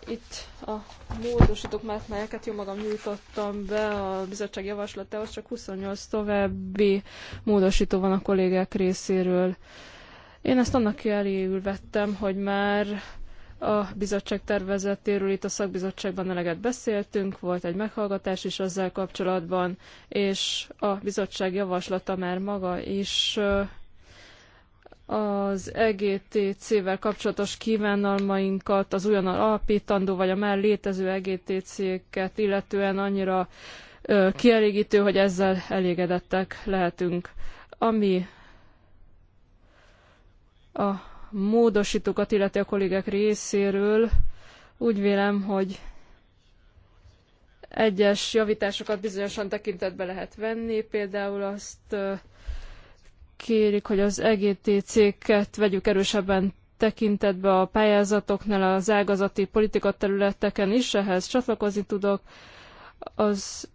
Itt a módosítók, mert melyeket jó magam nyújtottam be a bizottság javaslatához, csak 28 további módosító van a kollégák részéről. Én ezt annak jeléül vettem, hogy már a bizottság tervezetéről itt a szakbizottságban eleget beszéltünk, volt egy meghallgatás is ezzel kapcsolatban, és a bizottság javaslata már maga is az EGTC-vel kapcsolatos kívánalmainkat, az újonnan alapítandó vagy a már létező EGTC-ket illetően annyira ö, kielégítő, hogy ezzel elégedettek lehetünk. Ami a módosítókat illeti a kollégek részéről, úgy vélem, hogy egyes javításokat bizonyosan tekintetbe lehet venni, például azt kérik, hogy az EGTC-ket vegyük erősebben tekintetbe a pályázatoknál, az ágazati politikaterületeken is, ehhez csatlakozni tudok. Az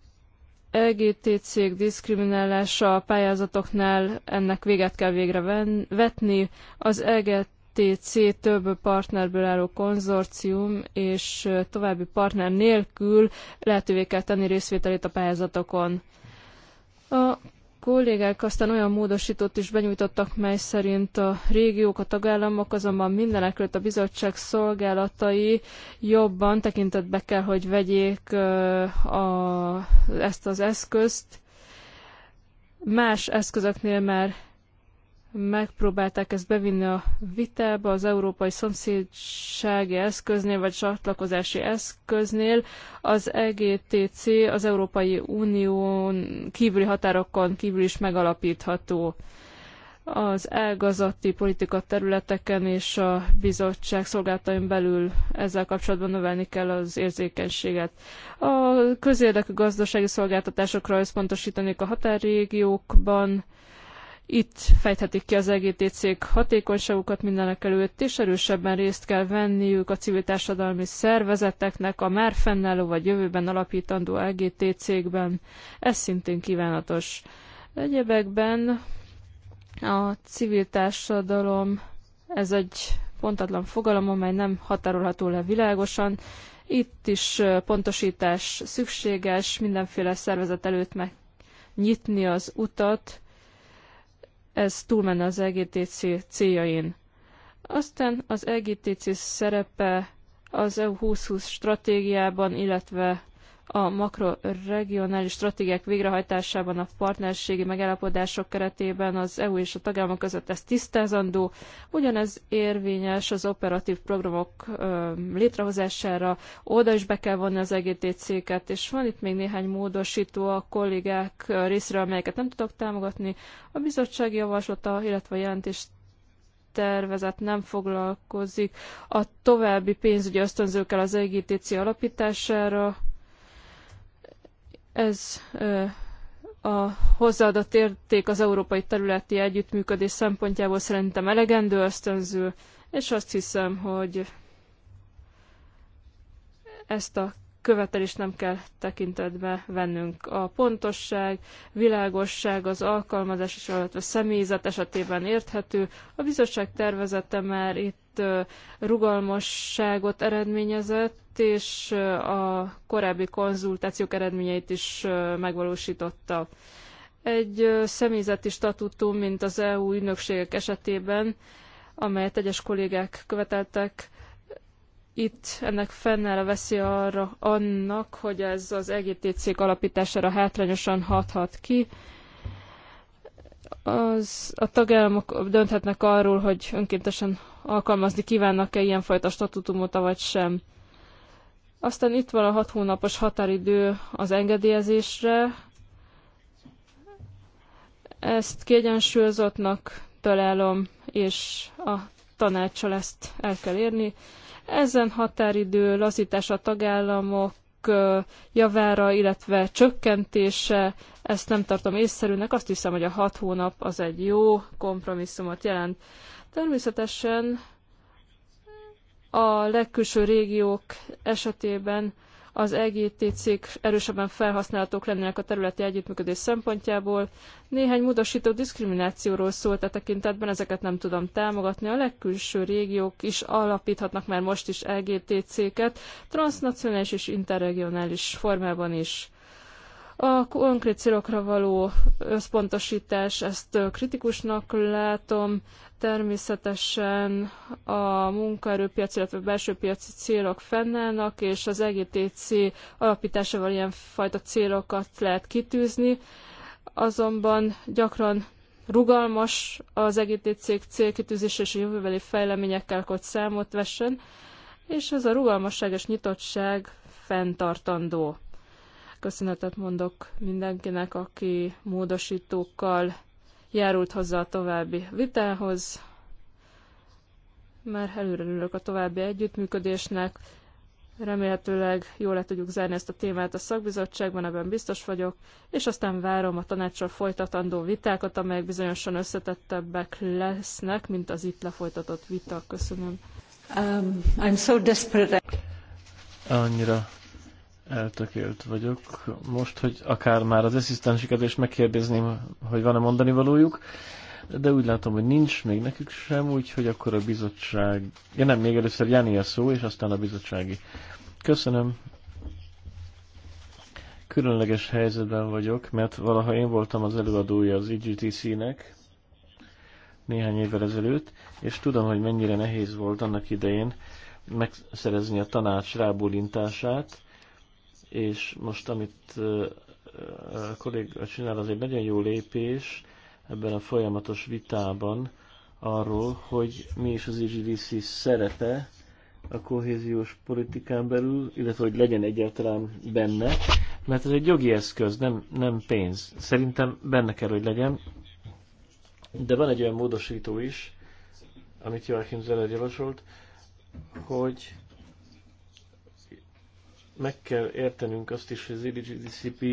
LGT e cég diszkriminálása a pályázatoknál ennek véget kell végre vetni. Az LGTC e több partnerből álló konzorcium és további partner nélkül lehetővé kell tenni részvételét a pályázatokon. A kollégák aztán olyan módosítót is benyújtottak, mely szerint a régiók, a tagállamok, azonban mindenekről a bizottság szolgálatai jobban tekintetbe kell, hogy vegyék a, ezt az eszközt. Más eszközöknél már megpróbálták ezt bevinni a vitába az európai szomszédsági eszköznél, vagy csatlakozási eszköznél. Az EGTC az Európai Unión kívüli határokon kívül is megalapítható az elgazati politika területeken és a bizottság szolgálataim belül ezzel kapcsolatban növelni kell az érzékenységet. A közérdekű gazdasági szolgáltatásokra összpontosítanék a határrégiókban, itt fejthetik ki az EGTC-k hatékonyságukat mindenek előtt, és erősebben részt kell venniük a civil társadalmi szervezeteknek a már fennálló vagy jövőben alapítandó EGTC-kben. Ez szintén kívánatos. Egyebekben a civil társadalom ez egy pontatlan fogalom, amely nem határolható le világosan. Itt is pontosítás szükséges, mindenféle szervezet előtt megnyitni az utat, ez túlmenne az EGTC céljain. Aztán az EGTC szerepe az EU 2020 stratégiában, illetve a makroregionális stratégiák végrehajtásában a partnerségi megállapodások keretében az EU és a tagállamok között ez tisztázandó. Ugyanez érvényes az operatív programok létrehozására, oda is be kell vonni az EGTC-ket, és van itt még néhány módosító a kollégák részéről, amelyeket nem tudok támogatni. A bizottsági javaslata, illetve a jelentés tervezet nem foglalkozik a további pénzügyi ösztönzőkkel az EGTC alapítására, ez a hozzáadott érték az európai területi együttműködés szempontjából szerintem elegendő, ösztönző, és azt hiszem, hogy ezt a követelést nem kell tekintetbe vennünk. A pontosság, világosság, az alkalmazás és a személyzet esetében érthető. A bizottság tervezete már itt rugalmasságot eredményezett, és a korábbi konzultációk eredményeit is megvalósította. Egy személyzeti statutum, mint az EU ügynökségek esetében, amelyet egyes kollégák követeltek, itt ennek fennáll a veszély arra, annak, hogy ez az EGT cég alapítására hátrányosan hathat ki. Az, a tagállamok dönthetnek arról, hogy önkéntesen alkalmazni kívánnak-e ilyenfajta statutumot, vagy sem. Aztán itt van a hat hónapos határidő az engedélyezésre. Ezt kiegyensúlyozottnak találom, és a tanácssal ezt el kell érni. Ezen határidő lazítása a tagállamok javára, illetve csökkentése, ezt nem tartom észszerűnek, azt hiszem, hogy a hat hónap az egy jó kompromisszumot jelent. Természetesen a legkülső régiók esetében az EGTC-k erősebben felhasználhatók lennének a területi együttműködés szempontjából. Néhány módosító diszkriminációról szólt a tekintetben, ezeket nem tudom támogatni. A legkülső régiók is alapíthatnak már most is EGT ket transnacionális és interregionális formában is. A konkrét célokra való összpontosítás, ezt kritikusnak látom. Természetesen a munkaerőpiac, illetve belső piaci célok fennállnak, és az EGTC alapításával ilyenfajta célokat lehet kitűzni. Azonban gyakran rugalmas az EGTC célkitűzés és a jövőbeli fejleményekkel, hogy számot vessen, és ez a rugalmasság és nyitottság fenntartandó. Köszönetet mondok mindenkinek, aki módosítókkal járult hozzá a további vitához. Már előre örülök a további együttműködésnek. Remélhetőleg jól le tudjuk zárni ezt a témát a szakbizottságban, ebben biztos vagyok, és aztán várom a tanácsról folytatandó vitákat, amelyek bizonyosan összetettebbek lesznek, mint az itt lefolytatott vita. Köszönöm. Um, I'm so desperate. Annyira eltökélt vagyok most, hogy akár már az asszisztensüket is megkérdezném, hogy van-e mondani valójuk, de úgy látom, hogy nincs még nekük sem, úgyhogy akkor a bizottság... Ja nem, még először Jani a szó, és aztán a bizottsági. Köszönöm. Különleges helyzetben vagyok, mert valaha én voltam az előadója az IGTC-nek néhány évvel ezelőtt, és tudom, hogy mennyire nehéz volt annak idején megszerezni a tanács rábólintását, és most amit a kolléga csinál, az egy nagyon jó lépés ebben a folyamatos vitában arról, hogy mi is az IGDC szerepe a kohéziós politikán belül, illetve hogy legyen egyáltalán benne, mert ez egy jogi eszköz, nem, nem pénz. Szerintem benne kell, hogy legyen, de van egy olyan módosító is, amit Joachim Zeller javasolt, hogy meg kell értenünk azt is, hogy az IDGDCP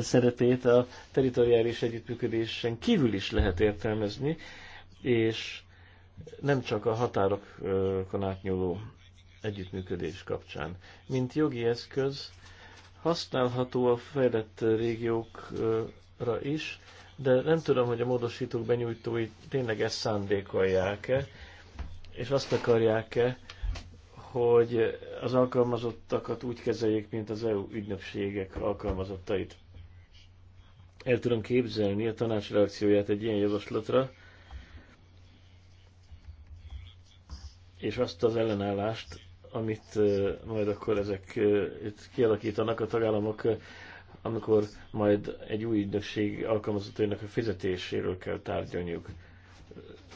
szerepét a teritoriális együttműködésen kívül is lehet értelmezni, és nem csak a határokon átnyúló együttműködés kapcsán. Mint jogi eszköz használható a fejlett régiókra is, de nem tudom, hogy a módosítók benyújtói tényleg ezt szándékolják-e, és azt akarják-e, hogy az alkalmazottakat úgy kezeljék, mint az EU ügynökségek alkalmazottait. El tudom képzelni a tanács reakcióját egy ilyen javaslatra, és azt az ellenállást, amit majd akkor ezek itt kialakítanak a tagállamok, amikor majd egy új ügynökség alkalmazottainak a fizetéséről kell tárgyalniuk.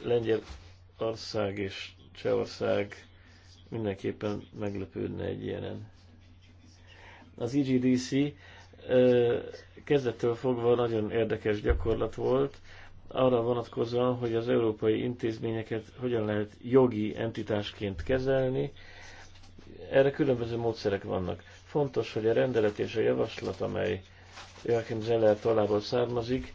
Lengyelország és Csehország mindenképpen meglepődne egy ilyenen. Az IGDC kezdettől fogva nagyon érdekes gyakorlat volt, arra vonatkozóan, hogy az európai intézményeket hogyan lehet jogi entitásként kezelni. Erre különböző módszerek vannak. Fontos, hogy a rendelet és a javaslat, amely Joachim Zeller tollából származik,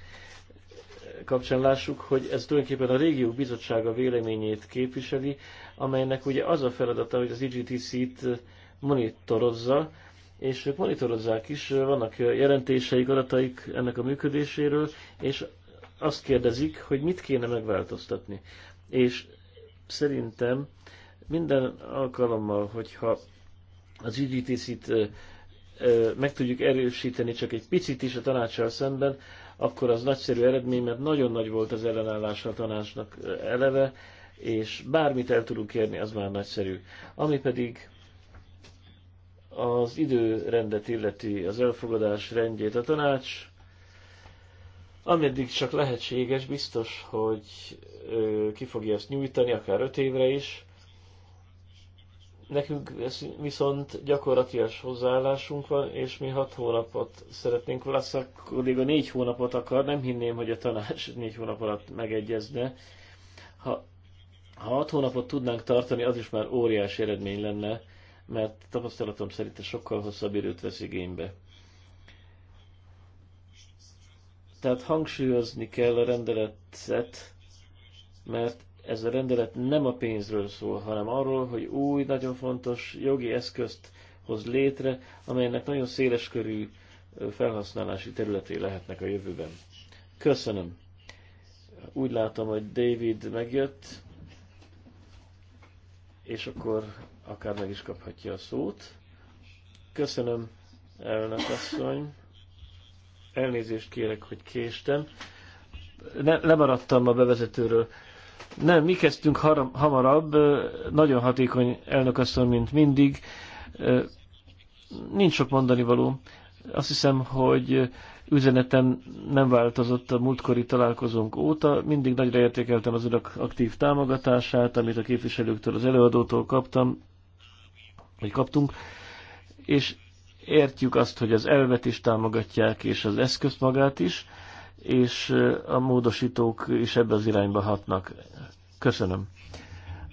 kapcsán lássuk, hogy ez tulajdonképpen a régió bizottsága véleményét képviseli, amelynek ugye az a feladata, hogy az IGTC-t monitorozza, és ők monitorozzák is, vannak jelentéseik, adataik ennek a működéséről, és azt kérdezik, hogy mit kéne megváltoztatni. És szerintem minden alkalommal, hogyha az IGTC-t meg tudjuk erősíteni csak egy picit is a tanácssal szemben, akkor az nagyszerű eredmény, mert nagyon nagy volt az ellenállás a tanácsnak eleve, és bármit el tudunk érni, az már nagyszerű. Ami pedig az időrendet illeti, az elfogadás rendjét a tanács, ameddig csak lehetséges, biztos, hogy ki fogja ezt nyújtani, akár öt évre is, Nekünk viszont gyakorlatias hozzáállásunk van, és mi hat hónapot szeretnénk. a kolléga négy hónapot akar, nem hinném, hogy a tanács négy hónap alatt megegyezne. Ha, ha hat hónapot tudnánk tartani, az is már óriási eredmény lenne, mert tapasztalatom szerint sokkal hosszabb időt vesz igénybe. Tehát hangsúlyozni kell a rendeletet, mert ez a rendelet nem a pénzről szól, hanem arról, hogy új, nagyon fontos jogi eszközt hoz létre, amelynek nagyon széleskörű felhasználási területé lehetnek a jövőben. Köszönöm. Úgy látom, hogy David megjött, és akkor akár meg is kaphatja a szót. Köszönöm, elnök asszony. Elnézést kérek, hogy késtem. Ne, lemaradtam a bevezetőről. Nem, mi kezdtünk hamarabb, nagyon hatékony asszony, mint mindig. Nincs sok mondani való. Azt hiszem, hogy üzenetem nem változott a múltkori találkozónk óta. Mindig nagyra értékeltem az önök aktív támogatását, amit a képviselőktől, az előadótól kaptam, vagy kaptunk, és értjük azt, hogy az elvet is támogatják, és az eszközt magát is és a módosítók is ebbe az irányba hatnak. Köszönöm.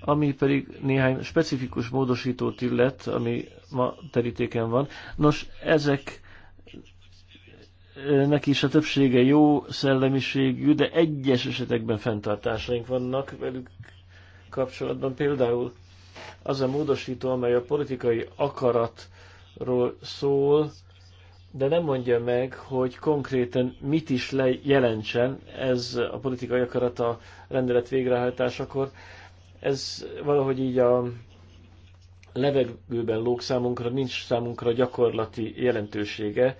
Ami pedig néhány specifikus módosítót illet, ami ma terítéken van. Nos, ezek neki is a többsége jó szellemiségű, de egyes esetekben fenntartásaink vannak velük kapcsolatban. Például az a módosító, amely a politikai akaratról szól, de nem mondja meg, hogy konkrétan mit is le jelentsen ez a politikai akarat a rendelet végrehajtásakor. Ez valahogy így a levegőben lóg számunkra, nincs számunkra gyakorlati jelentősége,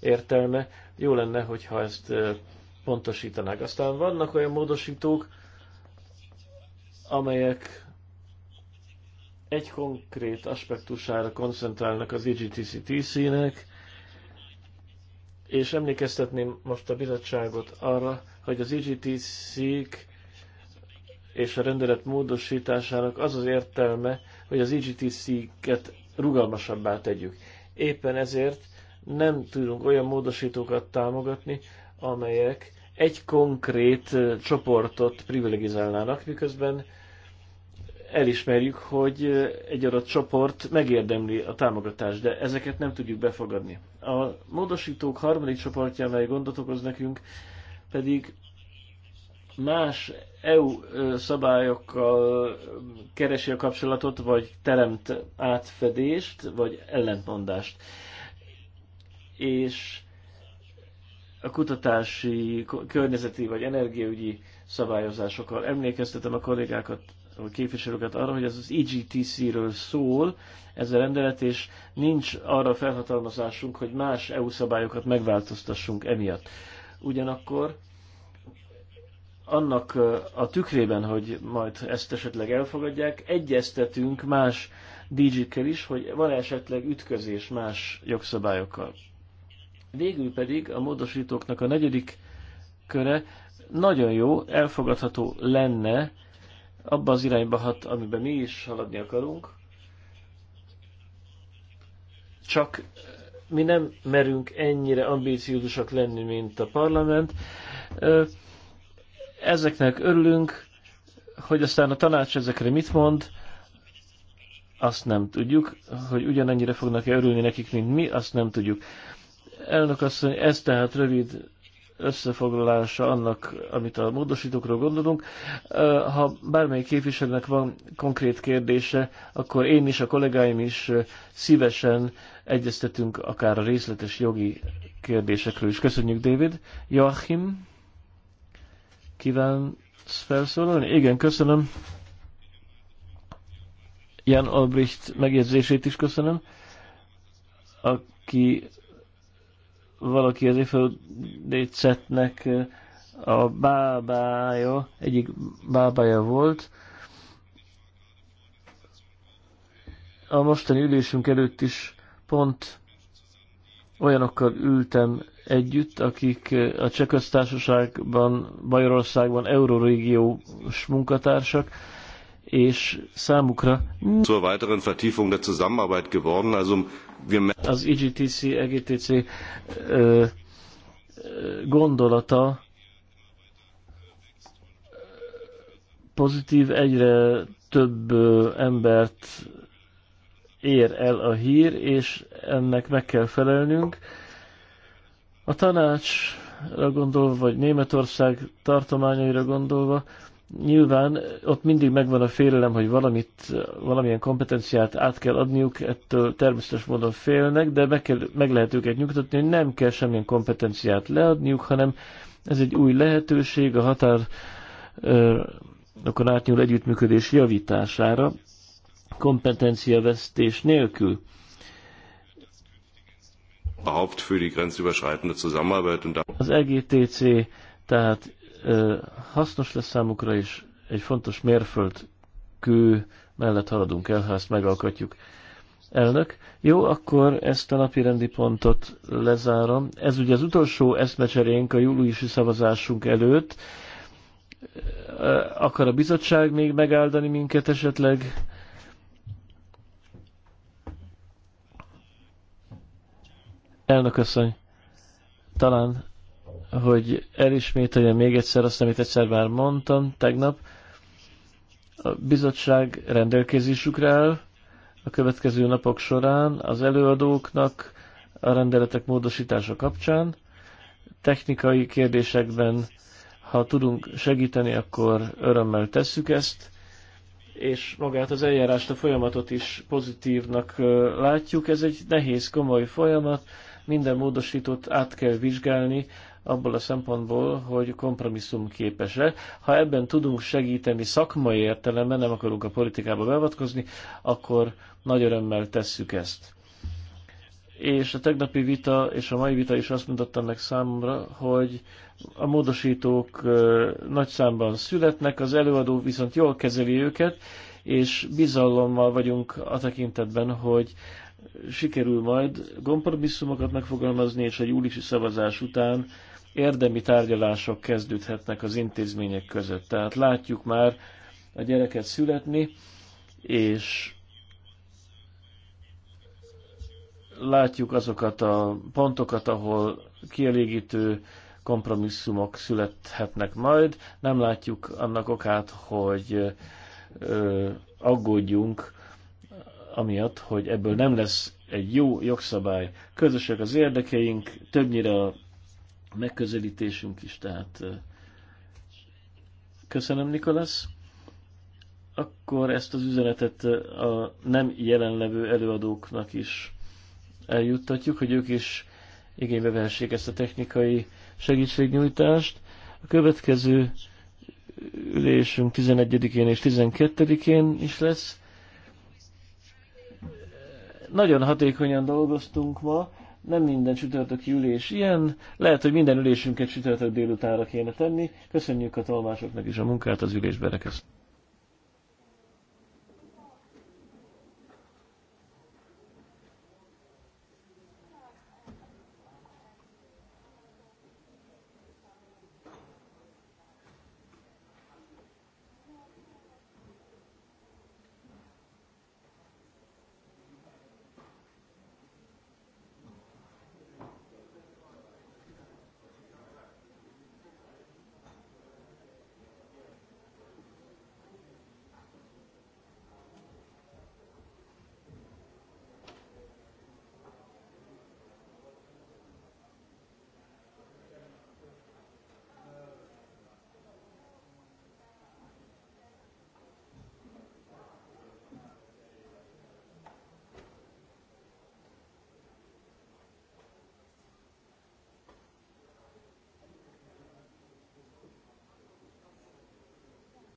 értelme. Jó lenne, hogyha ezt pontosítanák. Aztán vannak olyan módosítók, amelyek egy konkrét aspektusára koncentrálnak az IGTC-nek, és emlékeztetném most a bizottságot arra, hogy az igt e k és a rendelet módosításának az az értelme, hogy az igt e ket rugalmasabbá tegyük. Éppen ezért nem tudunk olyan módosítókat támogatni, amelyek egy konkrét csoportot privilegizálnának, miközben elismerjük, hogy egy adott csoport megérdemli a támogatást, de ezeket nem tudjuk befogadni. A módosítók harmadik csoportja, amely gondot okoz nekünk, pedig más EU szabályokkal keresi a kapcsolatot, vagy teremt átfedést, vagy ellentmondást. És a kutatási, környezeti vagy energiaügyi szabályozásokkal emlékeztetem a kollégákat a képviselőket arra, hogy ez az egtc ről szól, ez a rendelet, és nincs arra felhatalmazásunk, hogy más EU szabályokat megváltoztassunk emiatt. Ugyanakkor annak a tükrében, hogy majd ezt esetleg elfogadják, egyeztetünk más DJ-kkel is, hogy van -e esetleg ütközés más jogszabályokkal. Végül pedig a módosítóknak a negyedik köre nagyon jó, elfogadható lenne, abba az irányba hat, amiben mi is haladni akarunk, csak mi nem merünk ennyire ambíciózusak lenni, mint a parlament. Ezeknek örülünk, hogy aztán a tanács ezekre mit mond, azt nem tudjuk, hogy ugyanennyire fognak-e örülni nekik, mint mi, azt nem tudjuk. Elnök asszony, ez tehát rövid összefoglalása annak, amit a módosítókról gondolunk. Ha bármelyik képviselőnek van konkrét kérdése, akkor én is, a kollégáim is szívesen egyeztetünk akár a részletes jogi kérdésekről is. Köszönjük, David. Joachim, kívánsz felszólalni? Igen, köszönöm. Jan Albrecht megjegyzését is köszönöm, aki valaki az Iföldécetnek eh, a bábája, egyik bábája volt. A mostani ülésünk előtt is pont olyanokkal ültem együtt, akik eh, a Cseh Bajorországban eurorégiós munkatársak, és számukra zur weiteren Vertiefung der Zusammenarbeit geworden, also um az IGTC, EGTC ö, gondolata pozitív, egyre több embert ér el a hír, és ennek meg kell felelnünk. A tanácsra gondolva, vagy Németország tartományaira gondolva, Nyilván ott mindig megvan a félelem, hogy valamit, valamilyen kompetenciát át kell adniuk, ettől természetes módon félnek, de meg, kell, meg lehet őket nyugtatni, hogy nem kell semmilyen kompetenciát leadniuk, hanem ez egy új lehetőség a határ akkor átnyúl együttműködés javítására, kompetenciavesztés nélkül. Az EGTC tehát hasznos lesz számukra, és egy fontos mérföldkő mellett haladunk el, ha ezt megalkotjuk. Elnök, jó, akkor ezt a napi rendi pontot lezárom. Ez ugye az utolsó eszmecserénk a júliusi szavazásunk előtt. Akar a bizottság még megáldani minket esetleg? Elnök asszony, talán hogy elismételjem még egyszer azt, amit egyszer már mondtam tegnap. A bizottság rendelkezésükre áll a következő napok során az előadóknak a rendeletek módosítása kapcsán. Technikai kérdésekben, ha tudunk segíteni, akkor örömmel tesszük ezt és magát az eljárást, a folyamatot is pozitívnak látjuk. Ez egy nehéz, komoly folyamat, minden módosítót át kell vizsgálni, abból a szempontból, hogy kompromisszum képes-e. Ha ebben tudunk segíteni szakmai értelemben, nem akarunk a politikába beavatkozni, akkor nagy örömmel tesszük ezt. És a tegnapi vita és a mai vita is azt mondotta meg számomra, hogy a módosítók nagy számban születnek, az előadó viszont jól kezeli őket, és bizalommal vagyunk a tekintetben, hogy sikerül majd kompromisszumokat megfogalmazni, és a júliusi szavazás után érdemi tárgyalások kezdődhetnek az intézmények között. Tehát látjuk már a gyereket születni, és látjuk azokat a pontokat, ahol kielégítő kompromisszumok születhetnek majd. Nem látjuk annak okát, hogy ö, aggódjunk amiatt, hogy ebből nem lesz egy jó jogszabály. Közösek az érdekeink, többnyire a megközelítésünk is, tehát köszönöm Nikolasz. Akkor ezt az üzenetet a nem jelenlevő előadóknak is eljuttatjuk, hogy ők is igénybe vehessék ezt a technikai segítségnyújtást. A következő ülésünk 11-én és 12-én is lesz. Nagyon hatékonyan dolgoztunk ma nem minden csütörtöki ülés ilyen, lehet, hogy minden ülésünket csütörtök délutánra kéne tenni. Köszönjük a tolmásoknak is a munkát, az ülésbe